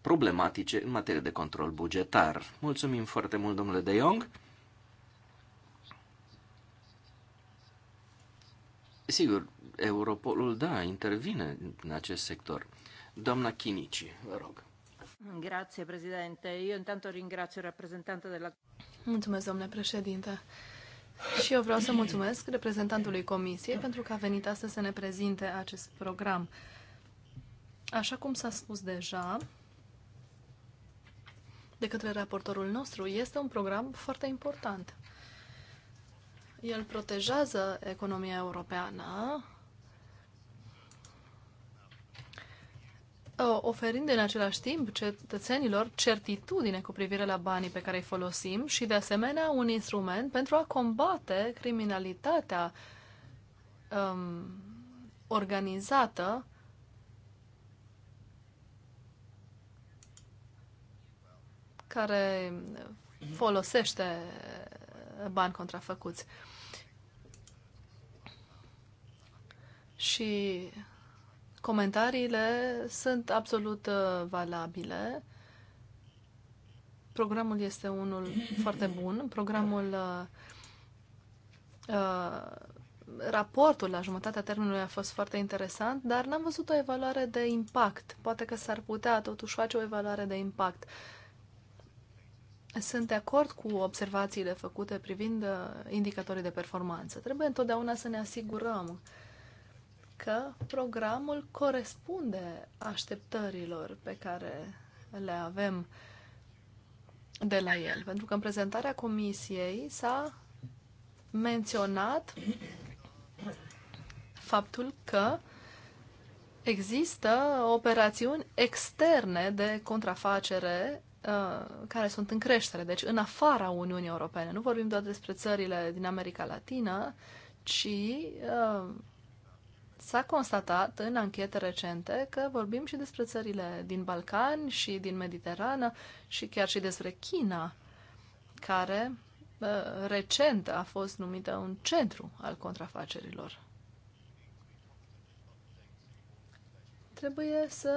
problematice în materie de control bugetar. Mulțumim foarte mult, domnule De Jong. Sigur, Europolul, da, intervine în acest sector. Doamna Chinici, vă rog. Grazie, președinte. Eu intanto ringrazio de la... Mulțumesc, domnule președinte. Și eu vreau să mulțumesc reprezentantului Comisiei pentru că a venit astăzi să ne prezinte acest program. Așa cum s-a spus deja de către raportorul nostru, este un program foarte important. El protejează economia europeană, Uh, oferind în același timp cetățenilor certitudine cu privire la banii pe care îi folosim și, de asemenea, un instrument pentru a combate criminalitatea um, organizată care folosește bani contrafăcuți. Și Comentariile sunt absolut uh, valabile. Programul este unul foarte bun. Programul uh, uh, raportul la jumătatea termenului a fost foarte interesant, dar n-am văzut o evaluare de impact. Poate că s-ar putea totuși face o evaluare de impact. Sunt de acord cu observațiile făcute privind indicatorii de performanță. Trebuie întotdeauna să ne asigurăm că programul corespunde așteptărilor pe care le avem de la el. Pentru că în prezentarea comisiei s-a menționat faptul că există operațiuni externe de contrafacere uh, care sunt în creștere, deci în afara Uniunii Europene. Nu vorbim doar despre țările din America Latină, ci uh, S-a constatat în anchete recente că vorbim și despre țările din Balcan și din Mediterană și chiar și despre China, care uh, recent a fost numită un centru al contrafacerilor. Trebuie să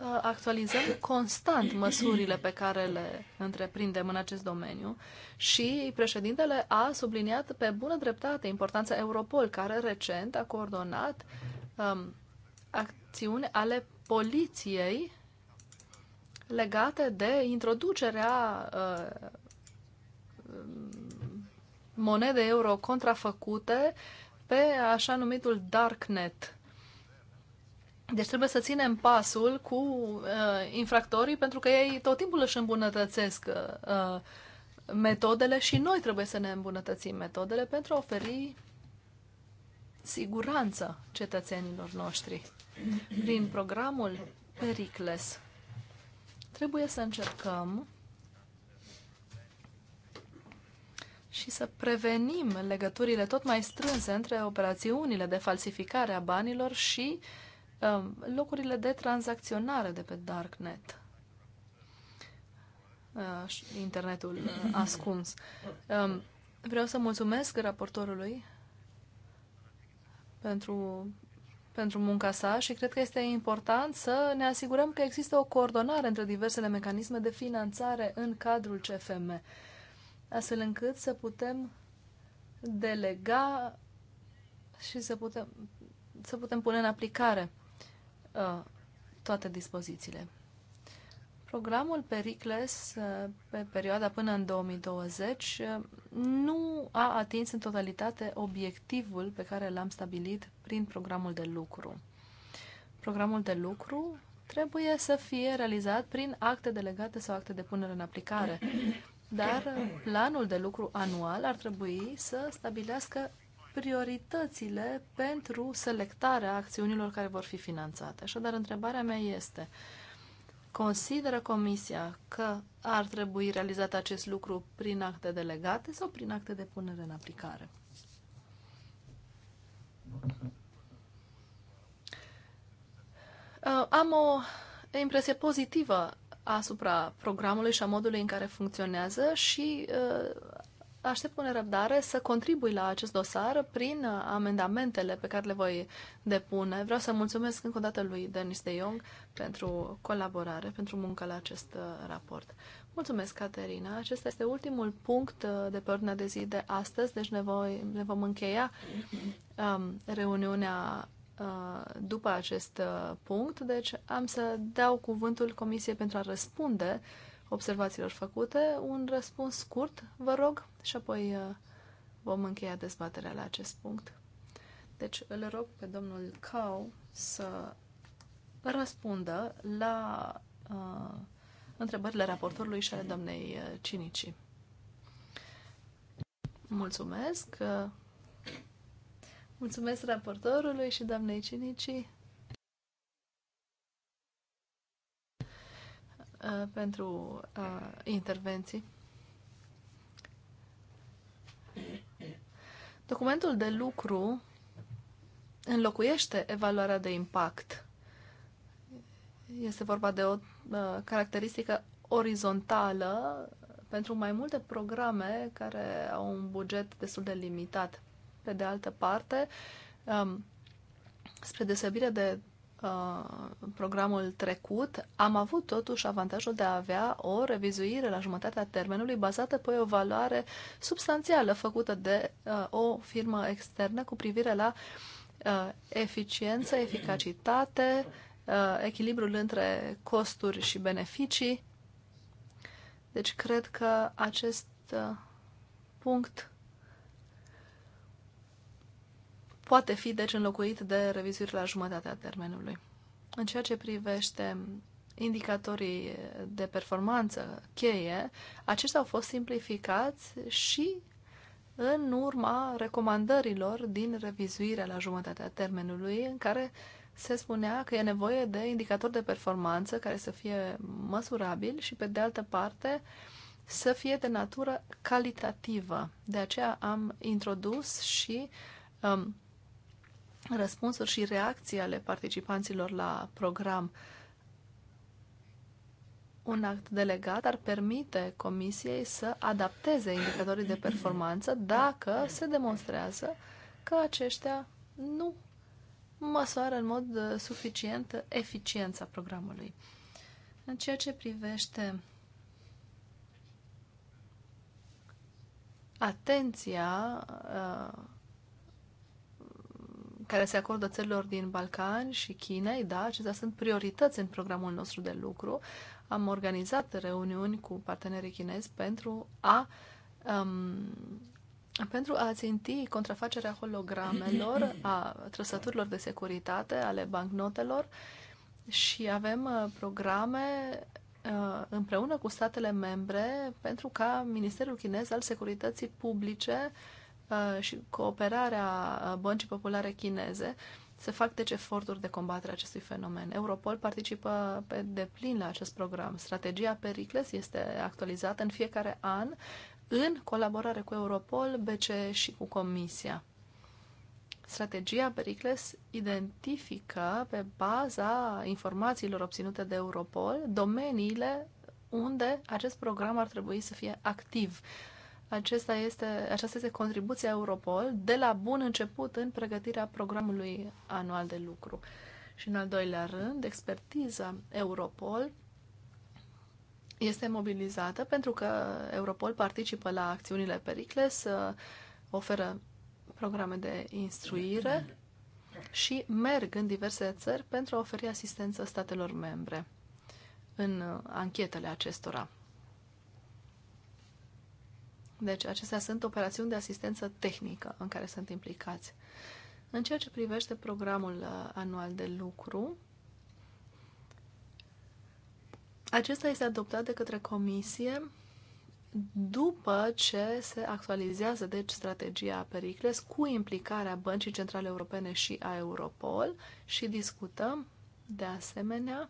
uh, actualizăm constant măsurile pe care le întreprindem în acest domeniu și președintele a subliniat pe bună dreptate importanța Europol, care recent a coordonat um, acțiuni ale poliției legate de introducerea uh, um, monede euro contrafăcute pe așa numitul darknet deci trebuie să ținem pasul cu uh, infractorii pentru că ei tot timpul își îmbunătățesc uh, metodele și noi trebuie să ne îmbunătățim metodele pentru a oferi siguranță cetățenilor noștri. Prin programul Pericles trebuie să încercăm și să prevenim legăturile tot mai strânse între operațiunile de falsificare a banilor și uh, Um, locurile de tranzacționare de pe Darknet, uh, internetul uh, ascuns. Um, vreau să mulțumesc raportorului pentru, pentru munca sa și cred că este important să ne asigurăm că există o coordonare între diversele mecanisme de finanțare în cadrul CFM, astfel încât să putem delega și să putem, să putem pune în aplicare Uh, toate dispozițiile. Programul Pericles uh, pe perioada până în 2020 uh, nu a atins în totalitate obiectivul pe care l-am stabilit prin programul de lucru. Programul de lucru trebuie să fie realizat prin acte delegate sau acte de punere în aplicare, dar planul de lucru anual ar trebui să stabilească prioritățile pentru selectarea acțiunilor care vor fi finanțate. Așadar, întrebarea mea este, consideră Comisia că ar trebui realizat acest lucru prin acte delegate sau prin acte de punere în aplicare? Uh, am o impresie pozitivă asupra programului și a modului în care funcționează și uh, aștept cu nerăbdare să contribui la acest dosar prin uh, amendamentele pe care le voi depune. Vreau să mulțumesc încă o dată lui Denis de Jong pentru colaborare, pentru muncă la acest uh, raport. Mulțumesc, Caterina. Acesta este ultimul punct uh, de pe ordinea de zi de astăzi, deci ne, voi, ne vom încheia um, reuniunea uh, după acest punct, deci am să dau cuvântul Comisiei pentru a răspunde uh, observațiilor făcute, un răspuns scurt, vă rog, și apoi uh, vom încheia dezbaterea la acest punct. Deci îl rog pe domnul Cau să răspundă la uh, întrebările raportorului și ale doamnei uh, Cinici. Mulțumesc! Uh, mulțumesc raportorului și doamnei Cinici Uh, pentru uh, intervenții. Documentul de lucru înlocuiește evaluarea de impact. Este vorba de o uh, caracteristică orizontală pentru mai multe programe care au un buget destul de limitat. Pe de altă parte, um, spre deosebire de Uh, programul trecut, am avut totuși avantajul de a avea o revizuire la jumătatea termenului bazată pe o valoare substanțială făcută de uh, o firmă externă cu privire la uh, eficiență, eficacitate, uh, echilibrul între costuri și beneficii. Deci cred că acest uh, punct poate fi deci înlocuit de revizuiri la jumătatea termenului. În ceea ce privește indicatorii de performanță cheie, aceștia au fost simplificați și în urma recomandărilor din revizuirea la jumătatea termenului, în care se spunea că e nevoie de indicatori de performanță care să fie măsurabili și, pe de altă parte, să fie de natură calitativă. De aceea am introdus și um, răspunsuri și reacții ale participanților la program. Un act delegat ar permite Comisiei să adapteze indicatorii de performanță dacă se demonstrează că aceștia nu măsoară în mod uh, suficient eficiența programului. În ceea ce privește atenția uh, care se acordă țărilor din Balcani și Chinei, da, acestea sunt priorități în programul nostru de lucru. Am organizat reuniuni cu partenerii chinezi pentru a um, pentru a ținti contrafacerea hologramelor, a trăsăturilor de securitate, ale bancnotelor și avem uh, programe uh, împreună cu statele membre pentru ca Ministerul Chinez al Securității Publice uh, Uh, și cooperarea uh, Băncii Populare Chineze, se fac deci eforturi de combatere a acestui fenomen. Europol participă pe deplin la acest program. Strategia Pericles este actualizată în fiecare an în colaborare cu Europol, BCE și cu Comisia. Strategia Pericles identifică, pe baza informațiilor obținute de Europol, domeniile unde acest program ar trebui să fie activ acesta este, aceasta este contribuția Europol de la bun început în pregătirea programului anual de lucru. Și în al doilea rând, expertiza Europol este mobilizată pentru că Europol participă la acțiunile Pericles, oferă programe de instruire și merg în diverse țări pentru a oferi asistență statelor membre în uh, anchetele acestora. Deci acestea sunt operațiuni de asistență tehnică în care sunt implicați. În ceea ce privește programul uh, anual de lucru, acesta este adoptat de către comisie după ce se actualizează deci strategia Pericles cu implicarea Băncii Centrale Europene și a Europol și discutăm de asemenea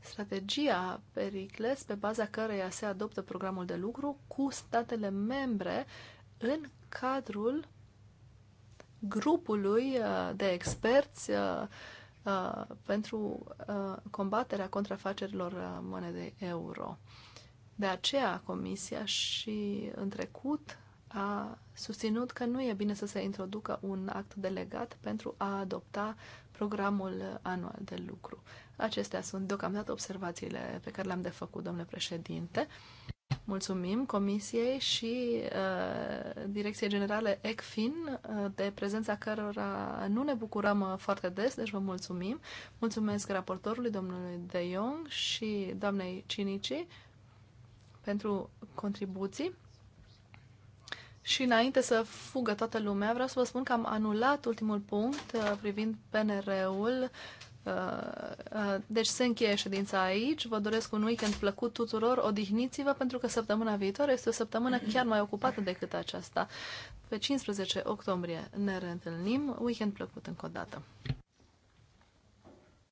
strategia Pericles pe baza căreia se adoptă programul de lucru cu statele membre în cadrul grupului uh, de experți uh, uh, pentru combaterea contrafacerilor monedei euro. De aceea, Comisia și în trecut a susținut că nu e bine să se introducă un act delegat pentru a adopta programul anual de lucru. Acestea sunt deocamdată observațiile pe care le-am de făcut, domnule președinte. Mulțumim Comisiei și uh, Direcției Generale ECFIN, uh, de prezența cărora nu ne bucurăm uh, foarte des, deci vă mulțumim. Mulțumesc raportorului, domnului De Jong și doamnei Cinici pentru contribuții. Și înainte să fugă toată lumea, vreau să vă spun că am anulat ultimul punct uh, privind PNR-ul Uh, uh, deci se încheie ședința aici. Vă doresc un weekend plăcut tuturor. Odihniți-vă pentru că săptămâna viitoare este o săptămână chiar mai ocupată decât aceasta. Pe 15 octombrie ne reîntâlnim. Weekend plăcut încă o dată.